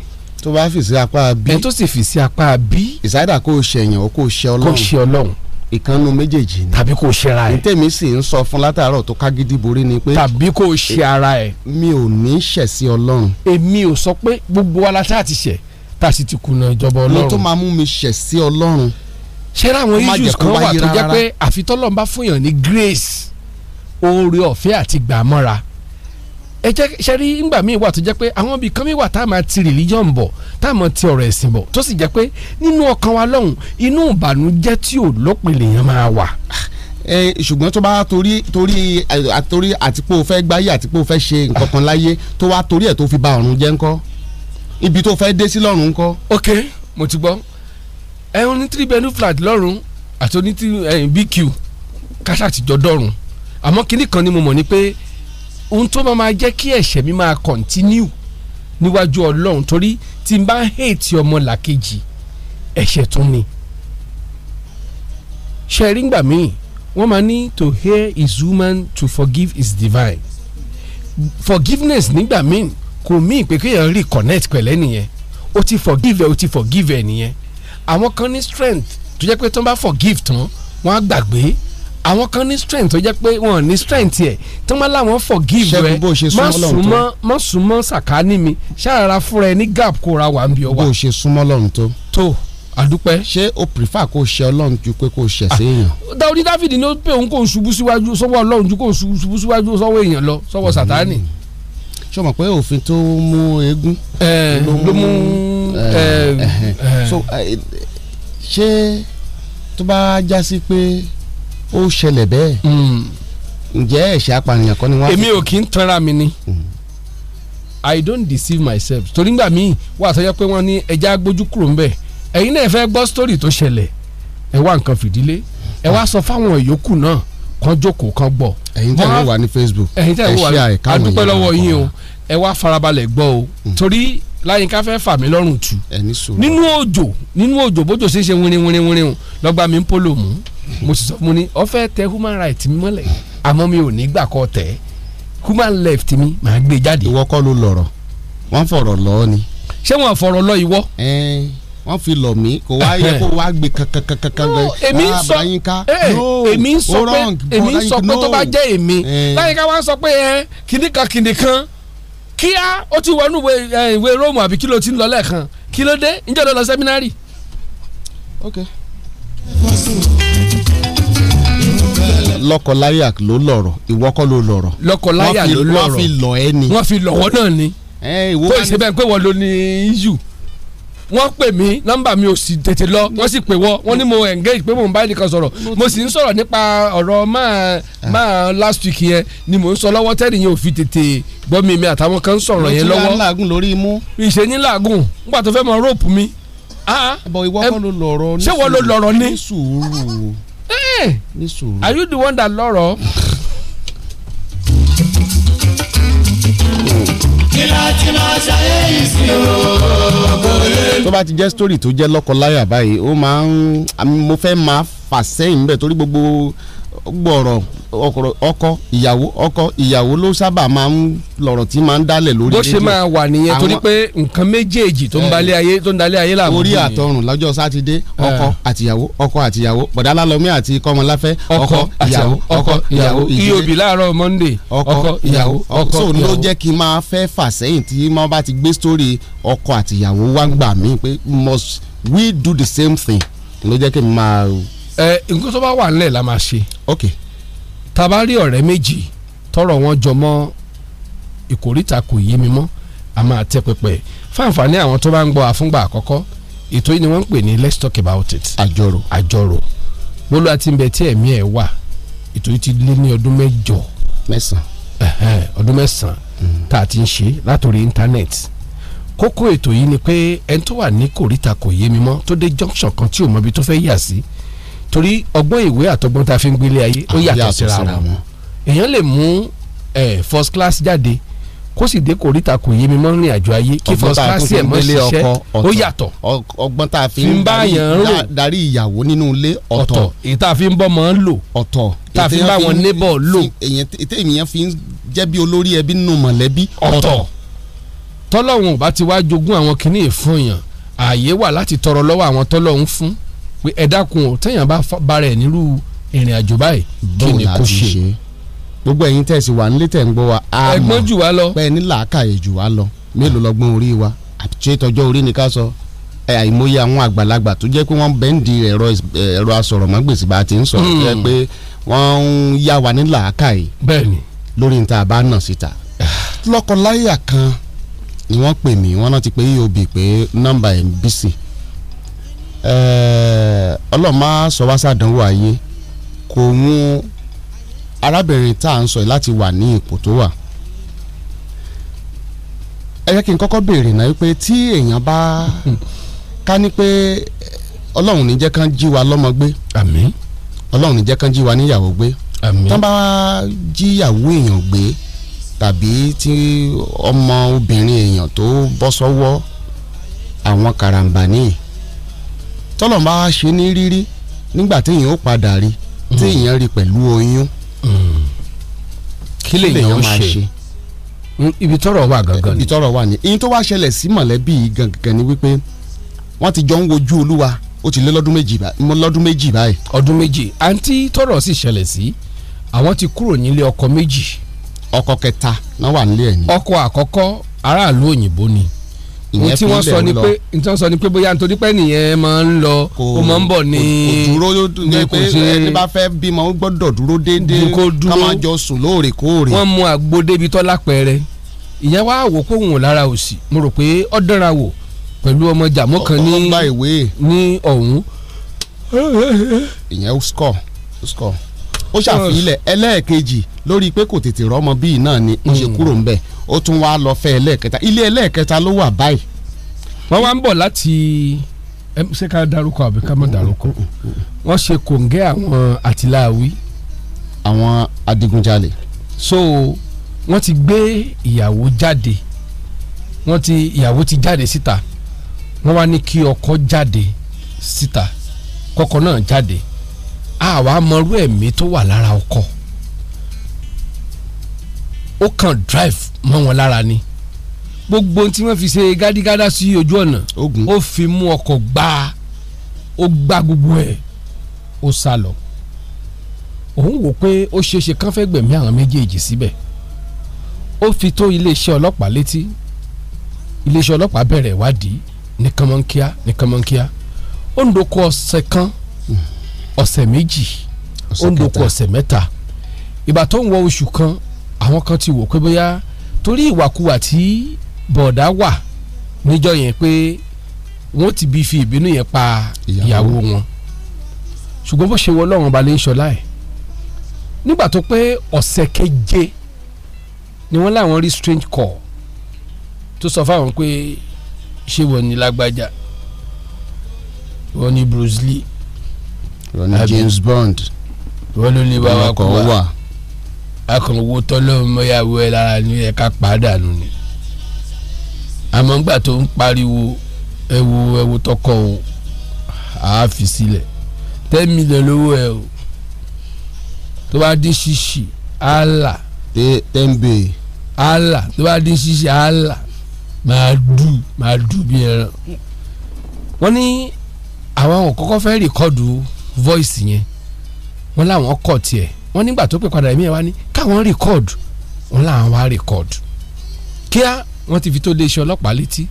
tó bá fì sí apá b ẹni tó sì fì sí apá b ìsáyédà kó o ṣẹ̀yàn o ṣẹ ọlọ́run kó o ṣẹ ọlọ́run ìkànnù méjèèjì ni tàbí kò ṣe ara ẹ ntẹ̀mí sì ń sọ fún látàárọ̀ tó kágídí borí ni pé tàbí kò e, ṣe ara ẹ mi ò ní ṣẹ̀ sí ọlọ́run. èmi ò sọ pé gbogbo wa la tá a ti ṣẹ̀ tá a sì ti kùnà ìjọba ọlọ́run. mo tó máa mú mi ṣẹ̀ sí ọlọ́run. ṣé àwọn issues kan wà tó jẹ́ pé àfitọ́lọ́n bá fún yàn ní grace oore ọ̀fẹ́ àti gbàmọ́ra ẹ jẹ́ ṣe rí ngbà míì wà tó jẹ́ pé àwọn ibì kan míì wà tá a máa ti religion bọ̀ táwọn ti ọ̀rọ̀ ẹ̀sìn bọ̀ tó sì jẹ́ pé nínú ọkàn wa lọ́hùn inú ìbànújẹ́ tí ò lópin lèèyàn máa wà. ẹ ah, eh, ṣùgbọ́n tó bá torí torí àtorí eh, àtipó fẹ́ gbáyé àtipó fẹ́ ṣe nǹkan kan láyé tó wá torí ẹ̀ tó fi ba ọ̀run jẹ́ ńkọ́ ibi tó fẹ́ dé sí lọ́run ńkọ́. ok mo ti gbọ́ ẹ ní three bedroom flat lọ́run àti oní eh, bq kásá ti dọ́run àmọ́ kinní kan ni mo mọ̀ ni pé ohun tó máa máa jẹ́ kí ẹ̀ṣẹ̀ mi máa continue níwájú ọlọ́run torí tí n bá hate ọmọ làkejì ẹ̀ṣẹ̀ tún ni ṣẹ̀rí ngbà míì wọ́n máa ní to hear is human to forgive is divine forgiveness nígbà míì kò mí pé kéèyàn connect. pẹ̀lẹ́ nìyẹn o ti forgive ẹ o ti forgive ẹ nìyẹn àwọn kan ní strength tó jẹ́ pé tó ń bá forgive tán wọ́n á gbàgbé àwọn kan ní strength tó jẹ́ pé wọ́n ní strength yẹ tí wọ́n láwọn forgive rẹ má súnmọ́ má súnmọ́ sàkání mi ṣàrara fúnra ẹ ní gap kó ra wà ń bí ọ wá. bó o ṣe súnmọ́ lọ́run tó. tó àdúpẹ́. ṣé o prefer kó ṣe ọlọ́run ju pé kó ṣe séèyàn. Ah, dáwọ́dí David ni ó pé òun kò ń ṣubú síwájú sọ́wọ́ ọlọ́run ju kò ń ṣubú síwájú sọ́wọ́ èèyàn lọ sọ́wọ́ hmm. sàtánì. ṣé o mọ̀ pé òfin tó mú eégún. ló mú so ṣé tó bá já sí pé ó ṣẹlẹ̀ bẹ́ẹ̀ hmm. ǹjẹ́ ẹ̀ṣẹ̀ apànìyàn kọ́ ni wọ́n. èmi ò kì í tanra mi ni hmm. i don't deceive myself torí ngbà míì wà tó yẹ pé wọ́n ní ẹja gbójú kúrò ńbẹ̀ ẹ̀yin náà fẹ́ gbọ́ sítórì tó ṣẹlẹ̀ ẹ wá nǹkan fìdílé ẹ wá sọ fáwọn ìyókù náà kan jókòó kan gbọ́. ẹ̀yin tẹ̀ ló wà ní Facebook ẹ ṣe àìkáwọn yẹn. a dúpẹ́ lọ́wọ́ yín o hmm. ẹ wá farabalẹ̀ gbọ́ o torí láyínká fẹ́ fà mí lọ́rùn tù nínú òjò nínú òjò bójò ṣe ń ṣe wínrín wínrín wínrín lọ́gbà mi ń polo mú mo sì sọ fún mi ní ó fẹ́ tẹ human right mi mọ́lẹ̀ àmọ́ mi ò ní gbà kọ́ tẹ̀ human left mi màá gbé jáde. ìwọ kọ́ ló lọ̀rọ̀ wọ́n fọ̀rọ̀ lọ ọ́ ni. ṣé wọ́n fọ̀rọ̀ lọ ìwọ. wọ́n fi lọ̀ mí kò wá yẹ kó wá gbé kankankankan ah, eh, èmi ń sọ èmi eh. ń sọ pé tó bá jẹ́ èmi láyínká wá sọ pé kìnnìkan kìnnìkan kíá ó ti wọnú ìwé róòmù àbí kí ló ti ń lọ lẹ́ẹ̀kan kí ló dé níjọ́ ló lọ sẹ́mínárì. lọ́kọláya ló lọ́rọ̀ ìwọ kọ́ ló lọ́rọ̀ lọ́kọláya ló lọ́rọ̀ wọ́n fi lọ ẹ́ ni wọ́n fi lọ́wọ́ náà ni kó ìṣe bẹ́ẹ̀ pé wọ́n ló ní yù wọ́n pè mí nọ́mbà mi ò sì tètè lọ wọ́n sì pè wọ́ wọ́n ní mo engage pé mo ń bá ẹnìkan sọ̀rọ̀ mo sì ń sọ̀rọ̀ nípa ọ̀rọ̀ máa ah. máa last week yẹn ni mo ń sọ lọ́wọ́ tẹ́lẹ̀ yẹn ò fi tètè gbọ́ mi mi àtàwọn kan ń sọ̀rọ̀ yẹn lọ́wọ́. ìṣe ní làágùn nígbà tó fẹ́ mọ rope mi. ṣé ah. wọ́n ló lọ̀rọ̀ ní. Eh. ní sùúrù. are you the one that lọ̀rọ̀? tó bá ti jẹ́ story tó jẹ́ lọ́kọ-láyà báyìí ó máa ń mo fẹ́ máa fà sẹ́yìn bẹ́ẹ̀ torí gbogbo gbọ̀rọ̀ ọkọ ìyàwó ọkọ ìyàwó ló sábà máa ń lọ̀rọ̀ tí máa ń dálẹ̀ lórí rédíò. bó ṣe máa wà nìyẹn torí pé nǹkan méjèèjì tó ń balẹ̀ eh. ayé tó ń dalẹ̀ ayé làwọn. orí àtọrùn lọ́jọ́ sátidé ọkọ eh. àtìyàwó ọkọ àtìyàwó bọ̀dálálọ́mí àti kọ́mọláfẹ́ ọkọ ìyàwó ọkọ ìyàwó iobi e láàárọ̀ monday ọkọ ìyàwó ọkọ so ló jẹ́ kí n máa fẹ́ fà we do the same thing ẹ nǹkan tó bá wà nílẹ̀ la máa ṣe. ok tá bá rí ọ̀rẹ́ méjì tọ́rọ̀ wọn jọ mọ́ ìkórìtà kò yé mi mọ́ a máa tẹ́ pẹpẹ fáǹfààní àwọn tó bá ń gbọ́ àfúngbà àkọ́kọ́ ètò yìí ni wọ́n ń pè ní let's talk about it. àjọrò àjọrò bólú àti nbẹ tí ẹ̀mí ẹ̀ wà ètò yìí ti lé ní ọdún mẹ́jọ. mẹ́sàn-án. ọdún mẹ́sàn mm. tá a ti ń ṣe látòrí íńtánẹ́ẹ̀tì kókó ètò yìí ni pé ẹni tó wà ní kòríta kò yé mi mọ́ tó dé junction kan tí ò mọ ibi tó fẹ́ yà sí. Si torí ọgbọ́n ìwé àtọgbọ́n tá a fi ń gbélé ayé ó yàtọ̀ síra wọn èèyàn lè mú first class jáde kó sì dé kòríta kò yé mi mọ́ rìn àjò ayé kí first class ẹ̀ mọ́ ṣiṣẹ́ ó yàtọ̀ ọgbọ́n tá a fi ń darí ìyàwó nínú ilé ọ̀tọ̀ èyí tá a fi ń bọ́ mọ́ ń lò ọ̀tọ̀ tá a fi ń bá wọn neighbor lò ètè èèyàn fi ń jẹ́ bí olórí ẹbí nínú mọ̀lẹ́bí ọ̀tọ̀ tọ́lọ́hún ò bá ti wá jogún àwọn kìnnìún fún yàn ààyè wà láti tọrọ lọ́wọ́ àwọn tọ́lọ́hún fún pé ẹ dákun ọ téèyàn bá bára ẹ nírú ìrìn àjò báyìí kí ni kò ṣe. gbogbo ẹ̀yin tẹ̀sí wa nílé tẹ̀ ń gbọ́ wa a mọ̀ pé ní làákàyè jù wá lọ mélòó lọ́gbọ́n orí wa àti tọjọ́ orí ni ká sọ àìmọye àwọn àgbàlagbà tó jẹ́ pé wọ́n bẹ́ǹdì ẹ̀rọ asọ̀rọ̀mágbèsì bá ti ń sọ̀rọ̀ hmm. tó jẹ́ pé wọ́n ń yá wa ní làákàyè lórí níta bá nà síta ah. lọ́kọláyà kan ni wọ́n pè mí wọ́n náà ti pé eob pé nọ́mbà ẹ̀ ń bísí Eh, ọlọ́mọ sọ wasa sàdánwò ayé kò mú arábìnrin tá à ń sọ yìí láti wà ní ipò tó wà ẹ jẹ́ kí n kọ́kọ́ béèrè náà wípé tí èèyàn bá ká ní pé ọlọ́run ní jẹ́ kán jí wa lọ́mọ gbé àmín ọlọ́run ní jẹ́ kán jí wa níyàwó gbé àmín tán bá jíyàwó èèyàn gbé tàbí tí ọmọ obìnrin èèyàn tó bọ́ sọ́wọ́ àwọn karambani tọ́lọ̀ máa ṣe ní rírí nígbà tí èèyàn ó padà rí tí hmm. èèyàn rí pẹ̀lú oyún hmm. kí lèèyàn máa ṣe hmm, ibi tọ́rọ̀ wà gangan ni ibi tọ́rọ̀ wà ni ìyẹn tó wá ṣẹlẹ̀ sí mọ̀lẹ́bí gangan ni wípé wọ́n ti jọ ń wojú olúwa ó ti lé lọ́dún méjì lọ́dún méjì báyìí. ọdún méjì àǹtí tọ́rọ̀ sì ṣẹlẹ̀ sí àwọn ti kúrò nílé ọkọ méjì. ọkọ kẹta náà wà nílé ẹ̀ ní. ọkọ àkọ́kọ́ aráàlú òyìnbó ni ìyẹn fi ilẹ̀ ń lọ ohun tí wọ́n sọ ni pé bóyá nítorí pé nìyẹn máa ń lọ ó máa ń bọ̀ ní kò dúró ní pé ẹni bá fẹ́ bímọ ó gbọ́dọ̀ dúró déédéé ká máa jọ sùn lóòrèkóòrè. wọ́n mú àgbo débi tọ́lá pẹ́ẹ́rẹ́ ìyẹn wá wò kó òun lára òsì mo rò pé ọ́ dánra wò pẹ̀lú ọmọ jàmọ́ kan ní ọ̀hún. ìyẹn ó score ó score ó ṣàfihàn ẹlẹ́ẹ̀kejì lórí pé kò tètè rọ́mọ bíi náà ni ó ṣe hmm. kúrò ńbẹ̀ ó tún wá lọ fẹ́ ẹlẹ́ẹ̀kẹta ilé ẹlẹ́ẹ̀kẹta ló wà báyìí. wọ́n wá ń bọ̀ láti ṣé ká darúkọ àbí ká má darúkọ wọ́n ṣe kòǹgẹ́ àwọn àtìláàwí. àwọn adigunjalè. so wọ́n ti gbé ìyàwó jáde wọ́n ti ìyàwó ti jáde síta wọ́n wá ní kí ọkọ jáde síta kọ́kọ́ náà jáde àwa mọrú ẹ̀mí tó wà lára ọkọ ó kàn drive mọ́ wọn lára ni gbogbo tí wọ́n fi ṣe gádígádá sí ojú ọ̀nà ó fi mú ọkọ̀ gbá ó gbá gbogbo ẹ̀ ó sá lọ òun wò pé ó ṣeéṣe kán fẹ́ gbẹ̀mí àwọn méjèèjì síbẹ̀ ó fi tó iléeṣẹ́ ọlọ́pàá létí iléeṣẹ́ ọlọ́pàá bẹ̀rẹ̀ ìwádìí ní kánmọ́nkíá ní kánmọ́nkíá ó ń doko ọ̀sẹ̀ kan ọ̀sẹ̀ méjì ó ń dokun ọ̀sẹ̀ mẹ́ta ìgbà tó ń wọ oṣù kan àwọn kan ti wò pé bóyá torí ìwàkuwà tí bọ̀dá wà níjọ́ yẹn pé wọ́n ti bí fi ìbínú yẹn pa ìyàwó wọn ṣùgbọ́n bó ṣe wọ lọ́wọ́n balẹ̀ ń ṣọlá ẹ̀ nígbà tó pé ọ̀sẹ̀ keje ni wọ́n láwọn rí strange call tó sọ fáwọn pé ṣé wọ́n ní lágbájá wọ́n ní Bruce Lee Ronnie James Bond wọ́n ló ní báwa kọ́ wà akọ̀wọ́ tọ́lọ́run mọ́yàwó ẹ̀ lára ní ẹ̀ka pàdánù ni àmọ́ ńgbà tó ń pariwo ẹ̀wù ẹ̀wù tọkọ o àá fi sílẹ̀ ten million lówó ẹ̀ o tó bá dín ṣíṣì á là ten bay á là tó bá dín ṣíṣì á là máa dù máa dù bí ẹran wọ́n ní àwọn kọ́kọ́ fẹ́ rìkọ́dù o voice yẹn wọ́n láwọn kọ̀ tiẹ̀ wọ́n nígbà tó pè padà ẹ̀mí ẹ̀ wá ní káwọn record wọ́n láwọn wá record kíá wọ́n ti fi tó iléeṣẹ́ ọlọ́pàá létí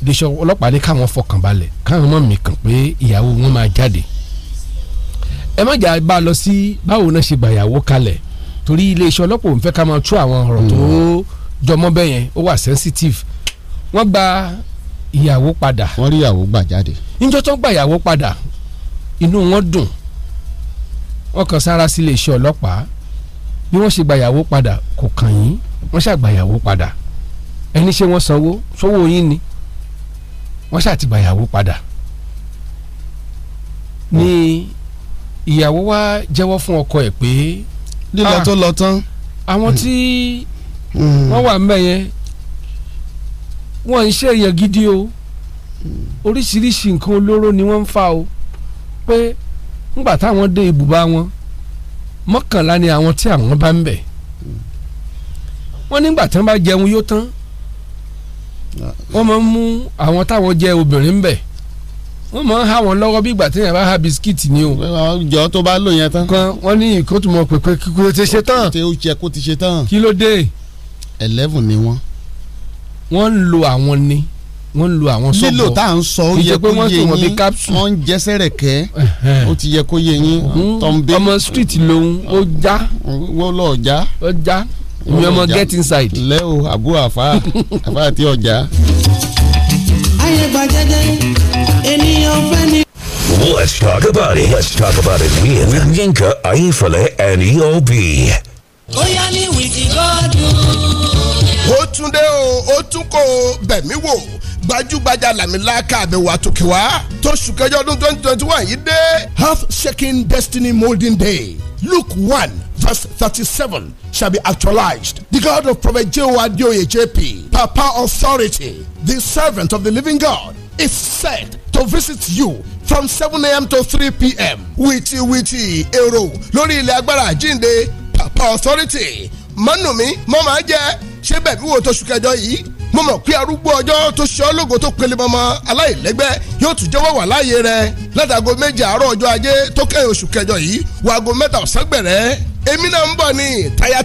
iléeṣẹ́ ọlọ́pàá ní káwọn fọkàn balẹ̀ káwọn mọ̀ mí kàn pé ìyàwó wọn máa jáde ẹ má jà bá a lọ sí báwo náà ṣe gbàyàwó kalẹ̀ torí iléeṣẹ́ ọlọ́pàá òun fẹ́ ká máa tú àwọn ọ̀rọ̀ tó hmm. jọmọ́ bẹ́ẹ̀ yẹn ó wà sensitive wọ́n gba ìyàwó padà. wọ́n rí ìyàwó gbà jáde. níjọ́ tó ń gba ìyàwó padà inú wọn dùn wọ́n kàn sára sí iléeṣẹ́ ọlọ́pàá bí wọ́n ṣe gbàyàwó padà kò kàn yín wọ́n ṣàgbàyàwó padà ẹni ṣé wọ́n sanwó sówó yín ni wọ́n ṣàtìgbàyàwó padà ni ìyàwó wa jẹ́wọ́ fún ọkọ ẹ̀ pé. lílọ ah, tó lọ tán. àwọn tí hmm. wọ́n wà mẹ́yẹ wọ́n ń ṣe èèyàn gidi o oríṣiríṣi nǹkan olóró ni wọ́n ń fa o. Mm pé ńgbà táwọn dé ibùba wọn mọ́kànlá ni àwọn tí àwọn bá ń bẹ̀ wọ́n nígbà tí wọ́n bá jẹun yó tán wọ́n máa ń mú àwọn táwọn jẹ obìnrin ń bẹ̀ wọ́n máa ń há wọn lọ́wọ́ bí ìgbà tí yẹn bá ha bisikíìtì ni o. jọ tó bá lò yẹn tán. kan wọ́n ní ìkó tó mọ pẹpẹ kíkó ti ṣe tán. kó ti ṣe kó ti ṣe tán. kí ló dé. eleven ni wọ́n. wọ́n ń lo àwọn ni wọ́n lo àwọn sọ́bọ̀ lílo tá à ń sọ ó yẹ kó yé yín wọ́n ń jẹ́sẹ̀ rẹ̀ kẹ́ ó ti yẹ kó yé yín tọ́ǹbé ọmọ street lòun ó já wọ́n lọ já ó já ọmọ get inside. lẹ́wọ̀ àbú àfa àfa àti ọjà. ayé gbàjẹ́jẹ́ ènìyàn fẹ́ ni. Let's talk about it. Let's talk about it with Yinka Ayefele and EOB ó yá ní wìkì gọ́ọ̀dù. ó tún dé o ó tún kó o bẹ̀mí wò gbajúgbajà làmìlàkà àbẹ̀wò àtòkè wá tóṣù kẹjọ ọdún twenty twenty one yìí dé. half shaking destiny molding day luke one verse thirty-seven shall be actualized. The God of Prophet Jehovah JP, Papa Authority, the servant of the living God, is set to visit you from seven a.m. to three p.m. wìtìwìtì èrò lórí ilẹ̀ agbára àjíǹde Papa Authority mọ́nùmí mọ́ máa jẹ́ ṣé bẹ̀bí wo tó ṣùkẹ́jọ yìí mo mọ̀ pé arúgbó ọjọ́ tó ṣe ọ́ lógo tó pele mọ́mọ́ aláìlẹ́gbẹ́ yóò tún jẹ́wọ́ wà láàyè rẹ̀ látàgò méje àárọ̀ ọjọ́ ajé tó kẹ́yìn oṣù kẹjọ yìí wàgò mẹ́ta ọ̀sán gbẹ̀rẹ́ èmi náà ń bọ̀ ní tayat